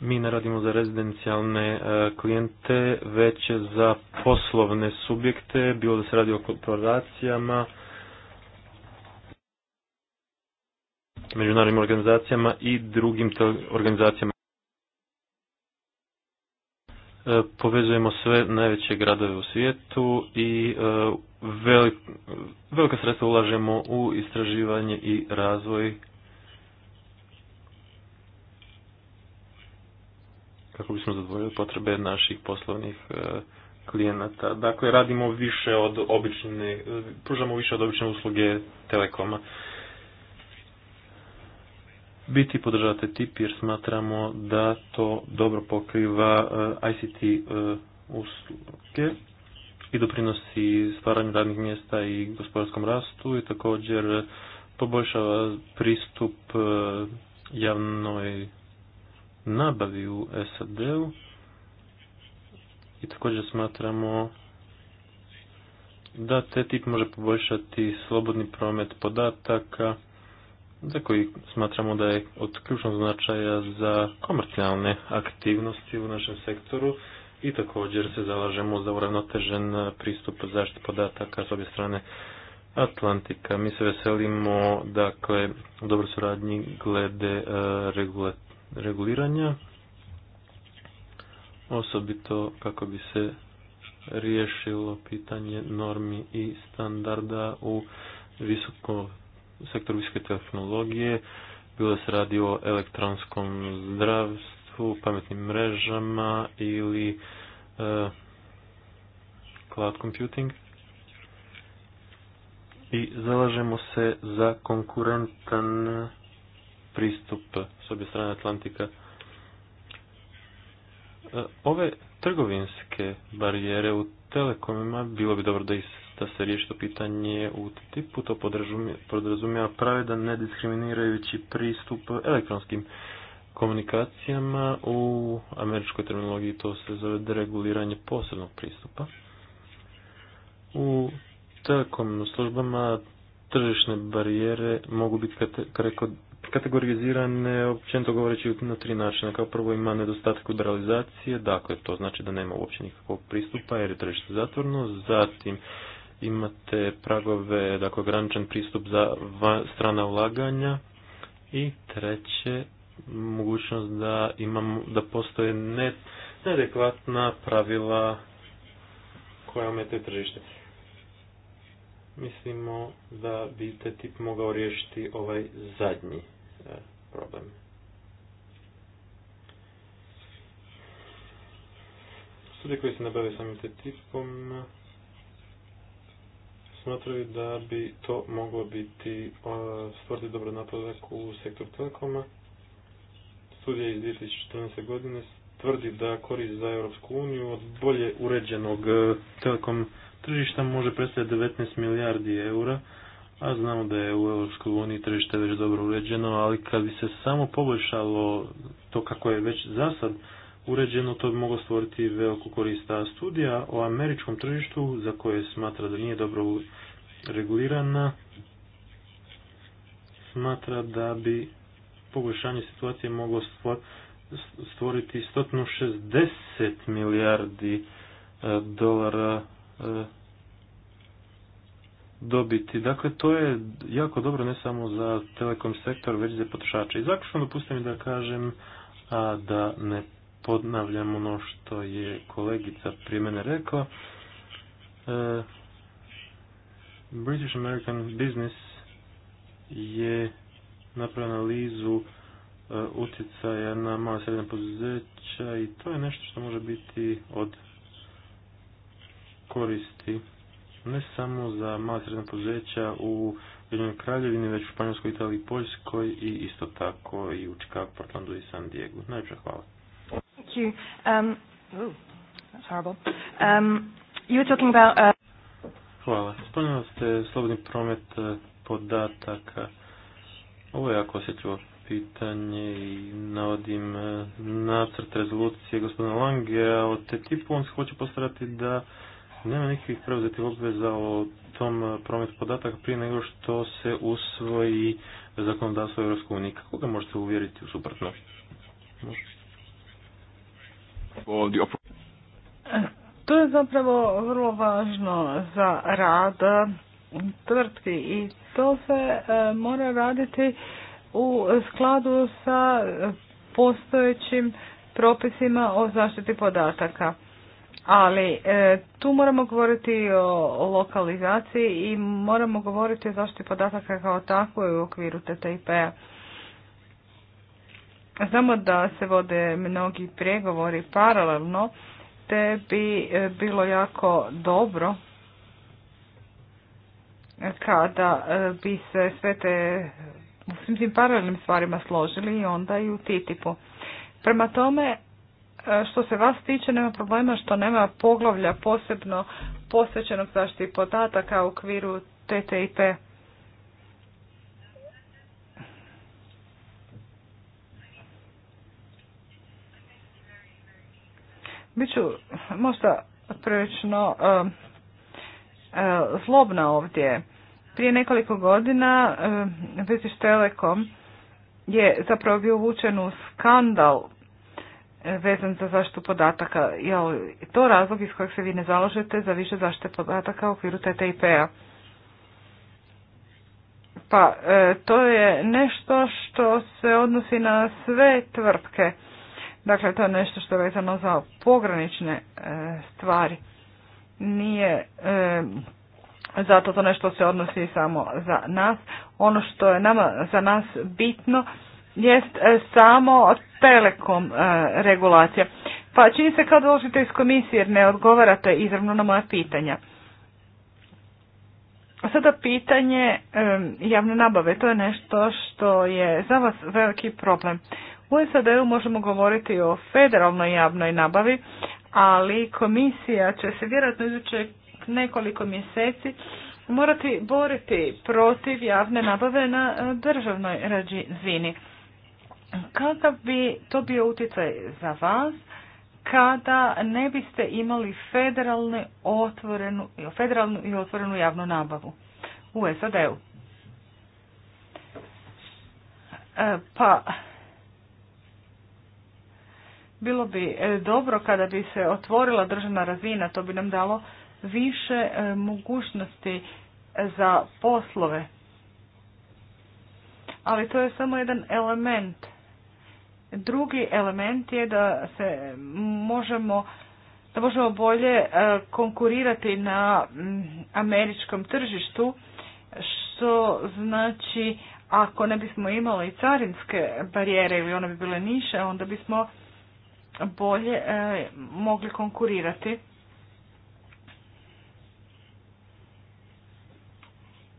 Mi ne radimo za rezidencijalne e, klijente, već za poslovne subjekte, bilo da se radi o korporacijama, međunarodnim organizacijama i drugim organizacijama povezujemo sve najveće gradove u svijetu i e, velika sredstva ulažemo u istraživanje i razvoj kako bismo zadvojili potrebe naših poslovnih e, klijenata. Dakle, radimo više od obične, e, pružamo više od obične usluge telekoma biti podržavate tip jer smatramo da to dobro pokriva eh, ICT eh, usluge i doprinosi stvaranju radnih mjesta i gospodarskom rastu i također poboljšava pristup eh, javnoj nabavi u SAD-u i također smatramo da te tip može poboljšati slobodni promet podataka za koji smatramo da je od ključnog značaja za komercijalne aktivnosti u našem sektoru i također se zalažemo za uravnotežen pristup zaštiti podataka s obje strane Atlantika. Mi se veselimo dakle u dobroj suradnji glede e, reguliranja osobito kako bi se riješilo pitanje normi i standarda u visoko sektor visoke tehnologije, bilo da se radi o elektronskom zdravstvu, pametnim mrežama ili eh, cloud computing. I zalažemo se za konkurentan pristup s obje strane Atlantika. Eh, ove trgovinske barijere u telekomima bilo bi dobro da ih da se riješi to pitanje u tipu, to podrazumijeva pravedan nediskriminirajući pristup elektronskim komunikacijama u američkoj terminologiji to se zove dereguliranje posebnog pristupa. U telekom službama tržišne barijere mogu biti kategorizirane općenito govoreći na tri načina. Kao prvo ima nedostatak liberalizacije, dakle to znači da nema uopće nikakvog pristupa jer je tržište zatvorno, zatim imate pragove, dakle ograničen pristup za strana ulaganja i treće mogućnost da imam, da postoje neadekvatna pravila koja omete tržište. Mislimo da bi te tip mogao riješiti ovaj zadnji e, problem. Studije koji se nabave samim te tipom smatraju da bi to moglo biti stvoriti dobro napredak u sektoru telekoma. Studija iz 2014. godine tvrdi da korist za Europsku uniju od bolje uređenog e, telekom tržišta može predstaviti 19 milijardi eura, a znamo da je u Europskoj uniji tržište već dobro uređeno, ali kad bi se samo poboljšalo to kako je već zasad sad uređeno, to bi moglo stvoriti veliku korista studija o američkom tržištu, za koje smatra da nije dobro regulirana, smatra da bi poboljšanje situacije moglo stvoriti 160 milijardi e, dolara e, dobiti. Dakle, to je jako dobro ne samo za telekom sektor, već za potrošače. I zaključno dopustite mi da kažem a da ne ponavljam ono što je kolegica prije mene rekla. E, British American Business je napravio analizu e, utjecaja na mala srednja poduzeća i to je nešto što može biti od koristi ne samo za mala srednja poduzeća u Ujedinjenoj Kraljevini, već u Španjolskoj, Italiji, i Poljskoj i isto tako i u Chicago, Portlandu i San Diego. Najljepša hvala you. Um, ooh, that's mm-hmm. Um, you were talking about... Uh... Hvala. Spomenuli ste slobodni promet uh, podataka. Ovo je jako osjetljivo pitanje i navodim uh, nacrt rezolucije gospodina Lange, a od te tipu on se hoće postarati da nema nikakvih preuzetih obveza o tom uh, prometu podataka prije nego što se usvoji zakonodavstvo Europske unije. Kako ga možete uvjeriti u Možete. E, to je zapravo vrlo važno za rad e, tvrtki i to se e, mora raditi u skladu sa postojećim propisima o zaštiti podataka. Ali tu moramo govoriti o lokalizaciji i moramo govoriti o zaštiti podataka kao takvoj u okviru TTIP-a. Znamo da se vode mnogi pregovori paralelno, te bi e, bilo jako dobro kada e, bi se sve te u svim tim paralelnim stvarima složili i onda i u TTIP-u. Prema tome, e, što se vas tiče, nema problema što nema poglavlja posebno posvećenog zaštiti podataka u okviru TTIP. ću možda prvično zlobna ovdje. Prije nekoliko godina Vezis Telekom je zapravo bio uvučen u skandal vezan za zaštitu podataka. Je to razlog iz kojeg se vi ne zalažete za više zaštite podataka u okviru TTIP-a? Pa, pa e, to je nešto što se odnosi na sve tvrtke Dakle, to je nešto što je vezano za pogranične e, stvari. Nije e, zato to nešto se odnosi samo za nas. Ono što je nama za nas bitno jest e, samo telekom regulacija. Pa čini se kao dolazite iz komisije jer ne odgovarate izravno na moja pitanja. sada pitanje javne nabave. To je nešto što je za vas veliki problem. U SAD-u možemo govoriti o federalnoj javnoj nabavi, ali komisija će se vjerojatno iduće nekoliko mjeseci morati boriti protiv javne nabave na e, državnoj razini. Kakav bi to bio utjecaj za vas kada ne biste imali federalnu, otvorenu, federalnu i otvorenu javnu nabavu u SAD-u? E, pa, bilo bi e, dobro kada bi se otvorila državna razina, to bi nam dalo više e, mogućnosti e, za poslove. Ali to je samo jedan element. Drugi element je da se možemo da možemo bolje konkurirati na američkom tržištu, što znači ako ne bismo imali carinske barijere ili one bi bile niše, onda bismo bolje e, mogli konkurirati.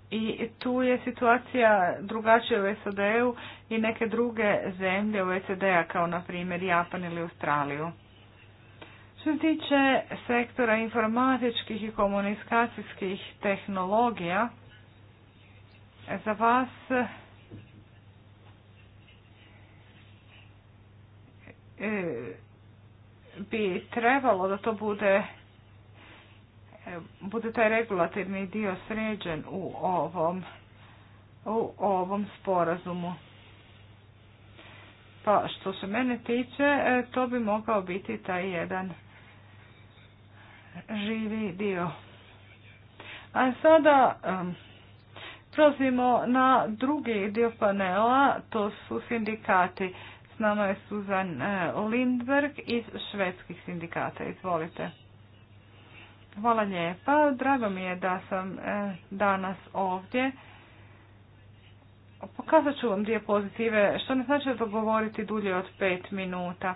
I tu je situacija drugačija u SAD-u i neke druge zemlje u SAD-a kao na primjer Japan ili Australiju. Što se tiče sektora informatičkih i komunikacijskih tehnologija, za vas e, bi trebalo da to bude e, bude taj regulativni dio sređen u ovom u ovom sporazumu. Pa što se mene tiče, e, to bi mogao biti taj jedan živi dio. A sada um, prozimo na drugi dio panela, to su sindikati nama je Suzan e, Lindberg iz švedskih sindikata. Izvolite. Hvala lijepa. Drago mi je da sam e, danas ovdje. Pokazat ću vam dvije pozitive, što ne znači da dulje od pet minuta.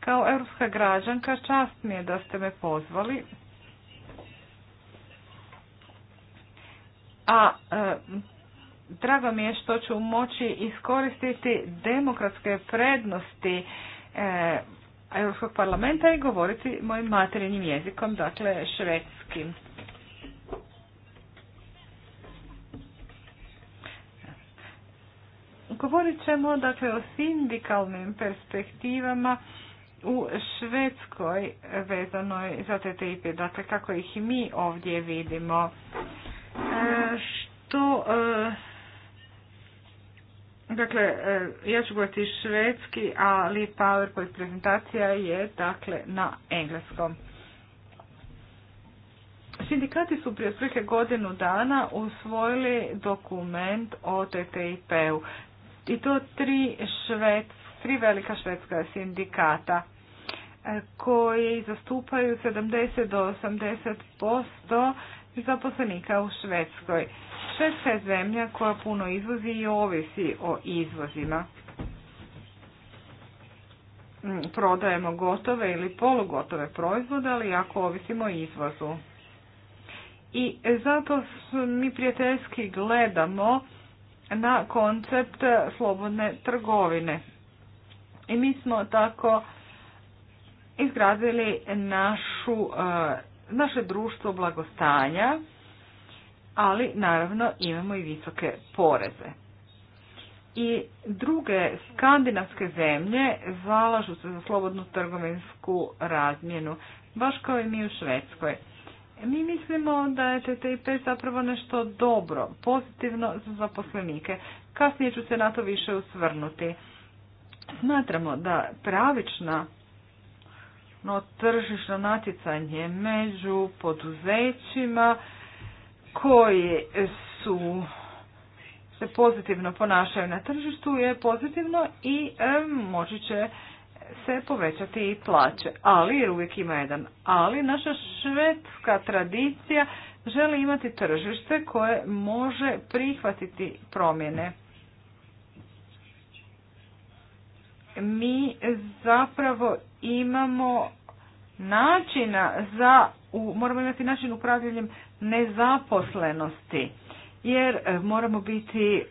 Kao europska građanka čast mi je da ste me pozvali. A e, Drago mi je što ću moći iskoristiti demokratske prednosti e, Europskog parlamenta i govoriti mojim materinjim jezikom, dakle švedskim. Govorit ćemo dakle o sindikalnim perspektivama u Švedskoj vezanoj za TTIP, dakle kako ih i mi ovdje vidimo. E, što e, Dakle, e, ja ću govoriti švedski, ali PowerPoint prezentacija je dakle na engleskom. Sindikati su prije otprilike godinu dana usvojili dokument o TTIP-u. I to tri, šved, tri velika švedska sindikata e, koji zastupaju 70 do 80% zaposlenika u Švedskoj. Sve je zemlja koja puno izvozi i ovisi o izvozima. Mm, prodajemo gotove ili polugotove proizvode, ali jako ovisimo o izvozu. I zato mi prijateljski gledamo na koncept slobodne trgovine. I mi smo tako izgradili eh, naše društvo blagostanja ali naravno imamo i visoke poreze. I druge skandinavske zemlje zalažu se za slobodnu trgovinsku razmjenu, baš kao i mi u Švedskoj. Mi mislimo da je TTIP zapravo nešto dobro, pozitivno za zaposlenike. Kasnije ću se na to više usvrnuti. Smatramo da pravična no, tržišno natjecanje među poduzećima koji su se pozitivno ponašaju na tržištu je pozitivno i e, moći će se povećati i plaće. Ali, jer uvijek ima jedan ali, naša švedska tradicija želi imati tržište koje može prihvatiti promjene. Mi zapravo imamo načina za moramo imati način upravljanjem nezaposlenosti, jer e, moramo biti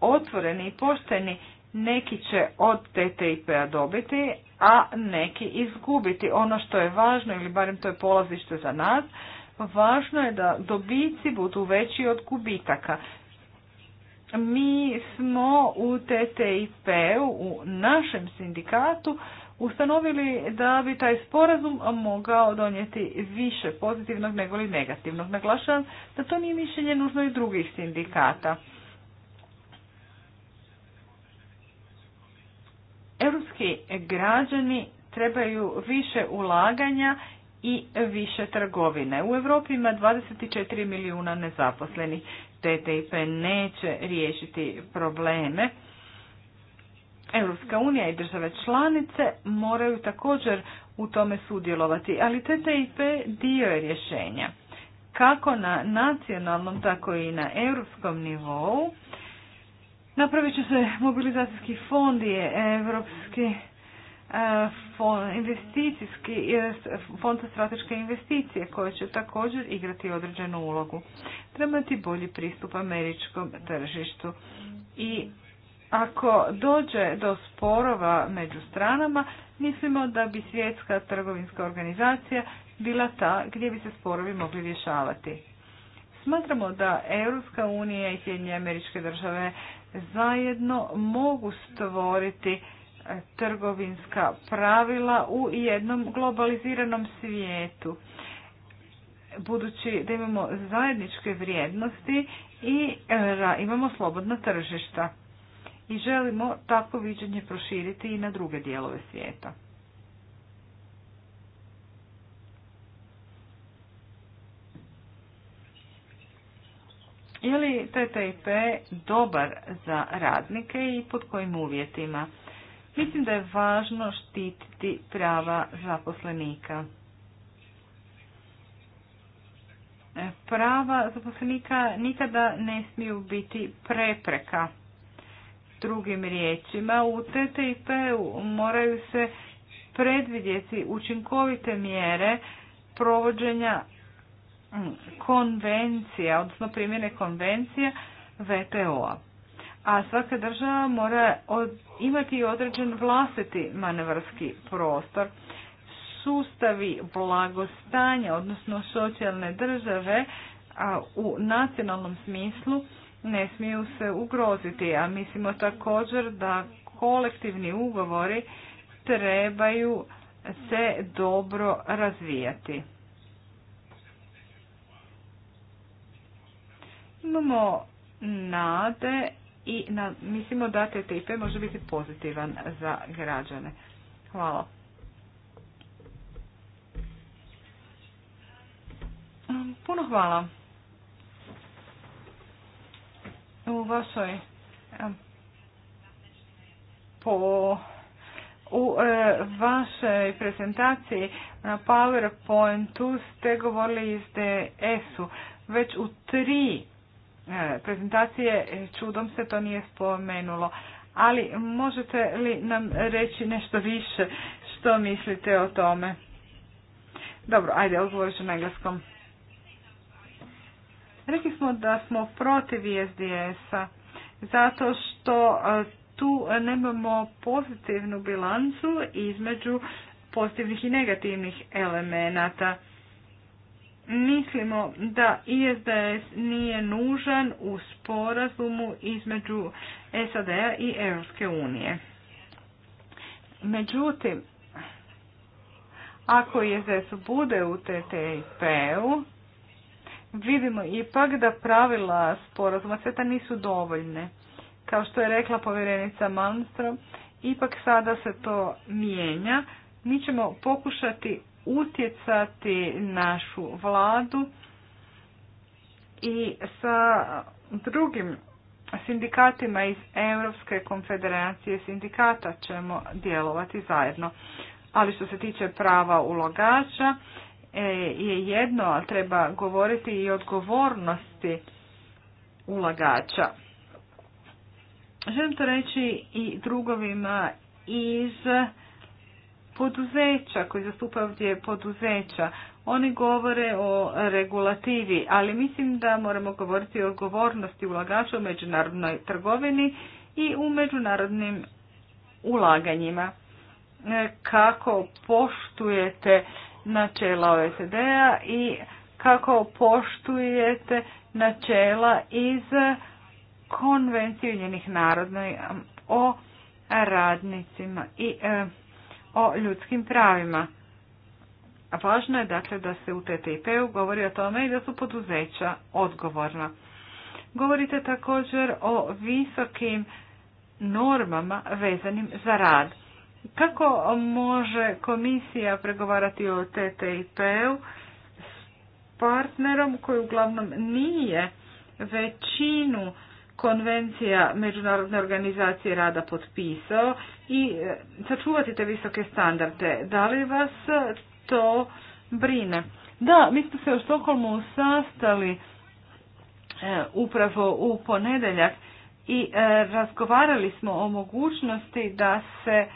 otvoreni i pošteni. Neki će od TTIP-a dobiti, a neki izgubiti. Ono što je važno, ili barem to je polazište za nas, važno je da dobici budu veći od gubitaka. Mi smo u TTIP-u, u našem sindikatu, ustanovili da bi taj sporazum mogao donijeti više pozitivnog nego li negativnog. Naglašavam da to nije mišljenje nužno i drugih sindikata. Europski građani trebaju više ulaganja i više trgovine. U Europi ima 24 milijuna nezaposlenih. TTIP neće riješiti probleme Europska unija i države članice moraju također u tome sudjelovati, ali TTIP dio je rješenja. Kako na nacionalnom, tako i na europskom nivou, napravit će se mobilizacijski fond i europski e, fond, investicijski e, fond za strateške investicije koje će također igrati određenu ulogu. Trebati bolji pristup američkom tržištu i ako dođe do sporova među stranama, mislimo da bi svjetska trgovinska organizacija bila ta gdje bi se sporovi mogli rješavati. Smatramo da Europska unija i Sjedinje američke države zajedno mogu stvoriti e, trgovinska pravila u jednom globaliziranom svijetu. Budući da imamo zajedničke vrijednosti i e, imamo slobodna tržišta i želimo takvo viđenje proširiti i na druge dijelove svijeta. Je li TTIP dobar za radnike i pod kojim uvjetima? Mislim da je važno štititi prava zaposlenika. Prava zaposlenika nikada ne smiju biti prepreka Drugim riječima, u TTIP-u moraju se predvidjeti učinkovite mjere provođenja mm, konvencija, odnosno primjene konvencija VTO-a. A svaka država mora imati određen vlastiti manevarski prostor. Sustavi blagostanja, odnosno socijalne države, u nacionalnom smislu ne smiju se ugroziti, a mislimo također da kolektivni ugovori trebaju se dobro razvijati. Imamo nade i na, mislimo da TTIP može biti pozitivan za građane. Hvala. Puno hvala u vašoj po u e, vašoj prezentaciji na PowerPointu ste govorili iz DS-u. Već u tri e, prezentacije e, čudom se to nije spomenulo. Ali možete li nam reći nešto više što mislite o tome? Dobro, ajde, odgovorit ću na engleskom. Rekli smo da smo protiv SDS-a zato što e, tu nemamo pozitivnu bilancu između pozitivnih i negativnih elemenata. Mislimo da ISDS nije nužan u sporazumu između SAD-a i Europske unije. Međutim, ako ISDS bude u TTIP-u, vidimo ipak da pravila sporazuma sveta nisu dovoljne. Kao što je rekla povjerenica Malmström, ipak sada se to mijenja. Mi ćemo pokušati utjecati našu vladu i sa drugim sindikatima iz Europske konfederacije sindikata ćemo djelovati zajedno. Ali što se tiče prava ulogača, E, je jedno, a treba govoriti i odgovornosti ulagača. Želim to reći i drugovima iz poduzeća koji zastupaju ovdje poduzeća. Oni govore o regulativi, ali mislim da moramo govoriti o odgovornosti ulagača u međunarodnoj trgovini i u međunarodnim ulaganjima. E, kako poštujete načela OECD-a i kako poštujete načela iz konvencije Ujedinjenih o radnicima i e, o ljudskim pravima. A važno je dakle da se u TTIP-u govori o tome i da su poduzeća odgovorna. Govorite također o visokim normama vezanim za rad. Kako može komisija pregovarati o TTIP-u s partnerom koji uglavnom nije većinu konvencija Međunarodne organizacije rada potpisao i e, sačuvati te visoke standarde. Da li vas to brine? Da, mi smo se u Stokholmu sastali e, upravo u ponedeljak i e, razgovarali smo o mogućnosti da se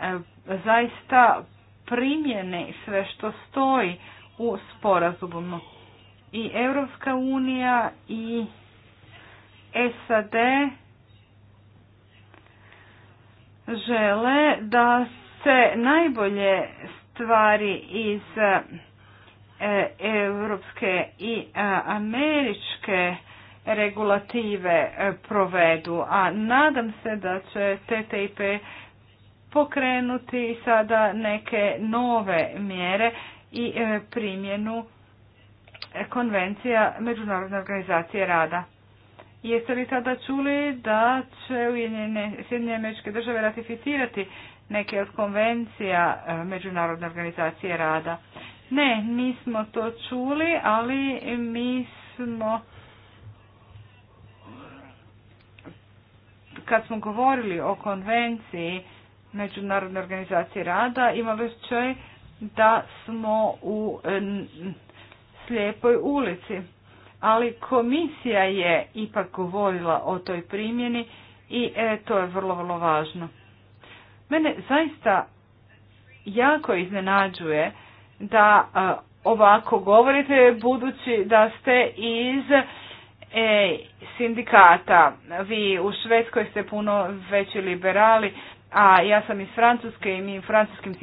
E, zaista primjene sve što stoji u sporazumu. I Europska unija i SAD žele da se najbolje stvari iz e, e, europske i američke regulative provedu, a nadam se da će TTIP pokrenuti sada neke nove mjere i e, primjenu konvencija Međunarodne organizacije rada. Jeste li tada čuli da će Sjedinjene američke države ratificirati neke od konvencija e, Međunarodne organizacije rada? Ne, nismo to čuli, ali mi smo kad smo govorili o konvenciji Međunarodne organizacije rada ima već da smo u slijepoj ulici. Ali komisija je ipak govorila o toj primjeni i e, to je vrlo, vrlo važno. Mene zaista jako iznenađuje da e, ovako govorite budući da ste iz e, sindikata. Vi u Švedskoj ste puno veći liberali, a ja sam iz Francuske i mi u francuskim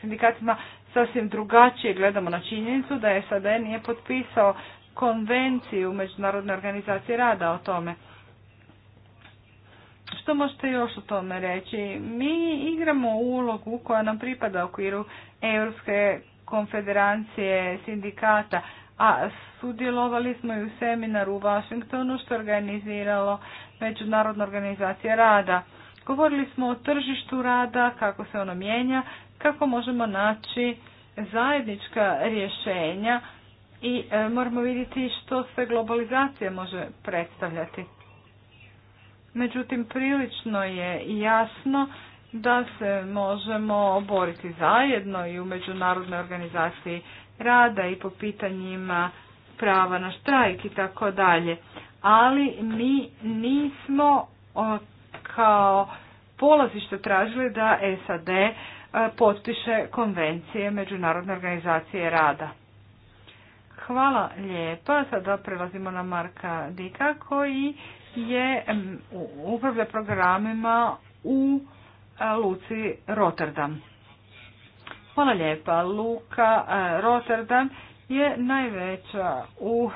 sindikatima sasvim drugačije gledamo na činjenicu da je SAD nije potpisao konvenciju Međunarodne organizacije rada o tome. Što možete još o tome reći? Mi igramo ulogu koja nam pripada u okviru Europske konfederacije sindikata, a sudjelovali smo i u seminaru u Washingtonu što je organiziralo Međunarodna organizacija rada. Govorili smo o tržištu rada, kako se ono mijenja, kako možemo naći zajednička rješenja i e, moramo vidjeti što sve globalizacija može predstavljati. Međutim, prilično je jasno da se možemo boriti zajedno i u međunarodnoj organizaciji rada i po pitanjima prava na štrajk i tako dalje. Ali mi nismo kao polazište tražili da SAD e, potpiše konvencije Međunarodne organizacije rada. Hvala lijepa. Sada prelazimo na Marka Dika koji je upravlja programima u e, Luci Rotterdam. Hvala lijepa. Luka e, Rotterdam je najveća u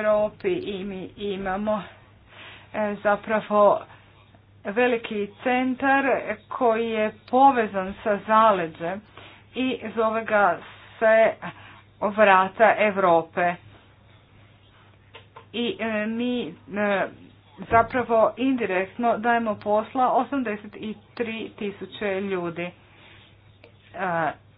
Europi i mi imamo zapravo veliki centar koji je povezan sa zaleđem i zove ga se vrata Europe. I e, mi e, zapravo indirektno dajemo posla 83 tisuće ljudi. E,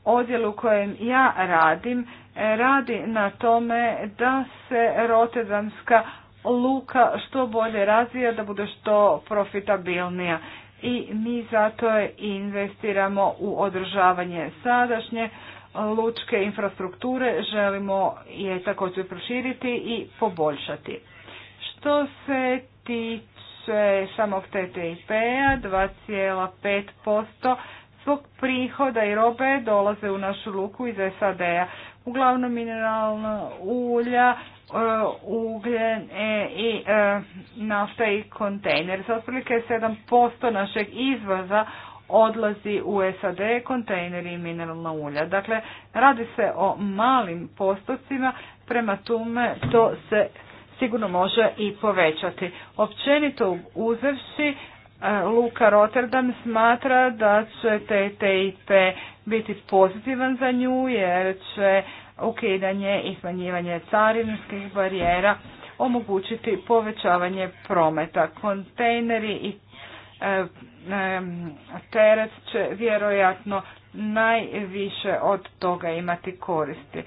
odjel u kojem ja radim e, radi na tome da se rotedamska luka što bolje razvija, da bude što profitabilnija. I mi zato investiramo u održavanje sadašnje lučke infrastrukture, želimo je također proširiti i poboljšati. Što se tiče samog TTIP-a, 2,5% svog prihoda i robe dolaze u našu luku iz SAD-a uglavnom mineralna ulja, e, ugljen e, i e, nafta i kontejner. Za otprilike 7% našeg izvoza odlazi u SAD kontejneri i mineralna ulja. Dakle, radi se o malim postocima, prema tome to se sigurno može i povećati. Općenito uzevši, E, Luka Rotterdam smatra da će TTIP biti pozitivan za nju jer će ukidanje i smanjivanje carinskih barijera omogućiti povećavanje prometa. Kontejneri i e, e, teret će vjerojatno najviše od toga imati koristi.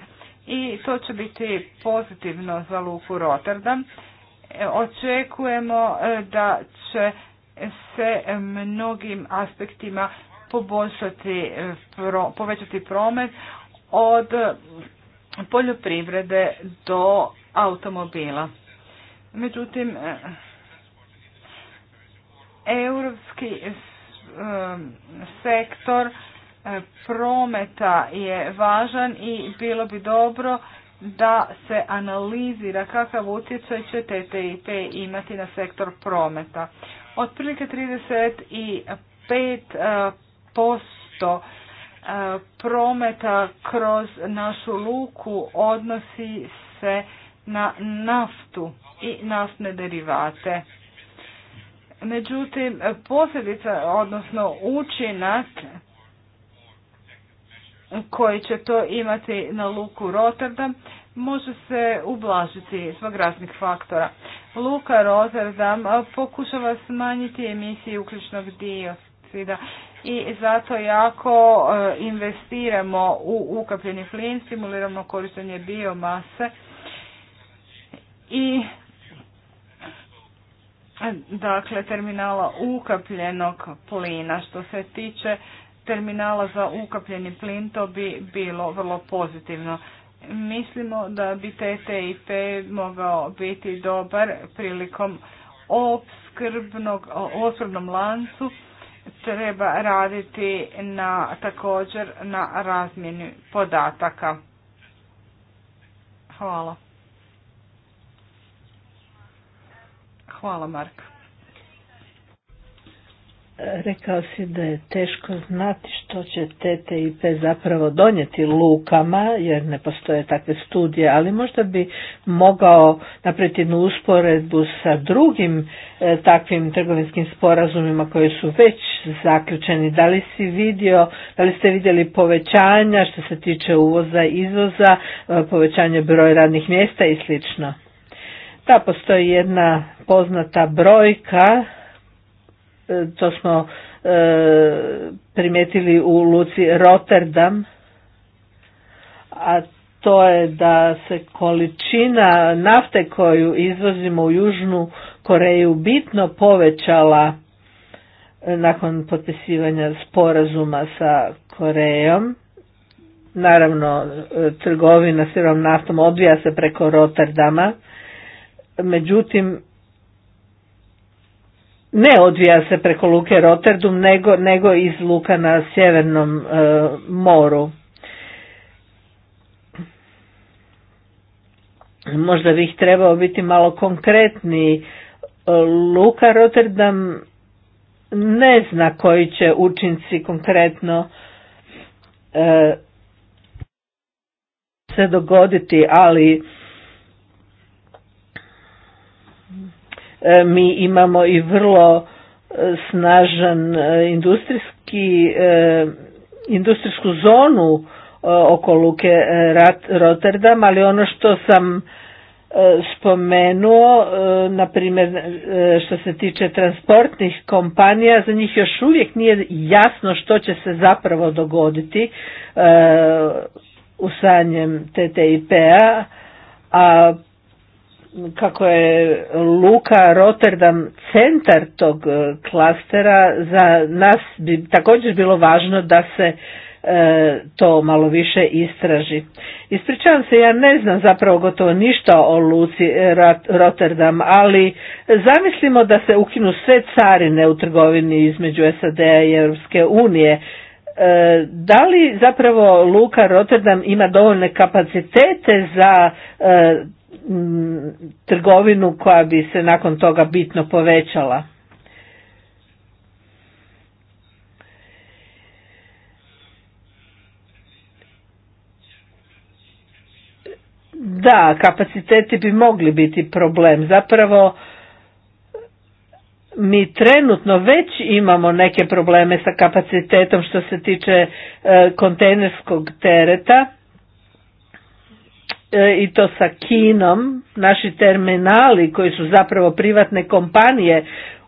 I to će biti pozitivno za Luku Rotterdam. Očekujemo da će se mnogim aspektima poboljšati, povećati promet od poljoprivrede do automobila. Međutim, europski um, sektor eh, prometa je važan i bilo bi dobro da se analizira kakav utjecaj će TTIP imati na sektor prometa. Otprilike 35% e, e, prometa kroz našu luku odnosi se na naftu i naftne derivate. Međutim, posljedica, odnosno učinak koji će to imati na luku Rotterdam može se ublažiti zbog raznih faktora. Luka Rotterdam pokušava smanjiti emisije uključnog dioksida i zato jako investiramo u ukapljeni plin, stimuliramo korištenje biomase i dakle terminala ukapljenog plina što se tiče terminala za ukapljeni plin, to bi bilo vrlo pozitivno. Mislimo da bi TTIP mogao biti dobar prilikom opskrbnog, lancu. Treba raditi na također na razmjeni podataka. Hvala. Hvala Marko. Rekao si da je teško znati što će TTIP zapravo donijeti lukama, jer ne postoje takve studije, ali možda bi mogao napraviti jednu usporedbu sa drugim e, takvim trgovinskim sporazumima koji su već zaključeni. Da li si vidio, da li ste vidjeli povećanja što se tiče uvoza, izvoza, e, povećanje broja radnih mjesta i slično? Da, postoji jedna poznata brojka E, to smo e, primijetili u luci Rotterdam, a to je da se količina nafte koju izvozimo u Južnu Koreju bitno povećala e, nakon potpisivanja sporazuma sa Korejom. Naravno, trgovina sirom naftom odvija se preko Rotterdama, međutim, ne odvija se preko luke Rotterdam nego, nego iz luka na sjevernom e, moru. Možda bih trebao biti malo konkretniji. E, luka Rotterdam ne zna koji će učinci konkretno e, se dogoditi, ali E, mi imamo i vrlo e, snažan e, industrijski, industrijsku zonu oko luke Rotterdam, ali ono što sam spomenuo, na primjer što se tiče transportnih kompanija, za njih još uvijek nije jasno što će se zapravo dogoditi usanjem TTIP-a, a kako je Luka Rotterdam centar tog e, klastera, za nas bi također bilo važno da se e, to malo više istraži. Ispričavam se, ja ne znam zapravo gotovo ništa o Luci e, Rotterdam, ali zamislimo da se ukinu sve carine u trgovini između SAD-a i Europske unije. da li zapravo Luka Rotterdam ima dovoljne kapacitete za Mm, trgovinu koja bi se nakon toga bitno povećala. Da, kapaciteti bi mogli biti problem. Zapravo mi trenutno već imamo neke probleme sa kapacitetom što se tiče e, kontejnerskog tereta. E, i to sa Kinom, naši terminali koji su zapravo privatne kompanije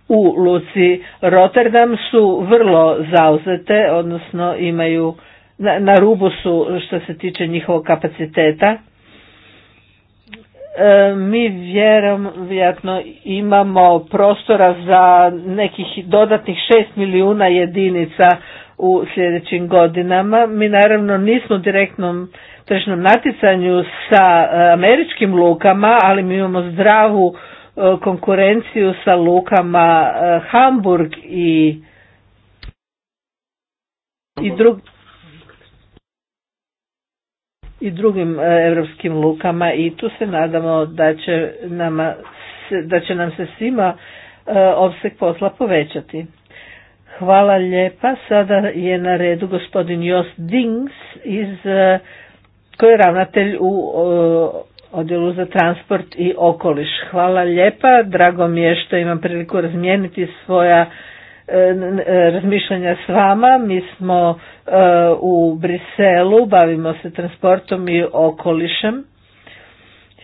u Luci Rotterdam su vrlo zauzete, odnosno imaju, na, rubu su što se tiče njihovog kapaciteta. E, mi vjerojatno imamo prostora za nekih dodatnih 6 milijuna jedinica u sljedećim godinama. Mi naravno nismo u direktnom tržnom natjecanju sa e, američkim lukama, ali mi imamo zdravu e, konkurenciju sa lukama e, Hamburg i i, drug, i drugim europskim lukama i tu se nadamo da će, nama, da će nam se svima opseg posla povećati. Hvala lijepa. Sada je na redu gospodin Jos Dings iz, e, koji je ravnatelj u e, odjelu za transport i okoliš. Hvala lijepa. Drago mi je što imam priliku razmijeniti svoja e, razmišljanja s vama. Mi smo u Briselu, bavimo se transportom i okolišem.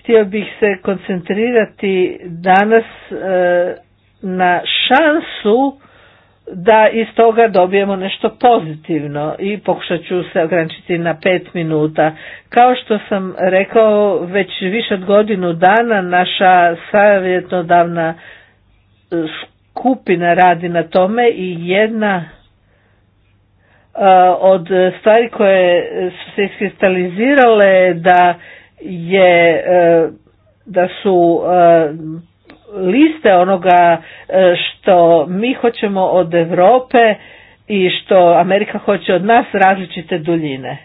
Htio bih se koncentrirati danas na šansu da iz toga dobijemo nešto pozitivno i pokušat ću se ograničiti na pet minuta. Kao što sam rekao, već više od godinu dana naša savjetodavna e, skupina radi na tome i jedna e, od stvari koje su se iskristalizirale da je e, da su liste onoga e, što mi hoćemo od Europe i što Amerika hoće od nas različite duljine.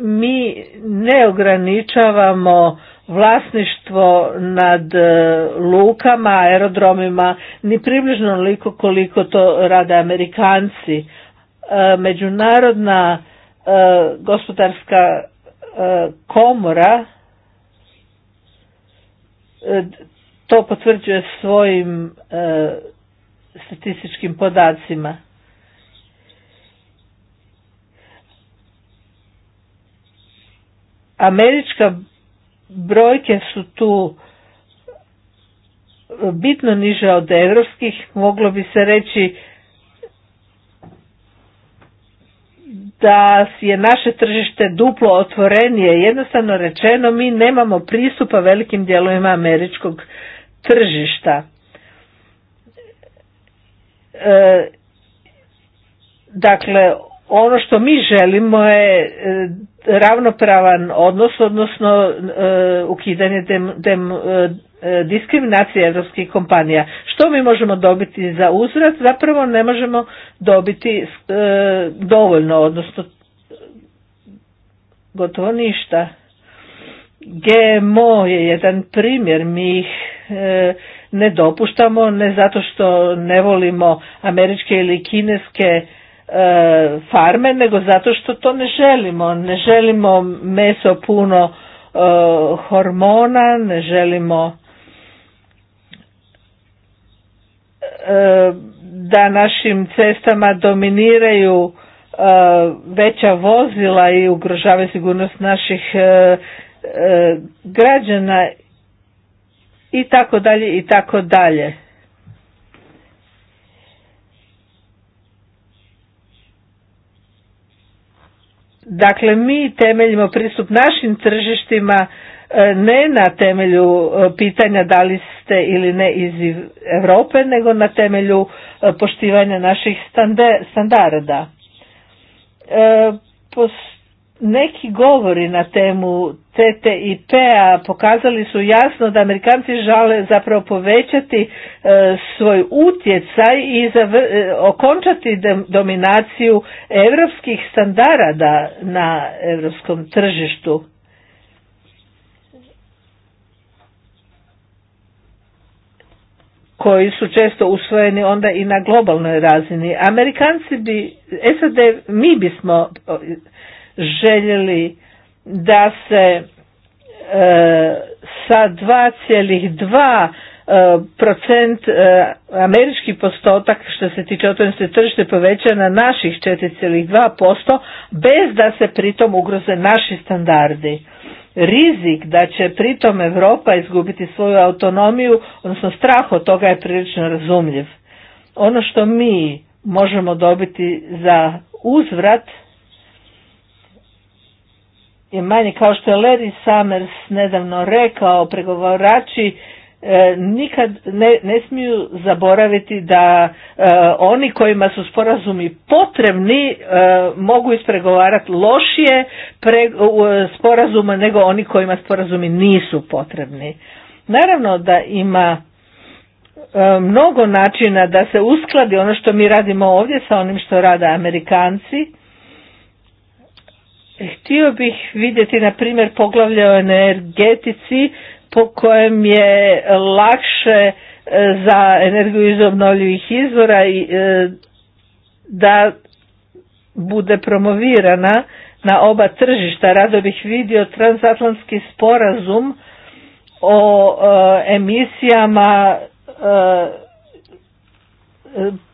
Mi ne ograničavamo vlasništvo nad e, lukama, aerodromima, ni približno liko koliko to rade Amerikanci. E, međunarodna gospodarska E, komora e, to potvrđuje svojim e, statističkim podacima. Američka brojke su tu bitno niže od europskih, moglo bi se reći da je naše tržište duplo otvorenije. Jednostavno rečeno mi nemamo pristupa velikim dijelovima američkog tržišta. E, dakle, ono što mi želimo je e, ravnopravan odnos, odnosno e, ukidanje E, diskriminacije europskih kompanija. Što mi možemo dobiti za uzrat? Zapravo ne možemo dobiti e, dovoljno, odnosno gotovo ništa. GMO je jedan primjer, mi ih e, ne dopuštamo, ne zato što ne volimo američke ili kineske farme, nego zato što to ne želimo. Ne želimo meso puno hormona, ne želimo E, da našim cestama dominiraju e, veća vozila i ugrožavaju sigurnost naših e, građana i tako dalje i tako dalje. Dakle, mi temeljimo pristup našim tržištima E, ne na temelju e, pitanja da li ste ili ne iz Europe, nego na temelju e, poštivanja naših standarda. Neki govori na temu TTIP-a pokazali su jasno da Amerikanci žele zapravo povećati svoj utjecaj i okončati dominaciju europskih standarda na europskom tržištu. koji su često usvojeni onda i na globalnoj razini. Amerikanci bi, SAD, mi bismo e, željeli da se e, sa 2,2 e, procent američki postotak što se tiče otvorenosti tržište poveća na naših 4,2% bez da se pritom ugroze naši standardi rizik da će pritom Europa izgubiti svoju autonomiju, odnosno strah od toga je prilično razumljiv. Ono što mi možemo dobiti za uzvrat je manje kao što je Larry Summers nedavno rekao, pregovorači E, nikad ne, ne smiju zaboraviti da e, oni kojima su sporazumi potrebni e, mogu ispregovarati lošije pre, sporazuma nego oni kojima sporazumi nisu potrebni. Naravno da ima mnogo načina da se uskladi ono što mi radimo ovdje sa onim što rade Amerikanci. Htio bih vidjeti na primjer poglavlje o energetici po kojem je lakše e, za energiju iz obnovljivih izvora i e, da bude promovirana na oba tržišta. Rado bih vidio transatlantski sporazum o e, emisijama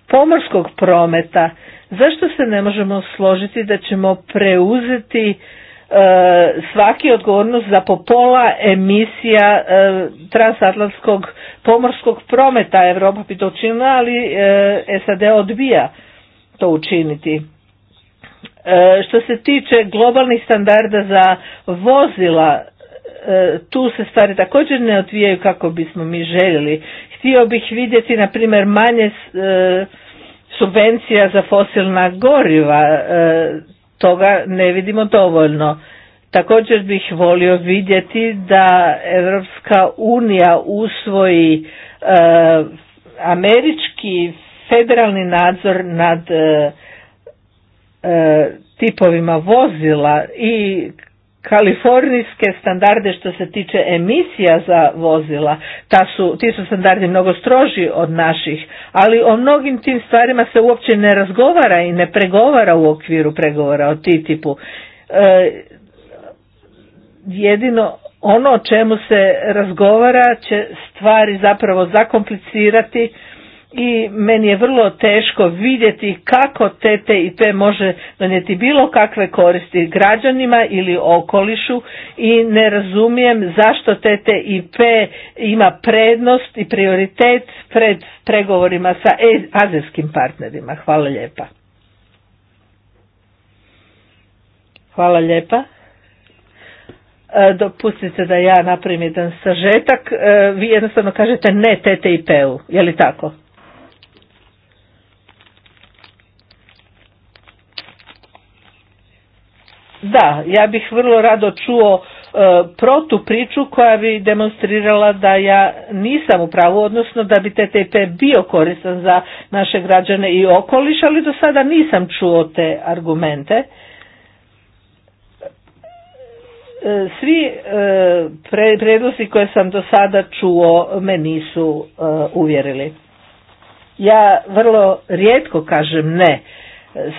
pomorskog prometa. Zašto se ne možemo složiti da ćemo preuzeti E, svaki odgovornost za popola emisija e, transatlantskog pomorskog prometa Europa bi to učinila, ali e, SAD odbija to učiniti. Što se tiče globalnih standarda za vozila, tu se stvari također ne odvijaju kako bismo mi željeli. Htio bih vidjeti, na primjer, manje subvencija za fosilna goriva toga ne vidimo dovoljno. Također bih volio vidjeti da Europska unija usvoji e, američki federalni nadzor nad e, e, tipovima vozila i kalifornijske standarde što se tiče emisija za vozila, ta su, ti su standardi mnogo stroži od naših, ali o mnogim tim stvarima se uopće ne razgovara i ne pregovara u okviru pregovora o TTIP-u. E, jedino ono o čemu se razgovara će stvari zapravo zakomplicirati, i meni je vrlo teško vidjeti kako TTIP može donijeti bilo kakve koristi građanima ili okolišu i ne razumijem zašto TTIP ima prednost i prioritet pred pregovorima sa e, azijskim partnerima. Hvala lijepa. Hvala lijepa. E, dopustite da ja napravim jedan sažetak. E, vi jednostavno kažete ne TTIP-u, je li tako? Da, ja bih vrlo rado čuo e, protu priču koja bi demonstrirala da ja nisam u pravu, odnosno da bi TTP bio koristan za naše građane i okoliš, ali do sada nisam čuo te argumente. E, svi e, koje sam do sada čuo me nisu e, uvjerili. Ja vrlo rijetko kažem ne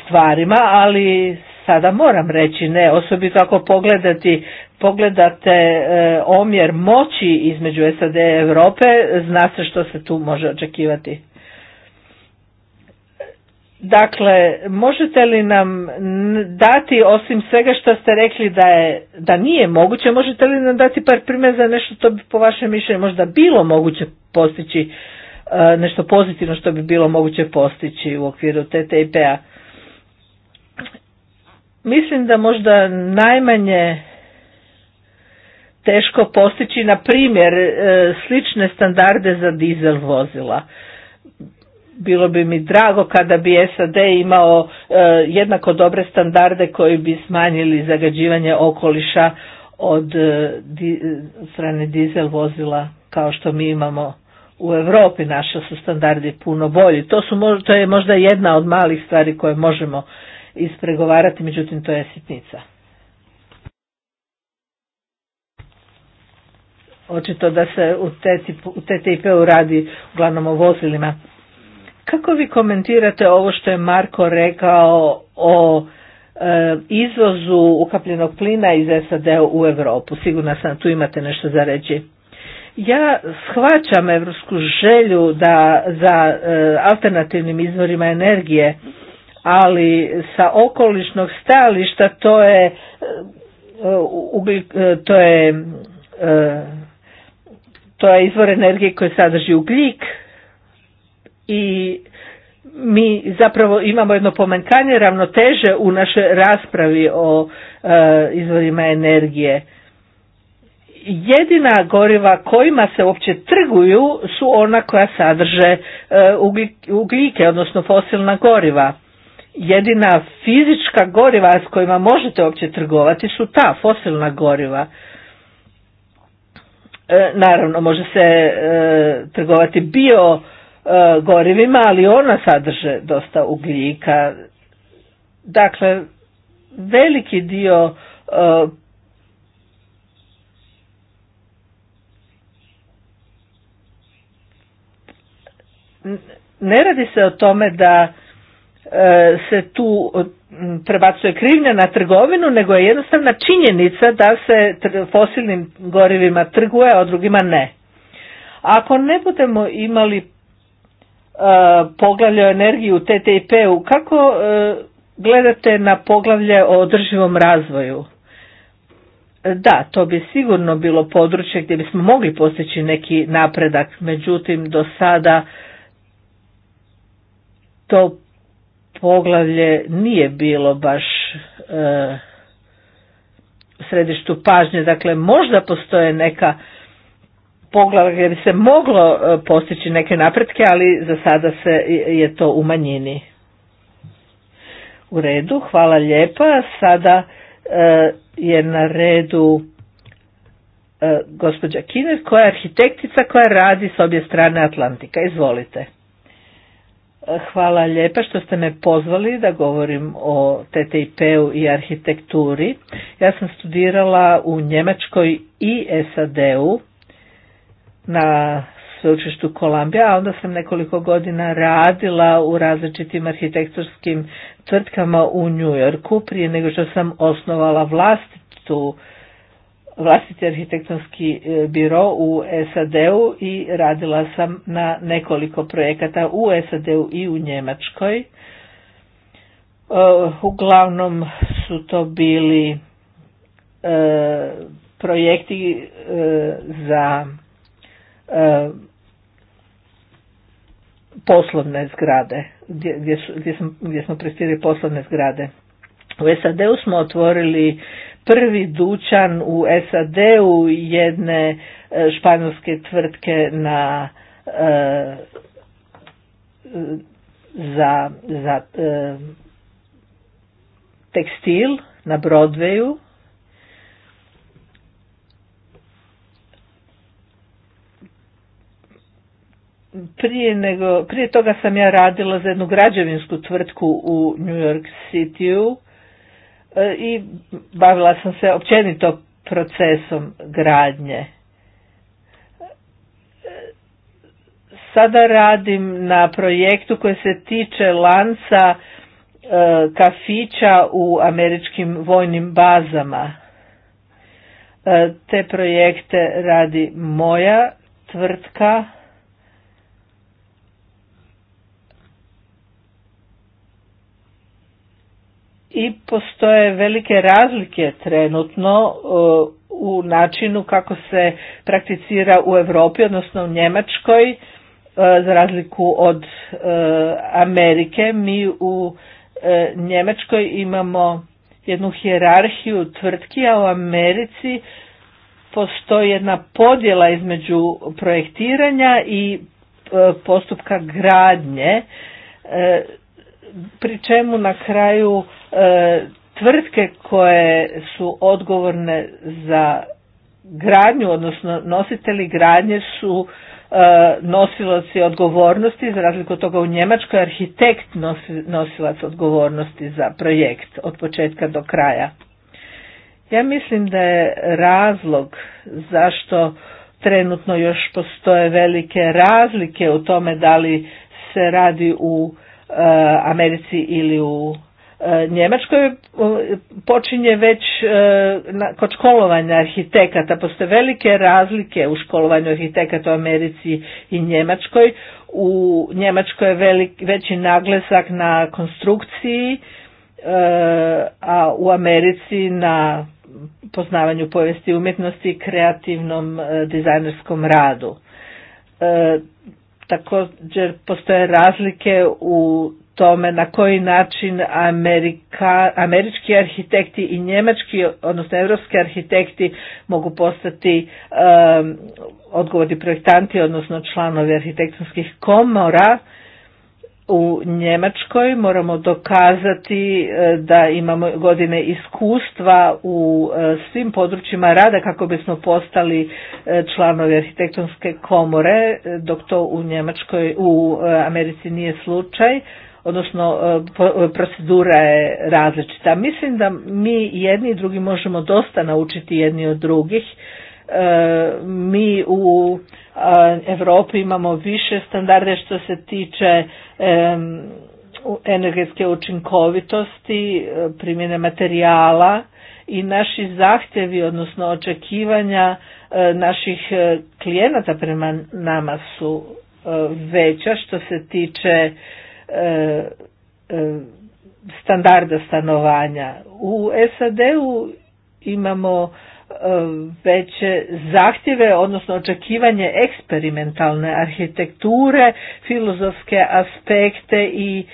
stvarima, ali sada moram reći ne, osobito ako pogledati, pogledate e, omjer moći između SAD i Europe, zna se što se tu može očekivati. Dakle, možete li nam dati, osim svega što ste rekli da, je, da nije moguće, možete li nam dati par primjer za nešto što bi po vašem mišljenju možda bilo moguće postići, e, nešto pozitivno što bi bilo moguće postići u okviru TTIP-a? Mislim da možda najmanje teško postići, na primjer, e, slične standarde za dizel vozila. Bilo bi mi drago kada bi SAD imao e, jednako dobre standarde koji bi smanjili zagađivanje okoliša od e, strane dizel vozila kao što mi imamo u Europi naši su standardi puno bolji. To, su, to je možda jedna od malih stvari koje možemo ispregovarati, međutim to je sitnica. Očito da se u TTIP-u radi uglavnom o vozilima. Kako vi komentirate ovo što je Marko rekao o e, izvozu ukapljenog plina iz SAD u Europu? Sigurna sam tu imate nešto za reći. Ja shvaćam evropsku želju da za e, alternativnim izvorima energije ali sa okolišnog stajališta to je e, e, e, to je to je izvor energije koji sadrži ugljik i mi zapravo imamo jedno pomenkanje ravnoteže u našoj raspravi o izvorima energije jedina goriva kojima se uopće trguju su ona koja sadrže ugljike, odnosno fosilna goriva jedina fizička goriva s kojima možete uopće trgovati su ta fosilna goriva. E, naravno, može se e, trgovati bio e, gorivima, ali ona sadrže dosta ugljika. Dakle, veliki dio ne radi se o tome da E, se tu prebacuje krivnja na trgovinu, nego je jednostavna činjenica da se fosilnim gorivima trguje, a drugima ne. Ako ne budemo imali e, poglavlje o energiji u TTIP-u, kako e, gledate na poglavlje o održivom razvoju? Da, to bi sigurno bilo područje gdje bismo mogli postići neki napredak, međutim do sada to poglavlje nije bilo baš e, u središtu pažnje. Dakle, možda postoje neka poglavlja gdje bi se moglo e, postići neke napretke, ali za sada se je to u manjini. U redu, hvala lijepa. Sada e, je na redu gospođa Kiner koja je arhitektica koja radi s obje strane Atlantika. Izvolite. Hvala lijepa što ste me pozvali da govorim o TTIP-u i arhitekturi. Ja sam studirala u Njemačkoj i SAD-u na sveučilištu Kolumbija, a onda sam nekoliko godina radila u različitim arhitekturskim tvrtkama u Njujorku prije nego što sam osnovala vlastitu vlastiti arhitektonski e, biro u SAD-u i radila sam na nekoliko projekata u SAD-u i u Njemačkoj. E, uglavnom su to bili e, projekti za poslovne zgrade, gdje, su, gdje, smo, gdje poslovne zgrade. U SAD-u smo otvorili prvi dućan u SAD-u jedne e, španjolske tvrtke na e, za, za e, tekstil na Broadwayu. Prije, nego, prije toga sam ja radila za jednu građevinsku tvrtku u New York Cityu E, i bavila sam se općenito procesom gradnje. E, sada radim na projektu koji se tiče lanca e, kafića u američkim vojnim bazama. Te projekte radi moja tvrtka i postoje velike razlike trenutno u načinu kako se prakticira u Europi, odnosno u Njemačkoj, za razliku od Amerike. Mi u Njemačkoj imamo jednu hijerarhiju tvrtki, a u Americi postoji jedna podjela između projektiranja i postupka gradnje e, pri čemu na kraju e, tvrtke koje su odgovorne za gradnju, odnosno nositelji gradnje su e, nosiloci odgovornosti, za razliku od toga u Njemačkoj arhitekt nosilac odgovornosti za projekt od početka do kraja. Ja mislim da je razlog zašto trenutno još postoje velike razlike u tome da li se radi u Eh, Americi ili u eh, Njemačkoj eh, počinje već kod školovanja arhitekata. Postoje velike razlike u školovanju arhitekata u Americi i Njemačkoj. U Njemačkoj je veći naglasak na konstrukciji, a u Americi na poznavanju povijesti umjetnosti i kreativnom dizajnerskom radu. Također postoje razlike u tome na koji način Amerika, američki arhitekti i njemački, odnosno evropski arhitekti mogu postati um, odgovorni projektanti, odnosno članovi arhitektonskih komora u Njemačkoj moramo dokazati e, da imamo godine iskustva u e, svim područjima rada kako bismo postali e, članovi arhitektonske komore dok to u Njemačkoj u Americi nije slučaj odnosno procedura je različita. Mislim da mi jedni i drugi možemo dosta naučiti jedni od drugih E, mi u e, Europi imamo više standarde što se tiče e, energetske učinkovitosti, primjene materijala i naši zahtjevi, odnosno očekivanja naših klijenata prema nama su veća što se tiče standarda stanovanja. U SAD-u imamo E, veće zahtjeve, odnosno očekivanje eksperimentalne arhitekture, filozofske aspekte i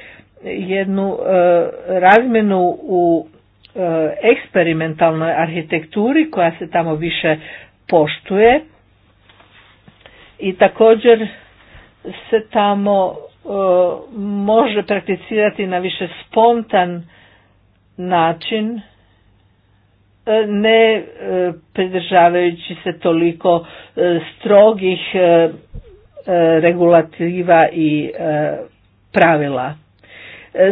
jednu e, razmjenu u e, eksperimentalnoj arhitekturi koja se tamo više poštuje i također se tamo može prakticirati na više spontan način E, ne e, pridržavajući se toliko e, strogih regulativa i pravila.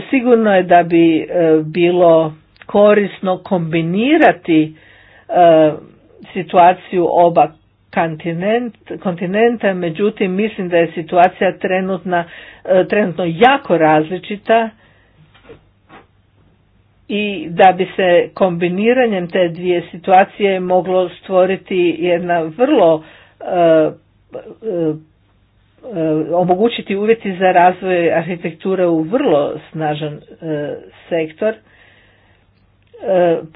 Sigurno je da bi bilo korisno kombinirati situaciju oba kontinenta, međutim mislim da je situacija trenutna, trenutno jako različita i da bi se kombiniranjem te dvije situacije moglo stvoriti jedna vrlo e, e, e omogućiti uvjeti za razvoj arhitekture u vrlo snažan e, sektor.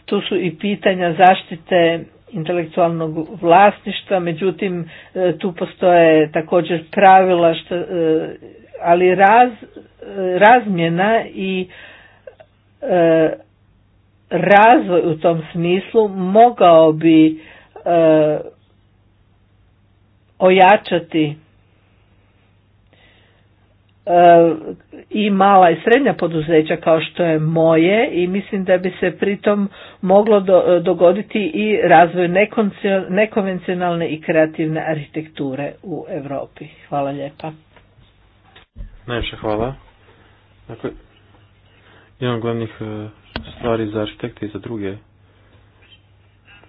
Tu su i pitanja zaštite intelektualnog vlasništva, međutim tu postoje također pravila, što, ali raz, razmjena i E, razvoj u tom smislu mogao bi e, ojačati e, i mala i srednja poduzeća kao što je moje i mislim da bi se pritom moglo dogoditi i razvoj nekonvencionalne i kreativne arhitekture u Europi. Hvala lijepa. Najviše hvala. Dakle, jedan od glavnih e, stvari za arhitekte i za druge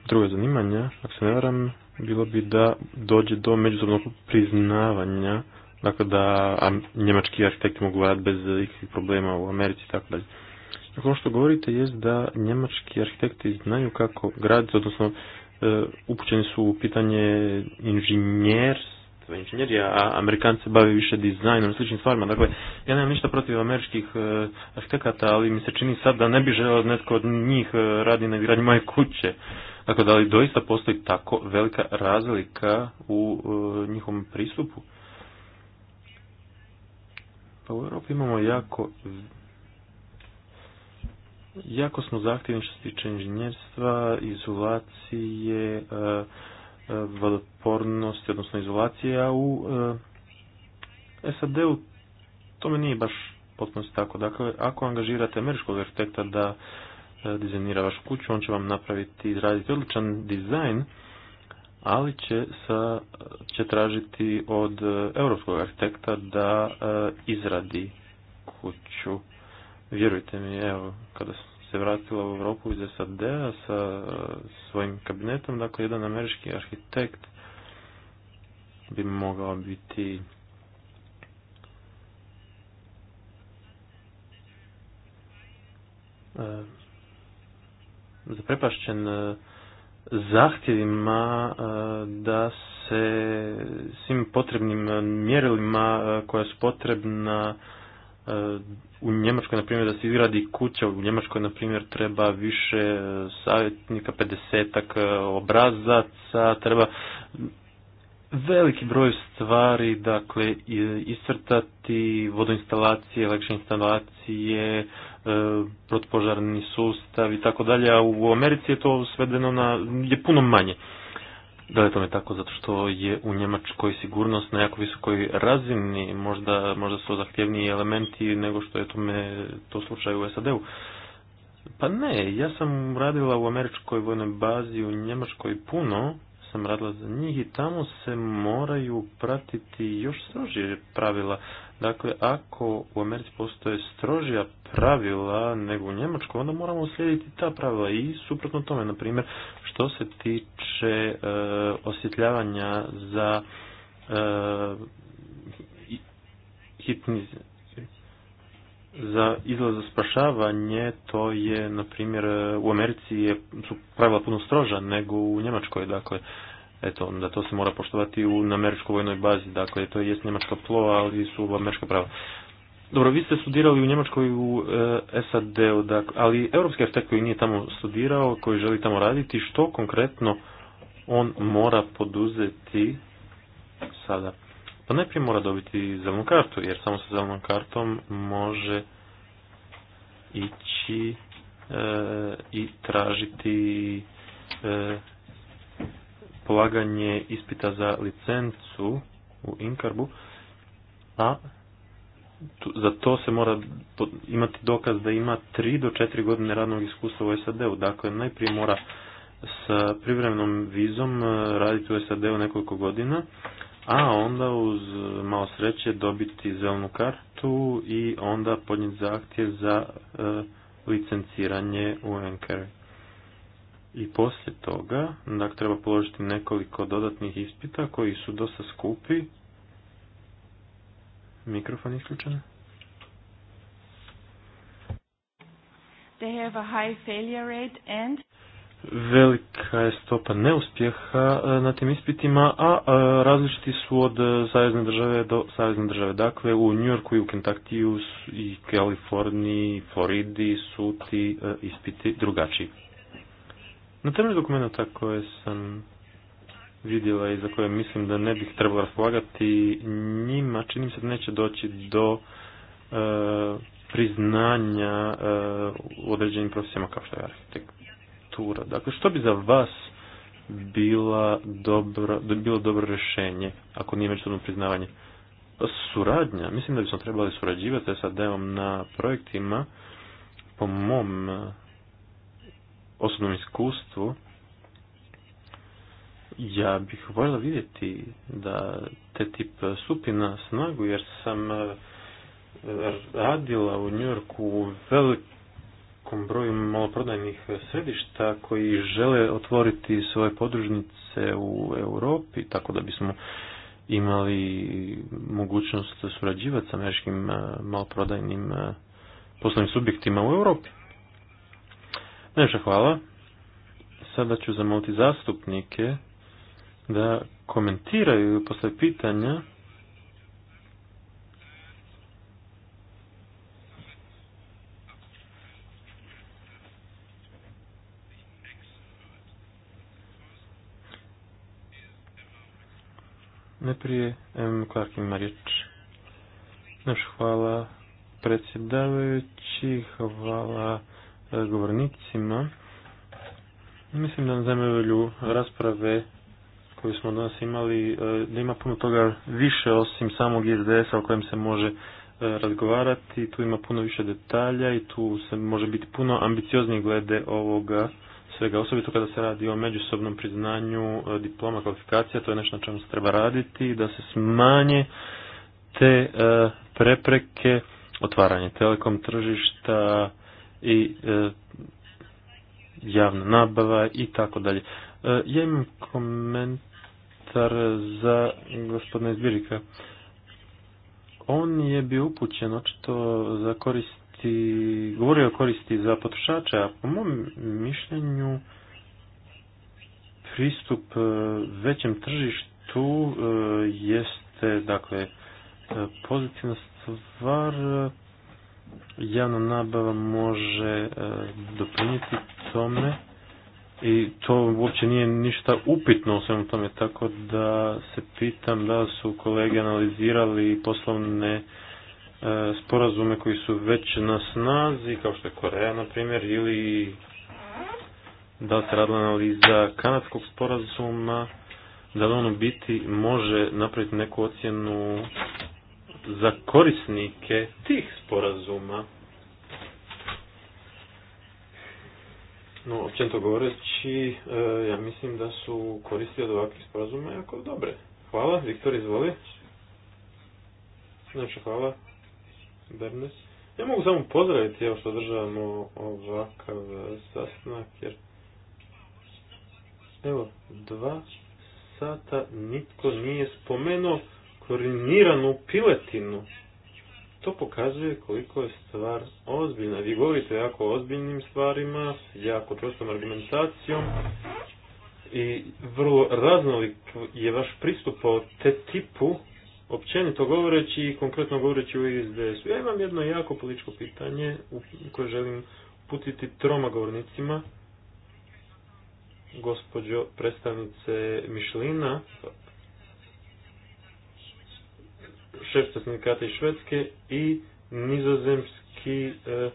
druge zanimanja, ako se ne varam, bilo bi da dođe do međusobnog priznavanja, dakle da njemački arhitekti mogu raditi bez ikakvih problema u Americi i tako dalje. Dakle, ono što govorite je da njemački arhitekti znaju kako graditi, odnosno e, upućeni su u pitanje inženjer, inženjerija, a Amerikanci se bave više dizajnom i sličnim stvarima. Dakle, ja nemam ništa protiv američkih e, arhitekata, ali mi se čini sad da ne bi želeo netko od njih e, radi na gradnji moje kuće. Dakle, da li doista postoji tako velika razlika u e, njihovom pristupu? Pa u Europi imamo jako jako smo zahtjevni što se tiče inženjerstva, izolacije, vodopornosti, odnosno izolacije, a u SAD-u tome nije baš potpuno tako. Dakle, ako angažirate američkog arhitekta da e, dizajnira vašu kuću, on će vam napraviti, izraditi odličan dizajn, ali će, sa, će tražiti od e, europskog arhitekta da e, izradi kuću. Vjerujte mi, evo, kada se vratila u Europu iz SAD-a sa e, svojim kabinetom, dakle jedan američki arhitekt bi mogao biti e, zaprepašćen e, zahtjevima da se svim potrebnim mjerilima koja su potrebna u Njemačkoj, na primjer, da se izgradi kuća, u Njemačkoj, na primjer, treba više e, savjetnika, 50 e, obrazaca, treba veliki broj stvari, dakle, iscrtati, vodoinstalacije, električne instalacije, e, protupožarni sustav i tako dalje, a u Americi je to svedeno na, je puno manje. Da li je tome tako zato što je u Njemačkoj sigurnost na jako visokoj razini, možda, možda su zahtjevniji elementi nego što je tome to slučaj u SAD-u? Pa ne, ja sam radila u američkoj vojnoj bazi u Njemačkoj puno, sam radila za njih i tamo se moraju pratiti još strožije pravila. Dakle, ako u Americi postoje strožija pravila nego u Njemačkoj, onda moramo slijediti ta pravila i suprotno tome, na primjer, što se tiče e, osjetljavanja za e, hitni za izlaz za spašavanje to je na primjer u Americi je, su pravila puno stroža nego u Njemačkoj dakle eto da to se mora poštovati u na američkoj vojnoj bazi dakle to jest njemačka plova ali su američka prava dobro, vi ste studirali u Njemačkoj u e, SAD-u, ali europski arhitekt koji nije tamo studirao, koji želi tamo raditi, što konkretno on mora poduzeti sada? Pa najprije mora dobiti zelenu kartu, jer samo sa zelenom kartom može ići e, i tražiti e, polaganje ispita za licencu u Inkarbu, a za to se mora imati dokaz da ima 3 do 4 godine radnog iskustva u SAD-u. Dakle, najprije mora sa privremenom vizom e, raditi u SAD-u nekoliko godina, a onda uz malo sreće dobiti zelnu kartu i onda podnijeti zahtjev za e, licenciranje u NKR. I poslije toga, dakle, treba položiti nekoliko dodatnih ispita koji su dosta skupi, Mikrofon isključen. They have a high failure rate and velika je stopa neuspjeha e, na tim ispitima, a e, različiti su od e, savezne države do savezne države. Dakle, u Yorku i u i Kaliforniji, Floridi su ti ispiti drugačiji. Na temelju dokumenta koje sam vidjela i za koje mislim da ne bih trebalo raspolagati njima, čini se da neće doći do e, priznanja e, u određenim profesijama kao što je arhitektura. Dakle, što bi za vas bila dobro, bilo dobro rješenje ako nije međusobno priznavanje? Pa suradnja. Mislim da bismo trebali surađivati sa deom na projektima po mom e, osobnom iskustvu ja bih voljela vidjeti da te tip stupi na snagu jer sam e, radila u Njorku u velikom broju maloprodajnih središta koji žele otvoriti svoje podružnice u Europi tako da bismo imali mogućnost surađivati sa američkim e, maloprodajnim e, poslovnim subjektima u Europi. Najviše hvala. Sada ću zamoliti zastupnike da komentiraju i posle pitanja Najprije M. Clark ima riječ. Naš hvala predsjedavajući, hvala e, govornicima. Mislim da nam zanimljuju rasprave koju smo danas imali, e, da ima puno toga više osim samog ISDS-a o kojem se može e, razgovarati, tu ima puno više detalja i tu se može biti puno ambiciozniji glede ovoga svega, osobito kada se radi o međusobnom priznanju e, diploma kvalifikacija, to je nešto na čemu se treba raditi, da se smanje te prepreke otvaranje telekom tržišta i javna nabava i tako dalje. Ja imam komentar za gospodina Izbirika. On je bio upućen očito za koristi, govorio o koristi za potrošače, a po mom mišljenju pristup e, većem tržištu e, jeste dakle e, pozitivna stvar javna nabava može doprinijeti tome i to uopće nije ništa upitno u svemu tome, tako da se pitam da su kolege analizirali poslovne e, sporazume koji su već na snazi, kao što je Koreja, na primjer, ili da se radila analiza kanadskog sporazuma, da li ono biti može napraviti neku ocjenu za korisnike tih sporazuma No, to govoreći, e, ja mislim da su koristi od ovakvih sporazuma jako dobre. Hvala, Viktor, izvoli. Znači, hvala, Bernes. Ja mogu samo pozdraviti evo što održavamo ovakav sastanak, jer evo, dva sata nitko nije spomenuo koriniranu piletinu to pokazuje koliko je stvar ozbiljna. Vi govorite jako ozbiljnim stvarima, jako čvrstom argumentacijom i vrlo raznolik je vaš pristup o te tipu, općenito govoreći i konkretno govoreći u ISDS-u. Ja imam jedno jako političko pitanje u koje želim putiti troma govornicima, gospođo predstavnice Mišlina, šefca sindikata iz Švedske i nizozemski e,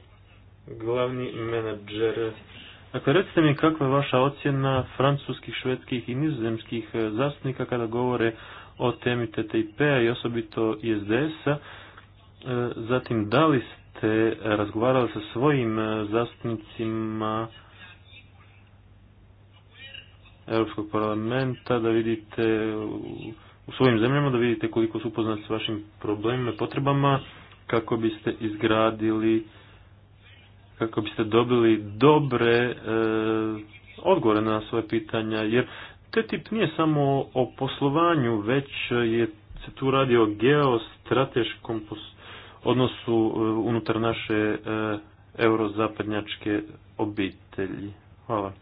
glavni menadžer. Dakle, recite mi kakva je vaša ocjena francuskih, švedskih i nizozemskih e, zastupnika kada govore o temi TTIP-a i osobito ISDS-a. E, zatim, da li ste razgovarali sa svojim zastupnicima Europskog parlamenta da vidite u svojim zemljama da vidite koliko su upoznati s vašim problemima i potrebama kako biste izgradili kako biste dobili dobre e, odgovore na svoje pitanja jer te tip nije samo o poslovanju već je se tu radi o geostrateškom odnosu e, unutar naše e, eurozapadnjačke obitelji. Hvala.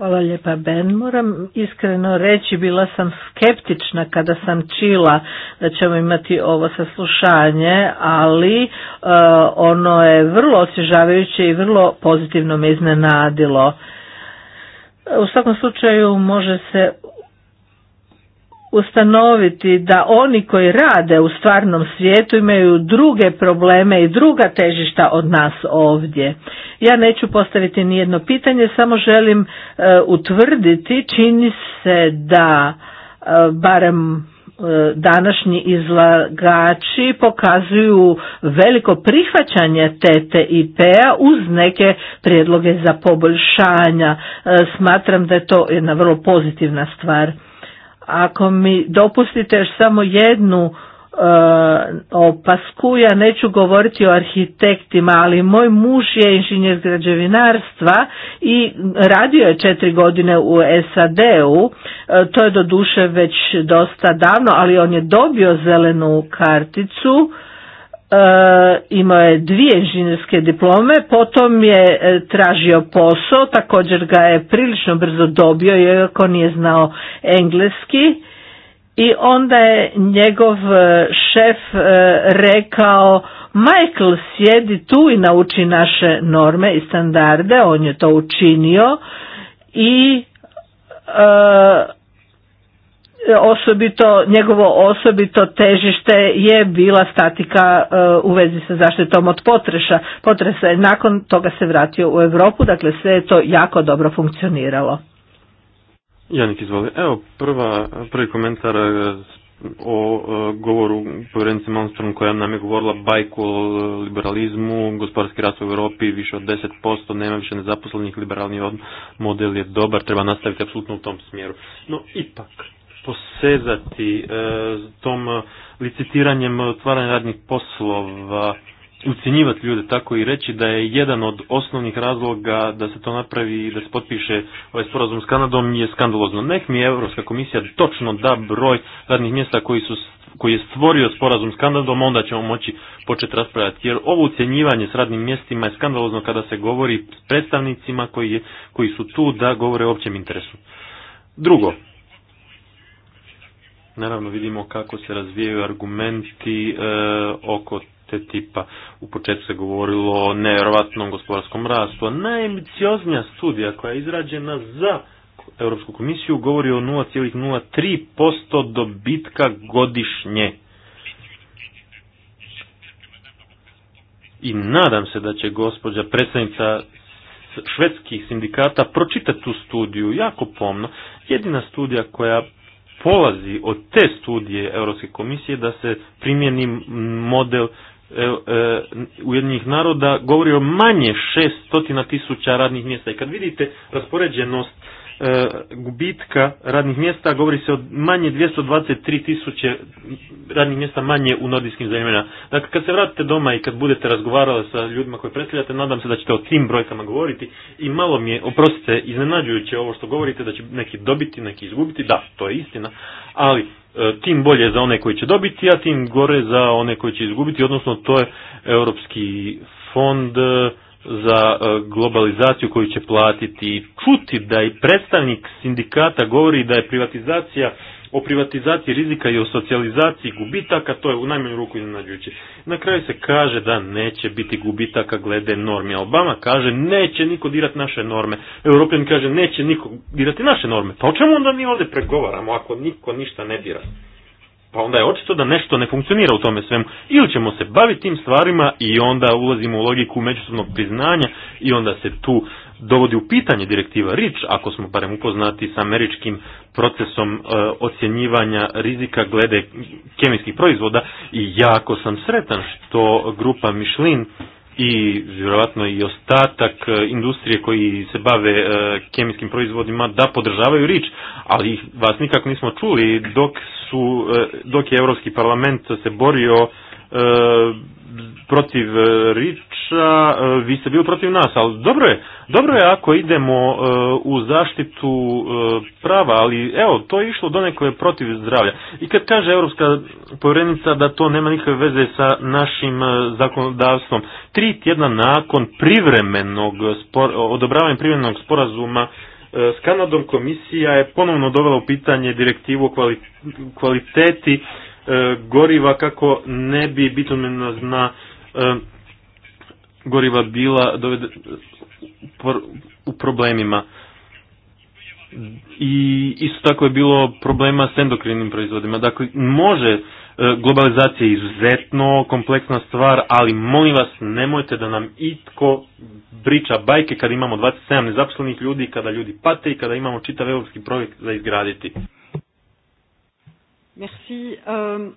Hvala lijepa Ben. Moram iskreno reći, bila sam skeptična kada sam čila da ćemo imati ovo saslušanje, ali e, ono je vrlo osježavajuće i vrlo pozitivno me iznenadilo. U svakom slučaju može se ustanoviti da oni koji rade u stvarnom svijetu imaju druge probleme i druga težišta od nas ovdje. Ja neću postaviti nijedno pitanje, samo želim e, utvrditi, čini se da e, barem e, današnji izlagači pokazuju veliko prihvaćanje TTIP-a uz neke prijedloge za poboljšanja. Smatram da je to jedna vrlo pozitivna stvar. Ako mi dopustite još samo jednu e, opasku, ja neću govoriti o arhitektima, ali moj muž je inženjer građevinarstva i radio je četiri godine u SAD-u, e, to je duše već dosta davno, ali on je dobio zelenu karticu E, imao je dvije inženjerske diplome, potom je e, tražio posao, također ga je prilično brzo dobio iako nije znao engleski i onda je njegov e, šef rekao Michael sjedi tu i nauči naše norme i standarde, on je to učinio i E, osobito, njegovo osobito težište je bila statika e, u vezi sa zaštitom od potreša. Potresa je nakon toga se vratio u Europu, dakle sve je to jako dobro funkcioniralo. Janik, izvoli. Evo, prva, prvi komentar e, o govoru povjerenice Malmström koja nam je govorila bajku o liberalizmu, gospodarski rast u Europi više od 10%, nema više nezaposlenih, liberalni model je dobar, treba nastaviti apsolutno u tom smjeru. No, ipak, posezati e, tom e, licitiranjem otvaranja radnih poslova, ucjenjivati ljude tako i reći da je jedan od osnovnih razloga da se to napravi i da se potpiše ovaj sporazum s Kanadom je skandalozno. Nek mi je Europska komisija točno da broj radnih mjesta koji su koji je stvorio sporazum s Kanadom, onda ćemo moći početi raspravljati. Jer ovo ucjenjivanje s radnim mjestima je skandalozno kada se govori s predstavnicima koji, koji su tu da govore o općem interesu. Drugo, Naravno vidimo kako se razvijaju argumenti e, oko te tipa. U početku se govorilo o nevjerojatnom gospodarskom rastu, a najambicioznija studija koja je izrađena za Europsku komisiju govori o 0,03% dobitka godišnje. I nadam se da će gospođa predsjednica švedskih sindikata pročitati tu studiju jako pomno. Jedina studija koja polazi od te studije Europske komisije da se primjeni model e, e, Ujedinjenih naroda govori o manje 600.000 tisuća radnih mjesta. I kad vidite raspoređenost E, gubitka radnih mjesta, govori se o manje 223 tisuće radnih mjesta manje u nordijskim zemljama. Dakle, kad se vratite doma i kad budete razgovarali sa ljudima koje predstavljate, nadam se da ćete o tim brojkama govoriti i malo mi je, oprostite, iznenađujuće ovo što govorite, da će neki dobiti, neki izgubiti, da, to je istina, ali e, tim bolje za one koji će dobiti, a tim gore za one koji će izgubiti, odnosno to je europski fond, za e, globalizaciju koju će platiti. i Čuti da i predstavnik sindikata govori da je privatizacija o privatizaciji rizika i o socijalizaciji gubitaka, to je u najmanju ruku iznenađujuće. Na kraju se kaže da neće biti gubitaka glede normi. Obama kaže neće niko dirati naše norme. Europljan kaže neće niko dirati naše norme. Pa o čemu onda mi ovdje pregovaramo ako niko ništa ne dira? pa onda je očito da nešto ne funkcionira u tome svemu. Ili ćemo se baviti tim stvarima i onda ulazimo u logiku međusobnog priznanja i onda se tu dovodi u pitanje direktiva RIČ, ako smo barem upoznati sa američkim procesom e, ocjenjivanja rizika glede kemijskih proizvoda i jako sam sretan što grupa Michelin i vjerojatno i ostatak e, industrije koji se bave e, kemijskim proizvodima da podržavaju rič, ali vas nikak nismo čuli dok, su, e, dok je Europski parlament se borio protiv rič, E, vi ste bili protiv nas, ali dobro je, dobro je ako idemo e, u zaštitu e, prava, ali evo, to je išlo do nekoj protiv zdravlja. I kad kaže Europska povjerenica da to nema nikakve veze sa našim zakonodavstvom, tri tjedna nakon privremenog odobravanja privremenog sporazuma s Kanadom komisija je ponovno dovela u pitanje direktivu o kvaliteti goriva kako ne bi bitumena zna goriva bila dovede, u problemima. I isto tako je bilo problema s endokrinim proizvodima. Dakle, može e, globalizacija je izuzetno kompleksna stvar, ali molim vas nemojte da nam itko priča bajke kada imamo 27 nezaposlenih ljudi, kada ljudi pate i kada imamo čitav evropski projekt za izgraditi. Merci. Um,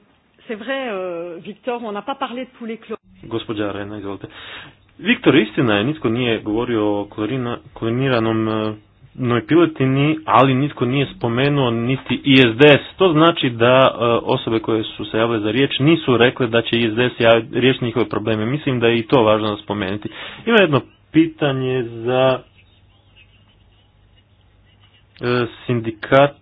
c'est vrai, euh, Victor, on n'a pas parlé de tous les Gospodja Arena, izvolite. Viktor, istina je, nitko nije govorio o kloniranom e, noj piletini, ali nitko nije spomenuo niti ISDS. To znači da e, osobe koje su se javile za riječ nisu rekle da će ISDS riješiti njihove probleme. Mislim da je i to važno da spomenuti. Ima jedno pitanje za e, sindikat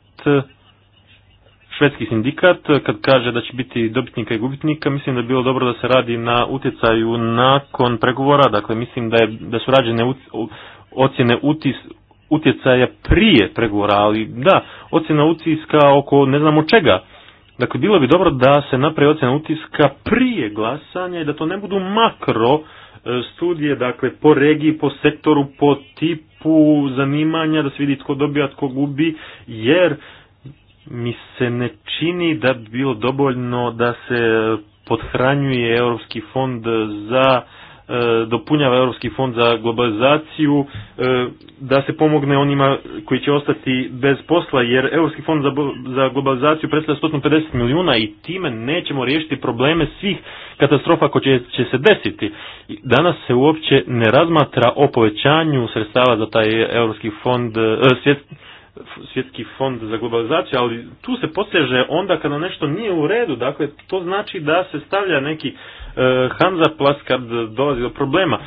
švedski sindikat kad kaže da će biti dobitnika i gubitnika, mislim da bi bilo dobro da se radi na utjecaju nakon pregovora, dakle mislim da, je, da su rađene ocjene utis, utjecaja prije pregovora, ali da, ocjena utiska oko ne znamo čega. Dakle, bilo bi dobro da se napravi ocjena utiska prije glasanja i da to ne budu makro e, studije, dakle, po regiji, po sektoru, po tipu zanimanja, da se vidi tko dobija, tko gubi, jer mi se ne čini da bi bilo dovoljno da se podhranjuje Europski fond za e, dopunjava Europski fond za globalizaciju, e, da se pomogne onima koji će ostati bez posla, jer Europski fond za globalizaciju predstavlja 150 milijuna i time nećemo riješiti probleme svih katastrofa koje će se desiti. Danas se uopće ne razmatra o povećanju sredstava za taj Europski fond, e, svjetski svjetski fond za globalizaciju, ali tu se poseže onda kada nešto nije u redu, dakle to znači da se stavlja neki e, Hanza dolazi do problema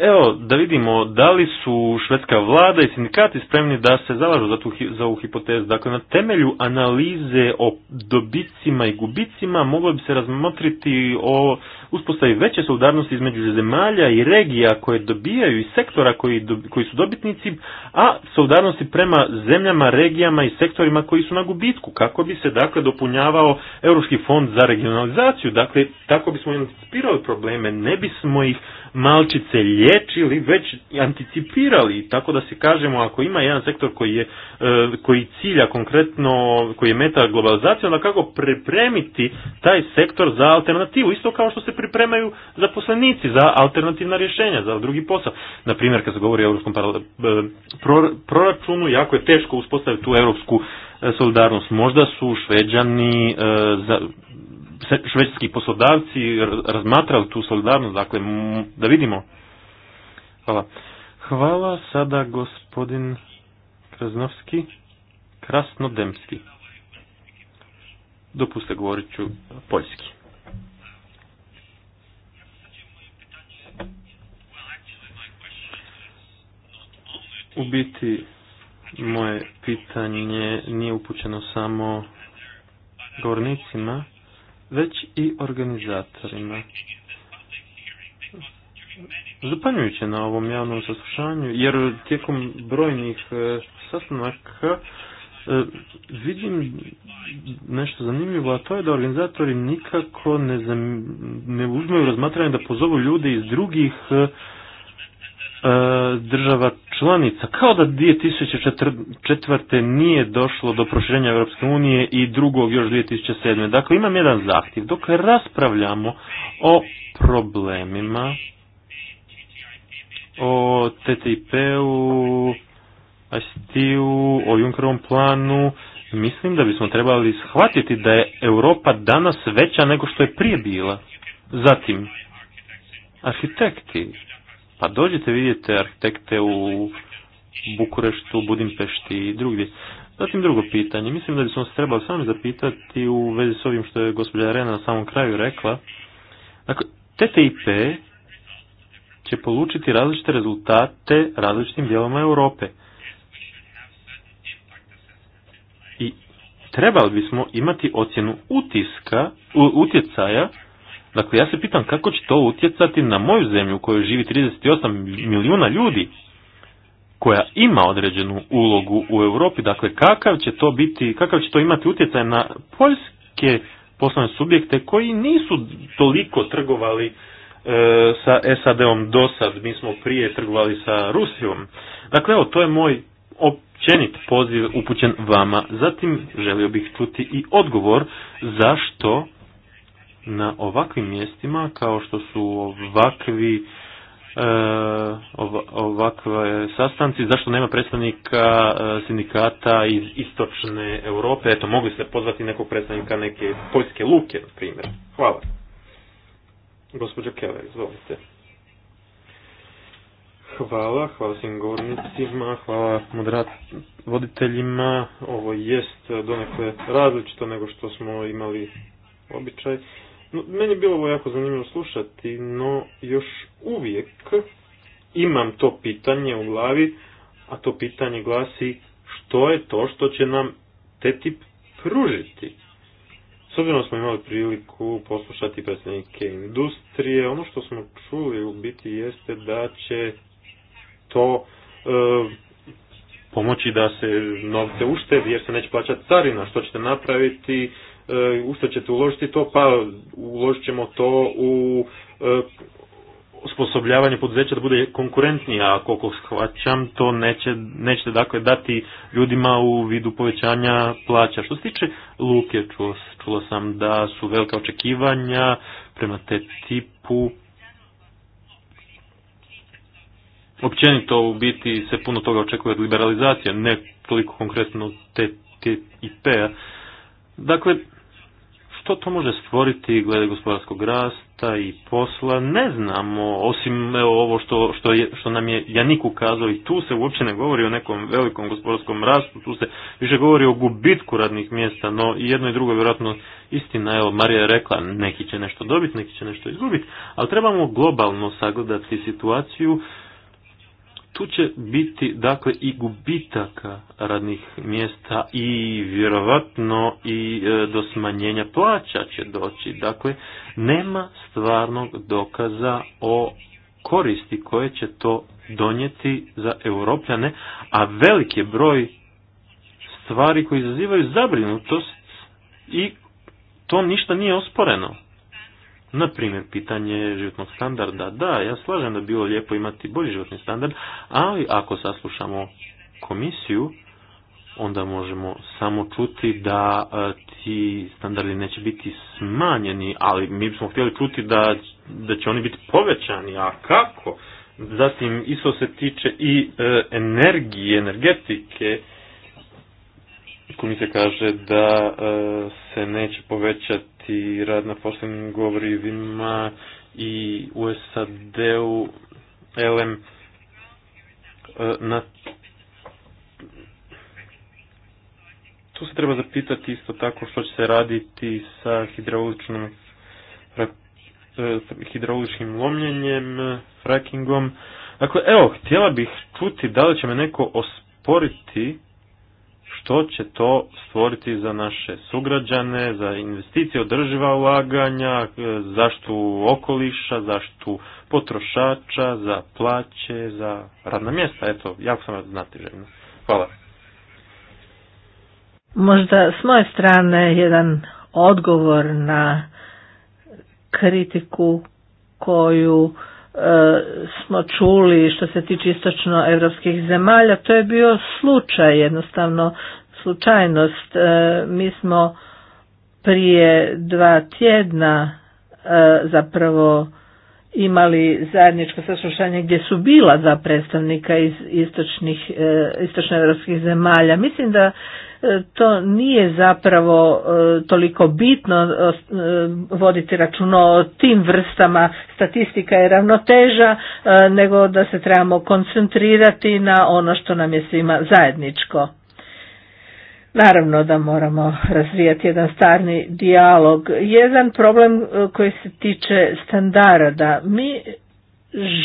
evo, da vidimo da li su švedska vlada i sindikati spremni da se zalažu za, tu, za ovu hipotezu. Dakle, na temelju analize o dobicima i gubicima moglo bi se razmotriti o uspostavi veće solidarnosti između zemalja i regija koje dobijaju i sektora koji, koji su dobitnici, a solidarnosti prema zemljama, regijama i sektorima koji su na gubitku, kako bi se dakle dopunjavao Europski fond za regionalizaciju. Dakle, tako bismo anticipirali probleme, ne bismo ih malčice spriječili, već anticipirali, tako da se kažemo ako ima jedan sektor koji, je, e, koji cilja konkretno, koji je meta globalizacija, onda kako pripremiti taj sektor za alternativu, isto kao što se pripremaju zaposlenici za alternativna rješenja, za drugi posao. Na kad se govori o europskom e, proračunu, jako je teško uspostaviti tu europsku e, solidarnost. Možda su šveđani za, švedski poslodavci razmatrali tu solidarnost, dakle da vidimo Hvala. Hvala. Sada gospodin Krasnovski, Krasnodemski. Dopuste, govorit ću poljski. U biti, moje pitanje nije upućeno samo govornicima, već i organizatorima zapanjujuće na ovom javnom saslušanju, jer tijekom brojnih e, sastanaka e, vidim nešto zanimljivo, a to je da organizatori nikako ne, ne uzmeju razmatranje da pozovu ljude iz drugih e, država članica. Kao da 2004. nije došlo do proširenja Europske unije i drugog još 2007. Dakle, imam jedan zahtjev. Dok raspravljamo o problemima o TTIP-u, ICT-u, o Junkerovom planu, mislim da bismo trebali shvatiti da je Europa danas veća nego što je prije bila. Zatim, arhitekti. Pa dođite, vidjeti arhitekte u Bukureštu, Budimpešti i drugdje. Zatim drugo pitanje. Mislim da bismo se trebali sami zapitati u vezi s ovim što je gospođa Arena na samom kraju rekla. Dakle, TTIP polučiti različite rezultate različitim dijelama Europe. I trebali bismo imati ocjenu utiska, utjecaja Dakle, ja se pitam kako će to utjecati na moju zemlju u kojoj živi 38 milijuna ljudi koja ima određenu ulogu u Europi. Dakle, kakav će to biti, kakav će to imati utjecaj na poljske poslovne subjekte koji nisu toliko trgovali E, sa SAD-om dosad, mi smo prije trgovali sa Rusijom. Dakle, evo, to je moj općenit poziv upućen vama. Zatim želio bih čuti i odgovor zašto na ovakvim mjestima kao što su ovakvi e, ovakve sastanci, zašto nema predstavnika e, sindikata iz istočne Europe, eto mogli ste pozvati nekog predstavnika neke poljske luke, na primjer. Hvala. Gospođa Keller, izvolite. Hvala, hvala svim govornicima, hvala moderat voditeljima. Ovo jest donekle različito nego što smo imali običaj. No, meni je bilo ovo jako zanimljivo slušati, no još uvijek imam to pitanje u glavi, a to pitanje glasi što je to što će nam TTIP pružiti. Sobjeno smo imali priliku poslušati predstavnike industrije, ono što smo čuli u biti jeste da će to e, pomoći da se novce uštedi jer se neće plaćati carina, što ćete napraviti, e, ušto ćete uložiti to, pa uložit ćemo to u e, osposobljavanje poduzeća da bude konkurentnije, a koliko shvaćam, to neće, nećete dakle dati ljudima u vidu povećanja plaća. Što se tiče Luke, čuo, čulo sam da su velika očekivanja prema te tipu. Općenito u biti se puno toga očekuje od liberalizacije, ne toliko konkretno te i pe p-a. Dakle, što to može stvoriti glede gospodarskog rasta? i posla ne znamo, osim evo, ovo što, što, je, što nam je Janik ukazao i tu se uopće ne govori o nekom velikom gospodarskom rastu, tu se više govori o gubitku radnih mjesta, no i jedno i drugo je vjerojatno istina, evo Marija je rekla, neki će nešto dobiti, neki će nešto izgubiti, ali trebamo globalno sagledati situaciju tu će biti dakle i gubitaka radnih mjesta i vjerovatno i e, do smanjenja plaća će doći. Dakle, nema stvarnog dokaza o koristi koje će to donijeti za europljane, a veliki broj stvari koji izazivaju zabrinutost i to ništa nije osporeno. Na primjer, pitanje životnog standarda. Da, ja slažem da bi bilo lijepo imati bolji životni standard, ali ako saslušamo komisiju, onda možemo samo čuti da e, ti standardi neće biti smanjeni, ali mi bismo htjeli čuti da, da će oni biti povećani, a kako? Zatim, isto se tiče i e, energije, energetike, komisija kaže da e, se neće povećati rad na poslovnim govorivima i u SAD-u LM e, na tu se treba zapitati isto tako što će se raditi sa hidrauličnom e, hidrauličkim lomljenjem, frackingom. Dakle, evo, htjela bih čuti da li će me neko osporiti što će to stvoriti za naše sugrađane, za investicije, održiva ulaganja, e, zaštu okoliša, zaštu potrošača, za plaće, za radna mjesta. Eto, jako sam vas znati Hvala. Možda s moje strane jedan odgovor na kritiku koju smo čuli što se tiče istočnoevropskih zemalja, to je bio slučaj, jednostavno slučajnost. E, mi smo prije dva tjedna e, zapravo imali zajedničko saslušanje gdje su bila dva predstavnika iz istočnih, e, istočnoevropskih zemalja. Mislim da E, to nije zapravo e, toliko bitno e, voditi račun o tim vrstama statistika je ravnoteža nego da se trebamo koncentrirati na ono što nam je svima zajedničko. Naravno da moramo razvijati jedan starni dijalog. Jedan problem koji se tiče standarda. Mi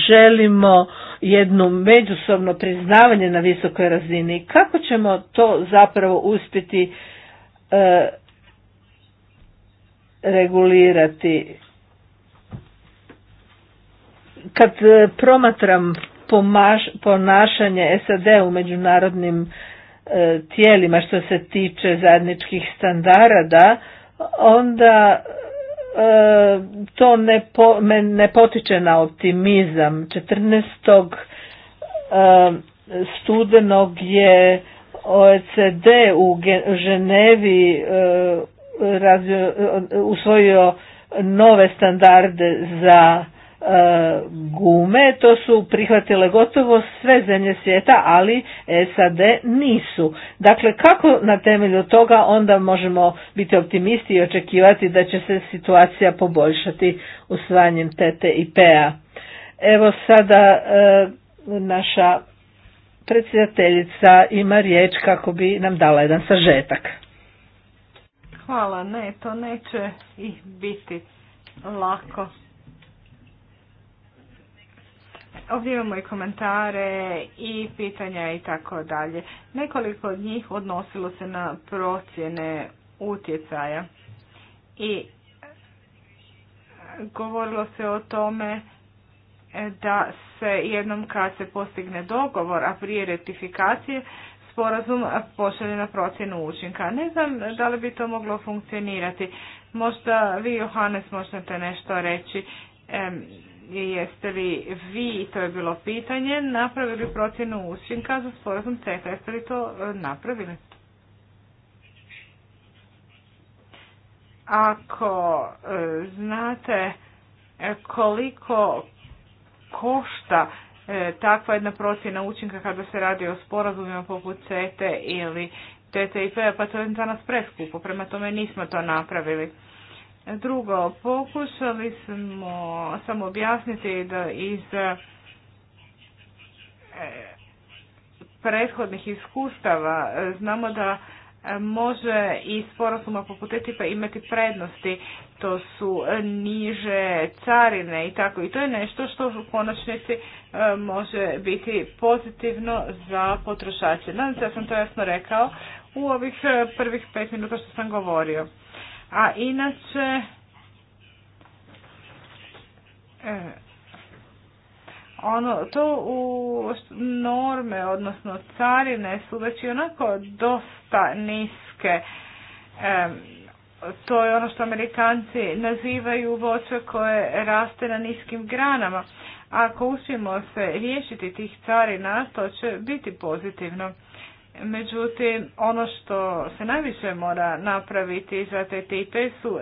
želimo jedno međusobno priznavanje na visokoj razini. Kako ćemo to zapravo uspjeti e, regulirati? Kad e, promatram ponašanje SAD u međunarodnim e, tijelima što se tiče zajedničkih standarda, onda E, to ne, po, me ne potiče na optimizam. 14. E, studenog je OECD u Ženevi e, usvojio nove standarde za E, gume, to su prihvatile gotovo sve zemlje svijeta, ali SAD nisu. Dakle, kako na temelju toga onda možemo biti optimisti i očekivati da će se situacija poboljšati usvajanjem TTIP-a? Evo sada e, naša predsjedateljica ima riječ kako bi nam dala jedan sažetak. Hvala, ne, to neće ih biti lako Ovdje imamo i komentare i pitanja i tako dalje. Nekoliko od njih odnosilo se na procjene utjecaja i govorilo se o tome da se jednom kad se postigne dogovor, a prije rectifikacije, sporazum pošalje na procjenu učinka. Ne znam da li bi to moglo funkcionirati. Možda vi, Johannes, možete nešto reći jeste li vi, to je bilo pitanje, napravili procjenu učinka za sporazum CETA? Jeste li to e, napravili? Ako e, znate e, koliko košta takva jedna procjena učinka kada se radi o sporazumima poput CETE ili TTIP, pa to je danas preskupo, prema tome nismo to napravili. Drugo, pokušali smo samo objasniti da iz e, prethodnih iskustava e, znamo da e, može i sporazuma poput ETIPA imati prednosti, to su niže carine i tako. I to je nešto što u konačnici može biti pozitivno za potrošače. Nadam se da sam to jasno rekao u ovih prvih pet minuta što sam govorio. A inače, e, ono, to u norme, odnosno carine su već i onako dosta niske. E, to je ono što Amerikanci nazivaju voće koje raste na niskim granama. Ako uspijemo se riješiti tih carina, to će biti pozitivno. Međutim, ono što se najviše mora napraviti za te tipe su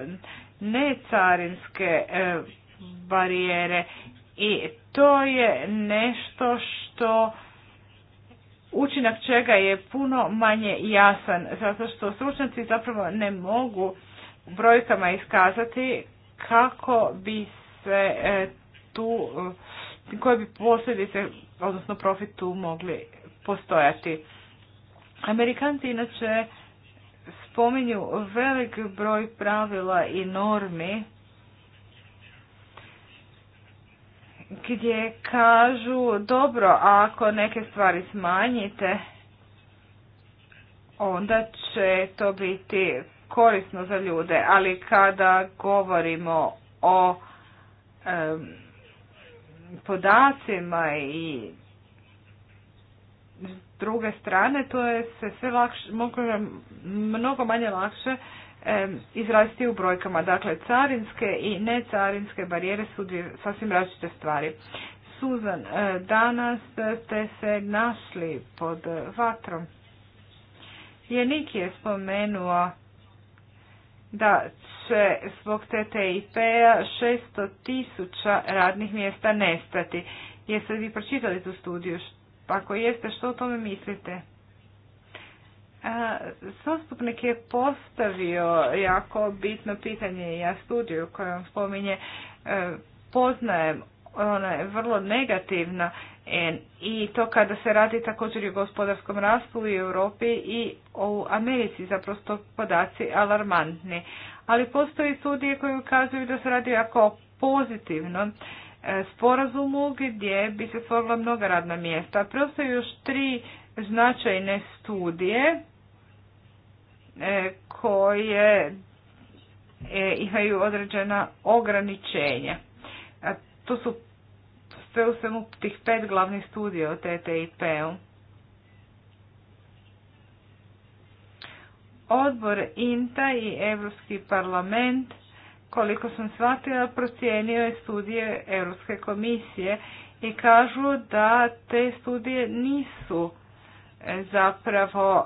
necarinske e, barijere i to je nešto što učinak čega je puno manje jasan, zato što stručnjaci zapravo ne mogu brojkama iskazati kako bi se e, tu, e, koje bi posljedice, odnosno profit tu mogli postojati. Amerikanci inače spominju velik broj pravila i normi gdje kažu dobro, ako neke stvari smanjite, onda će to biti korisno za ljude, ali kada govorimo o podacima i druge strane, to je se sve lakše, mogu, mnogo manje lakše e, izraziti u brojkama. Dakle, carinske i necarinske barijere su dvije sasvim različite stvari. Suzan, e, danas ste se našli pod vatrom. Jenik je spomenuo da će zbog TTIP-a 600 tisuća radnih mjesta nestati. Jeste li pročitali tu studiju? Pa ako jeste, što o tome mislite? E, zastupnik je postavio jako bitno pitanje. Ja studiju koju vam spominje e, poznajem, ona je vrlo negativna e, i to kada se radi također i o gospodarskom rastu i u Europi i u Americi, zapravo podaci alarmantni. Ali postoji studije koje ukazuju da se radi jako pozitivno E, sporazumu gdje bi se stvorila mnoga radna mjesta. Preostaju još tri značajne studije e, koje e, imaju određena ograničenja. to su sve u svemu tih pet glavnih studija o TTIP-u. Odbor INTA i Europski parlament koliko sam shvatila, procijenio je studije Europske komisije i kažu da te studije nisu e, zapravo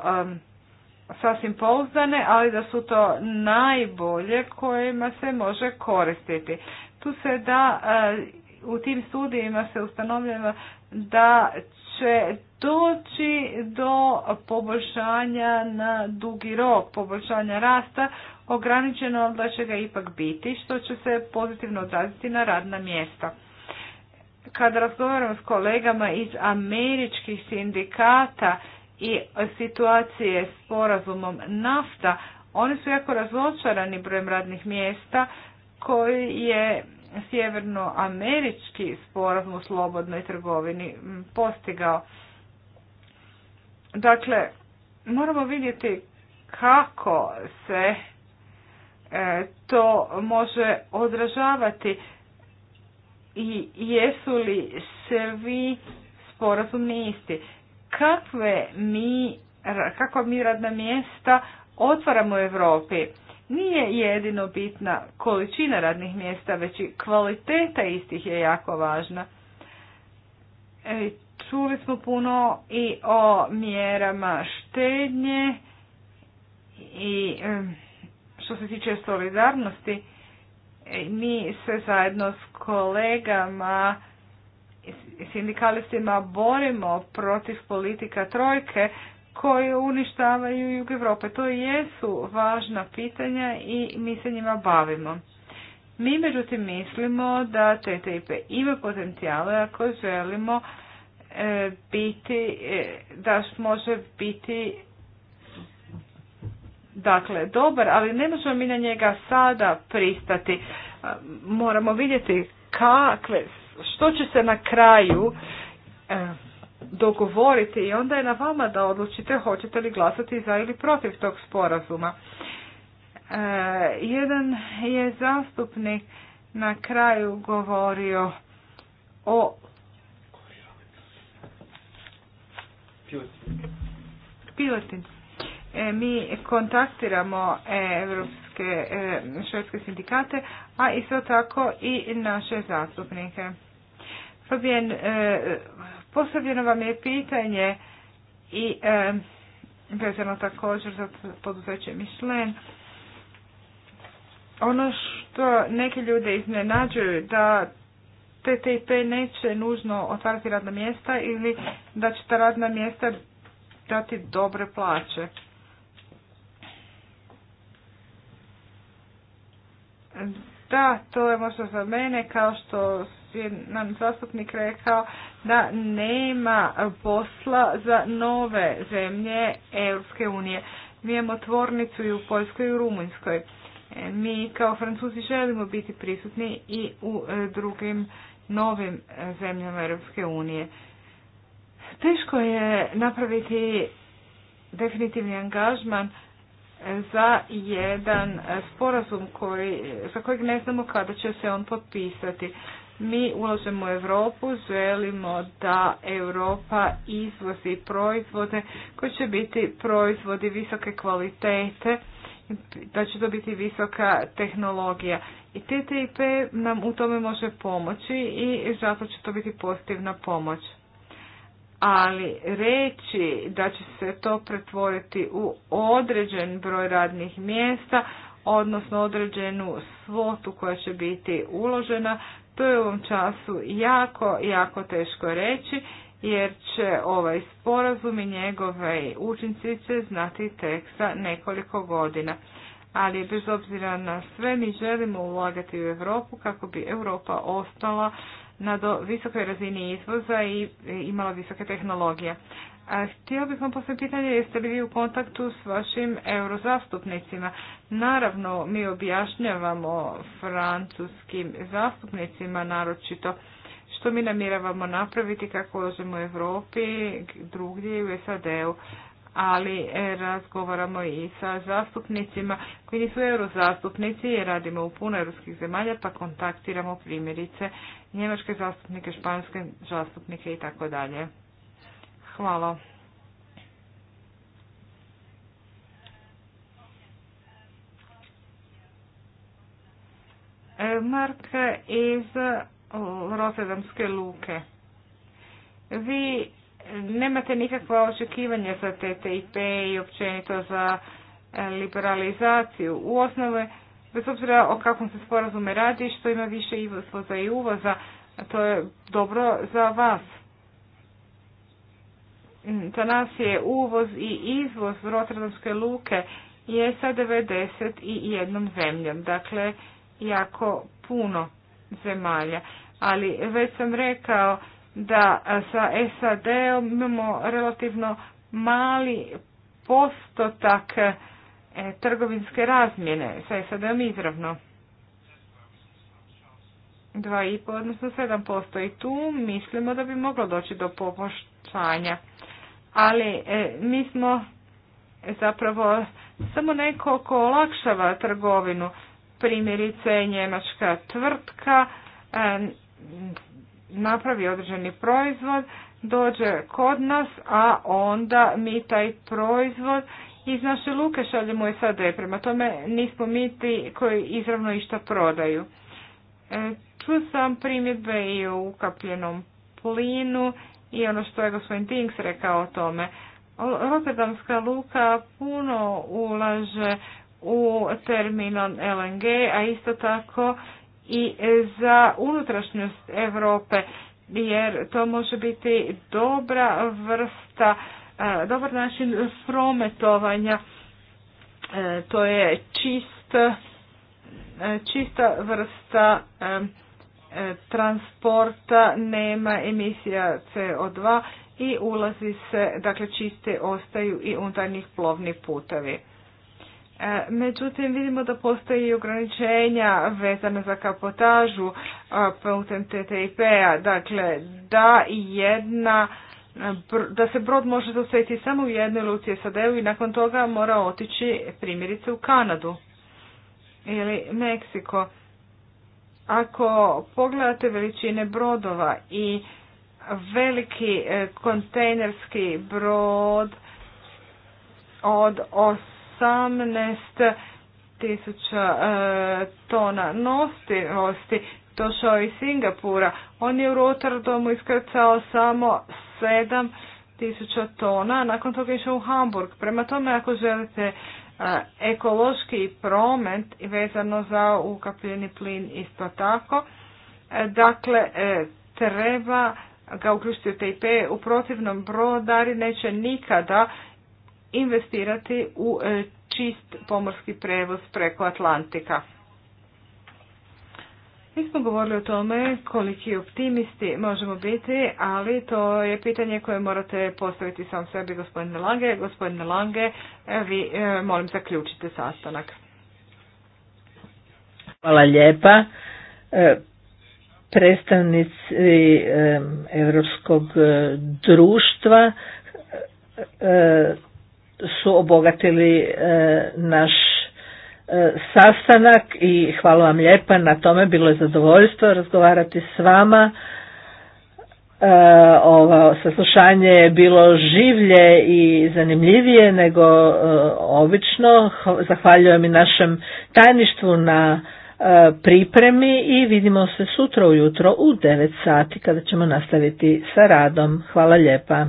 sasvim pouzdane, ali da su to najbolje kojima se može koristiti. Tu se da e, u tim studijima se ustanovljava da će doći do poboljšanja na dugi rok, poboljšanja rasta ograničeno, ali da će ga ipak biti, što će se pozitivno odraziti na radna mjesta. Kada razgovaram s kolegama iz američkih sindikata i situacije s porazumom nafta, oni su jako razočarani brojem radnih mjesta koji je sjevernoamerički sporazum u slobodnoj trgovini postigao. Dakle, moramo vidjeti kako se E, to može odražavati i jesu li svi sporazumni isti. Kakve mi, kakva mi radna mjesta otvaramo u Europi? Nije jedino bitna količina radnih mjesta, već i kvaliteta istih je jako važna. E, čuli smo puno i o mjerama štednje i što se tiče solidarnosti, e, mi se zajedno s kolegama i sindikalistima borimo protiv politika trojke koje uništavaju jug Europe. To jesu važna pitanja i mi se njima bavimo. Mi međutim mislimo da TTIP ima potencijale ako želimo e, biti, e, da može biti dakle dobar, ali ne možemo mi na njega sada pristati. E, moramo vidjeti kakve, što će se na kraju e, dogovoriti i onda je na vama da odlučite hoćete li glasati za ili protiv tog sporazuma. E, jedan je zastupnik na kraju govorio o pilotin. E, mi kontaktiramo e, evropske e, švedske sindikate, a isto tako i naše zastupnike. Fabijen, postavljeno vam je pitanje i vezano također za poduzeće Michelin. Ono što neke ljude iznenađuju da TTIP neće nužno otvarati radna mjesta ili da će ta radna mjesta dati dobre plaće. Da, to je možda za mene kao što je nam zastupnik rekao da nema posla za nove zemlje Europske unije. Mi imamo tvornicu i u Poljskoj i u Rumunjskoj. E, mi kao Francuzi želimo biti prisutni i u e, drugim novim e, zemljama Europske unije. Teško je napraviti definitivni angažman za jedan sporazum koji, za kojeg ne znamo kada će se on potpisati. Mi ulažemo u Europu, želimo da Europa izvozi proizvode koji će biti proizvodi visoke kvalitete, da će to biti visoka tehnologija. I TTIP nam u tome može pomoći i zato će to biti pozitivna pomoć ali reći da će se to pretvoriti u određen broj radnih mjesta, odnosno određenu svotu koja će biti uložena, to je u ovom času jako, jako teško reći, jer će ovaj sporazum i njegove učinci znati tek za nekoliko godina. Ali bez obzira na sve mi želimo ulagati u Europu kako bi Europa ostala na do visokoj razini izvoza i imala visoke tehnologije. htio bih vam postaviti pitanje, jeste li vi u kontaktu s vašim eurozastupnicima? Naravno, mi objašnjavamo francuskim zastupnicima naročito što mi namiravamo napraviti kako možemo u Europi, drugdje i u SAD-u ali e, razgovaramo i sa zastupnicima koji nisu eurozastupnici jer radimo u puno europskih zemalja pa kontaktiramo primjerice njemačke zastupnike, španske zastupnike i tako dalje. Hvala. E, Mark iz Rotterdamske luke. Vi nemate nikakva očekivanja za TTIP i općenito za e, liberalizaciju. U osnove, bez obzira o kakvom se sporazume radi, što ima više izvoza i uvoza, to je dobro za vas. Mm, za nas je uvoz i izvoz Rotterdamske luke je sa 91 zemljom, dakle jako puno zemalja. Ali već sam rekao da sa SAD-om imamo relativno mali postotak e, trgovinske razmjene sa SAD-om izravno. 2,5 odnosno 7% i tu mislimo da bi moglo doći do poboljšanja. Ali e, mi smo zapravo samo neko ko olakšava trgovinu. Primjerice njemačka tvrtka e, napravi određeni proizvod, dođe kod nas, a onda mi taj proizvod iz naše luke šaljemo i sad Prema tome nismo mi ti koji izravno išta prodaju. Tu e, sam primjedbe i u ukapljenom plinu i ono što je gospodin Tinks rekao o tome. Rotterdamska luka puno ulaže u terminal LNG, a isto tako i za unutrašnjost Europe jer to može biti dobra vrsta, e, dobar način prometovanja. E, to je čist, e, čista vrsta transporta, nema emisija CO2 i ulazi se, dakle čiste ostaju i unutarnjih plovnih putevi. E, međutim, vidimo da postoji ograničenja vezane za kapotažu e, putem TTIP-a, dakle da jedna e, da se brod može zaustaviti samo u jednoj luci SAD-u i nakon toga mora otići primjerice u Kanadu ili Meksiko. Ako pogledate veličine brodova i veliki kontejnerski brod od 18 tisuća e, tona nostivosti došao iz Singapura. On je u Rotterdamu iskrcao samo 7 tisuća tona, a nakon toga išao u Hamburg. Prema tome, ako želite e, ekološki promet vezano za ukapljeni plin isto tako, e, dakle, e, treba ga uključiti u TIP, u protivnom brodari neće nikada investirati u e, čist pomorski prevoz preko Atlantika. Mi smo govorili o tome koliki optimisti možemo biti, ali to je pitanje koje morate postaviti sam sebi gospodine Lange. Gospodine Lange, e, vi e, molim zaključite sastanak. Hvala lijepa. Predstavnici Europskog društva su obogatili e, naš e, sastanak i hvala vam lijepa na tome, bilo je zadovoljstvo razgovarati s vama. E, ovo saslušanje je bilo življe i zanimljivije nego obično. Zahvaljujem i našem tajništvu na pripremi i vidimo se sutra ujutro u 9 sati kada ćemo nastaviti sa radom. Hvala lijepa.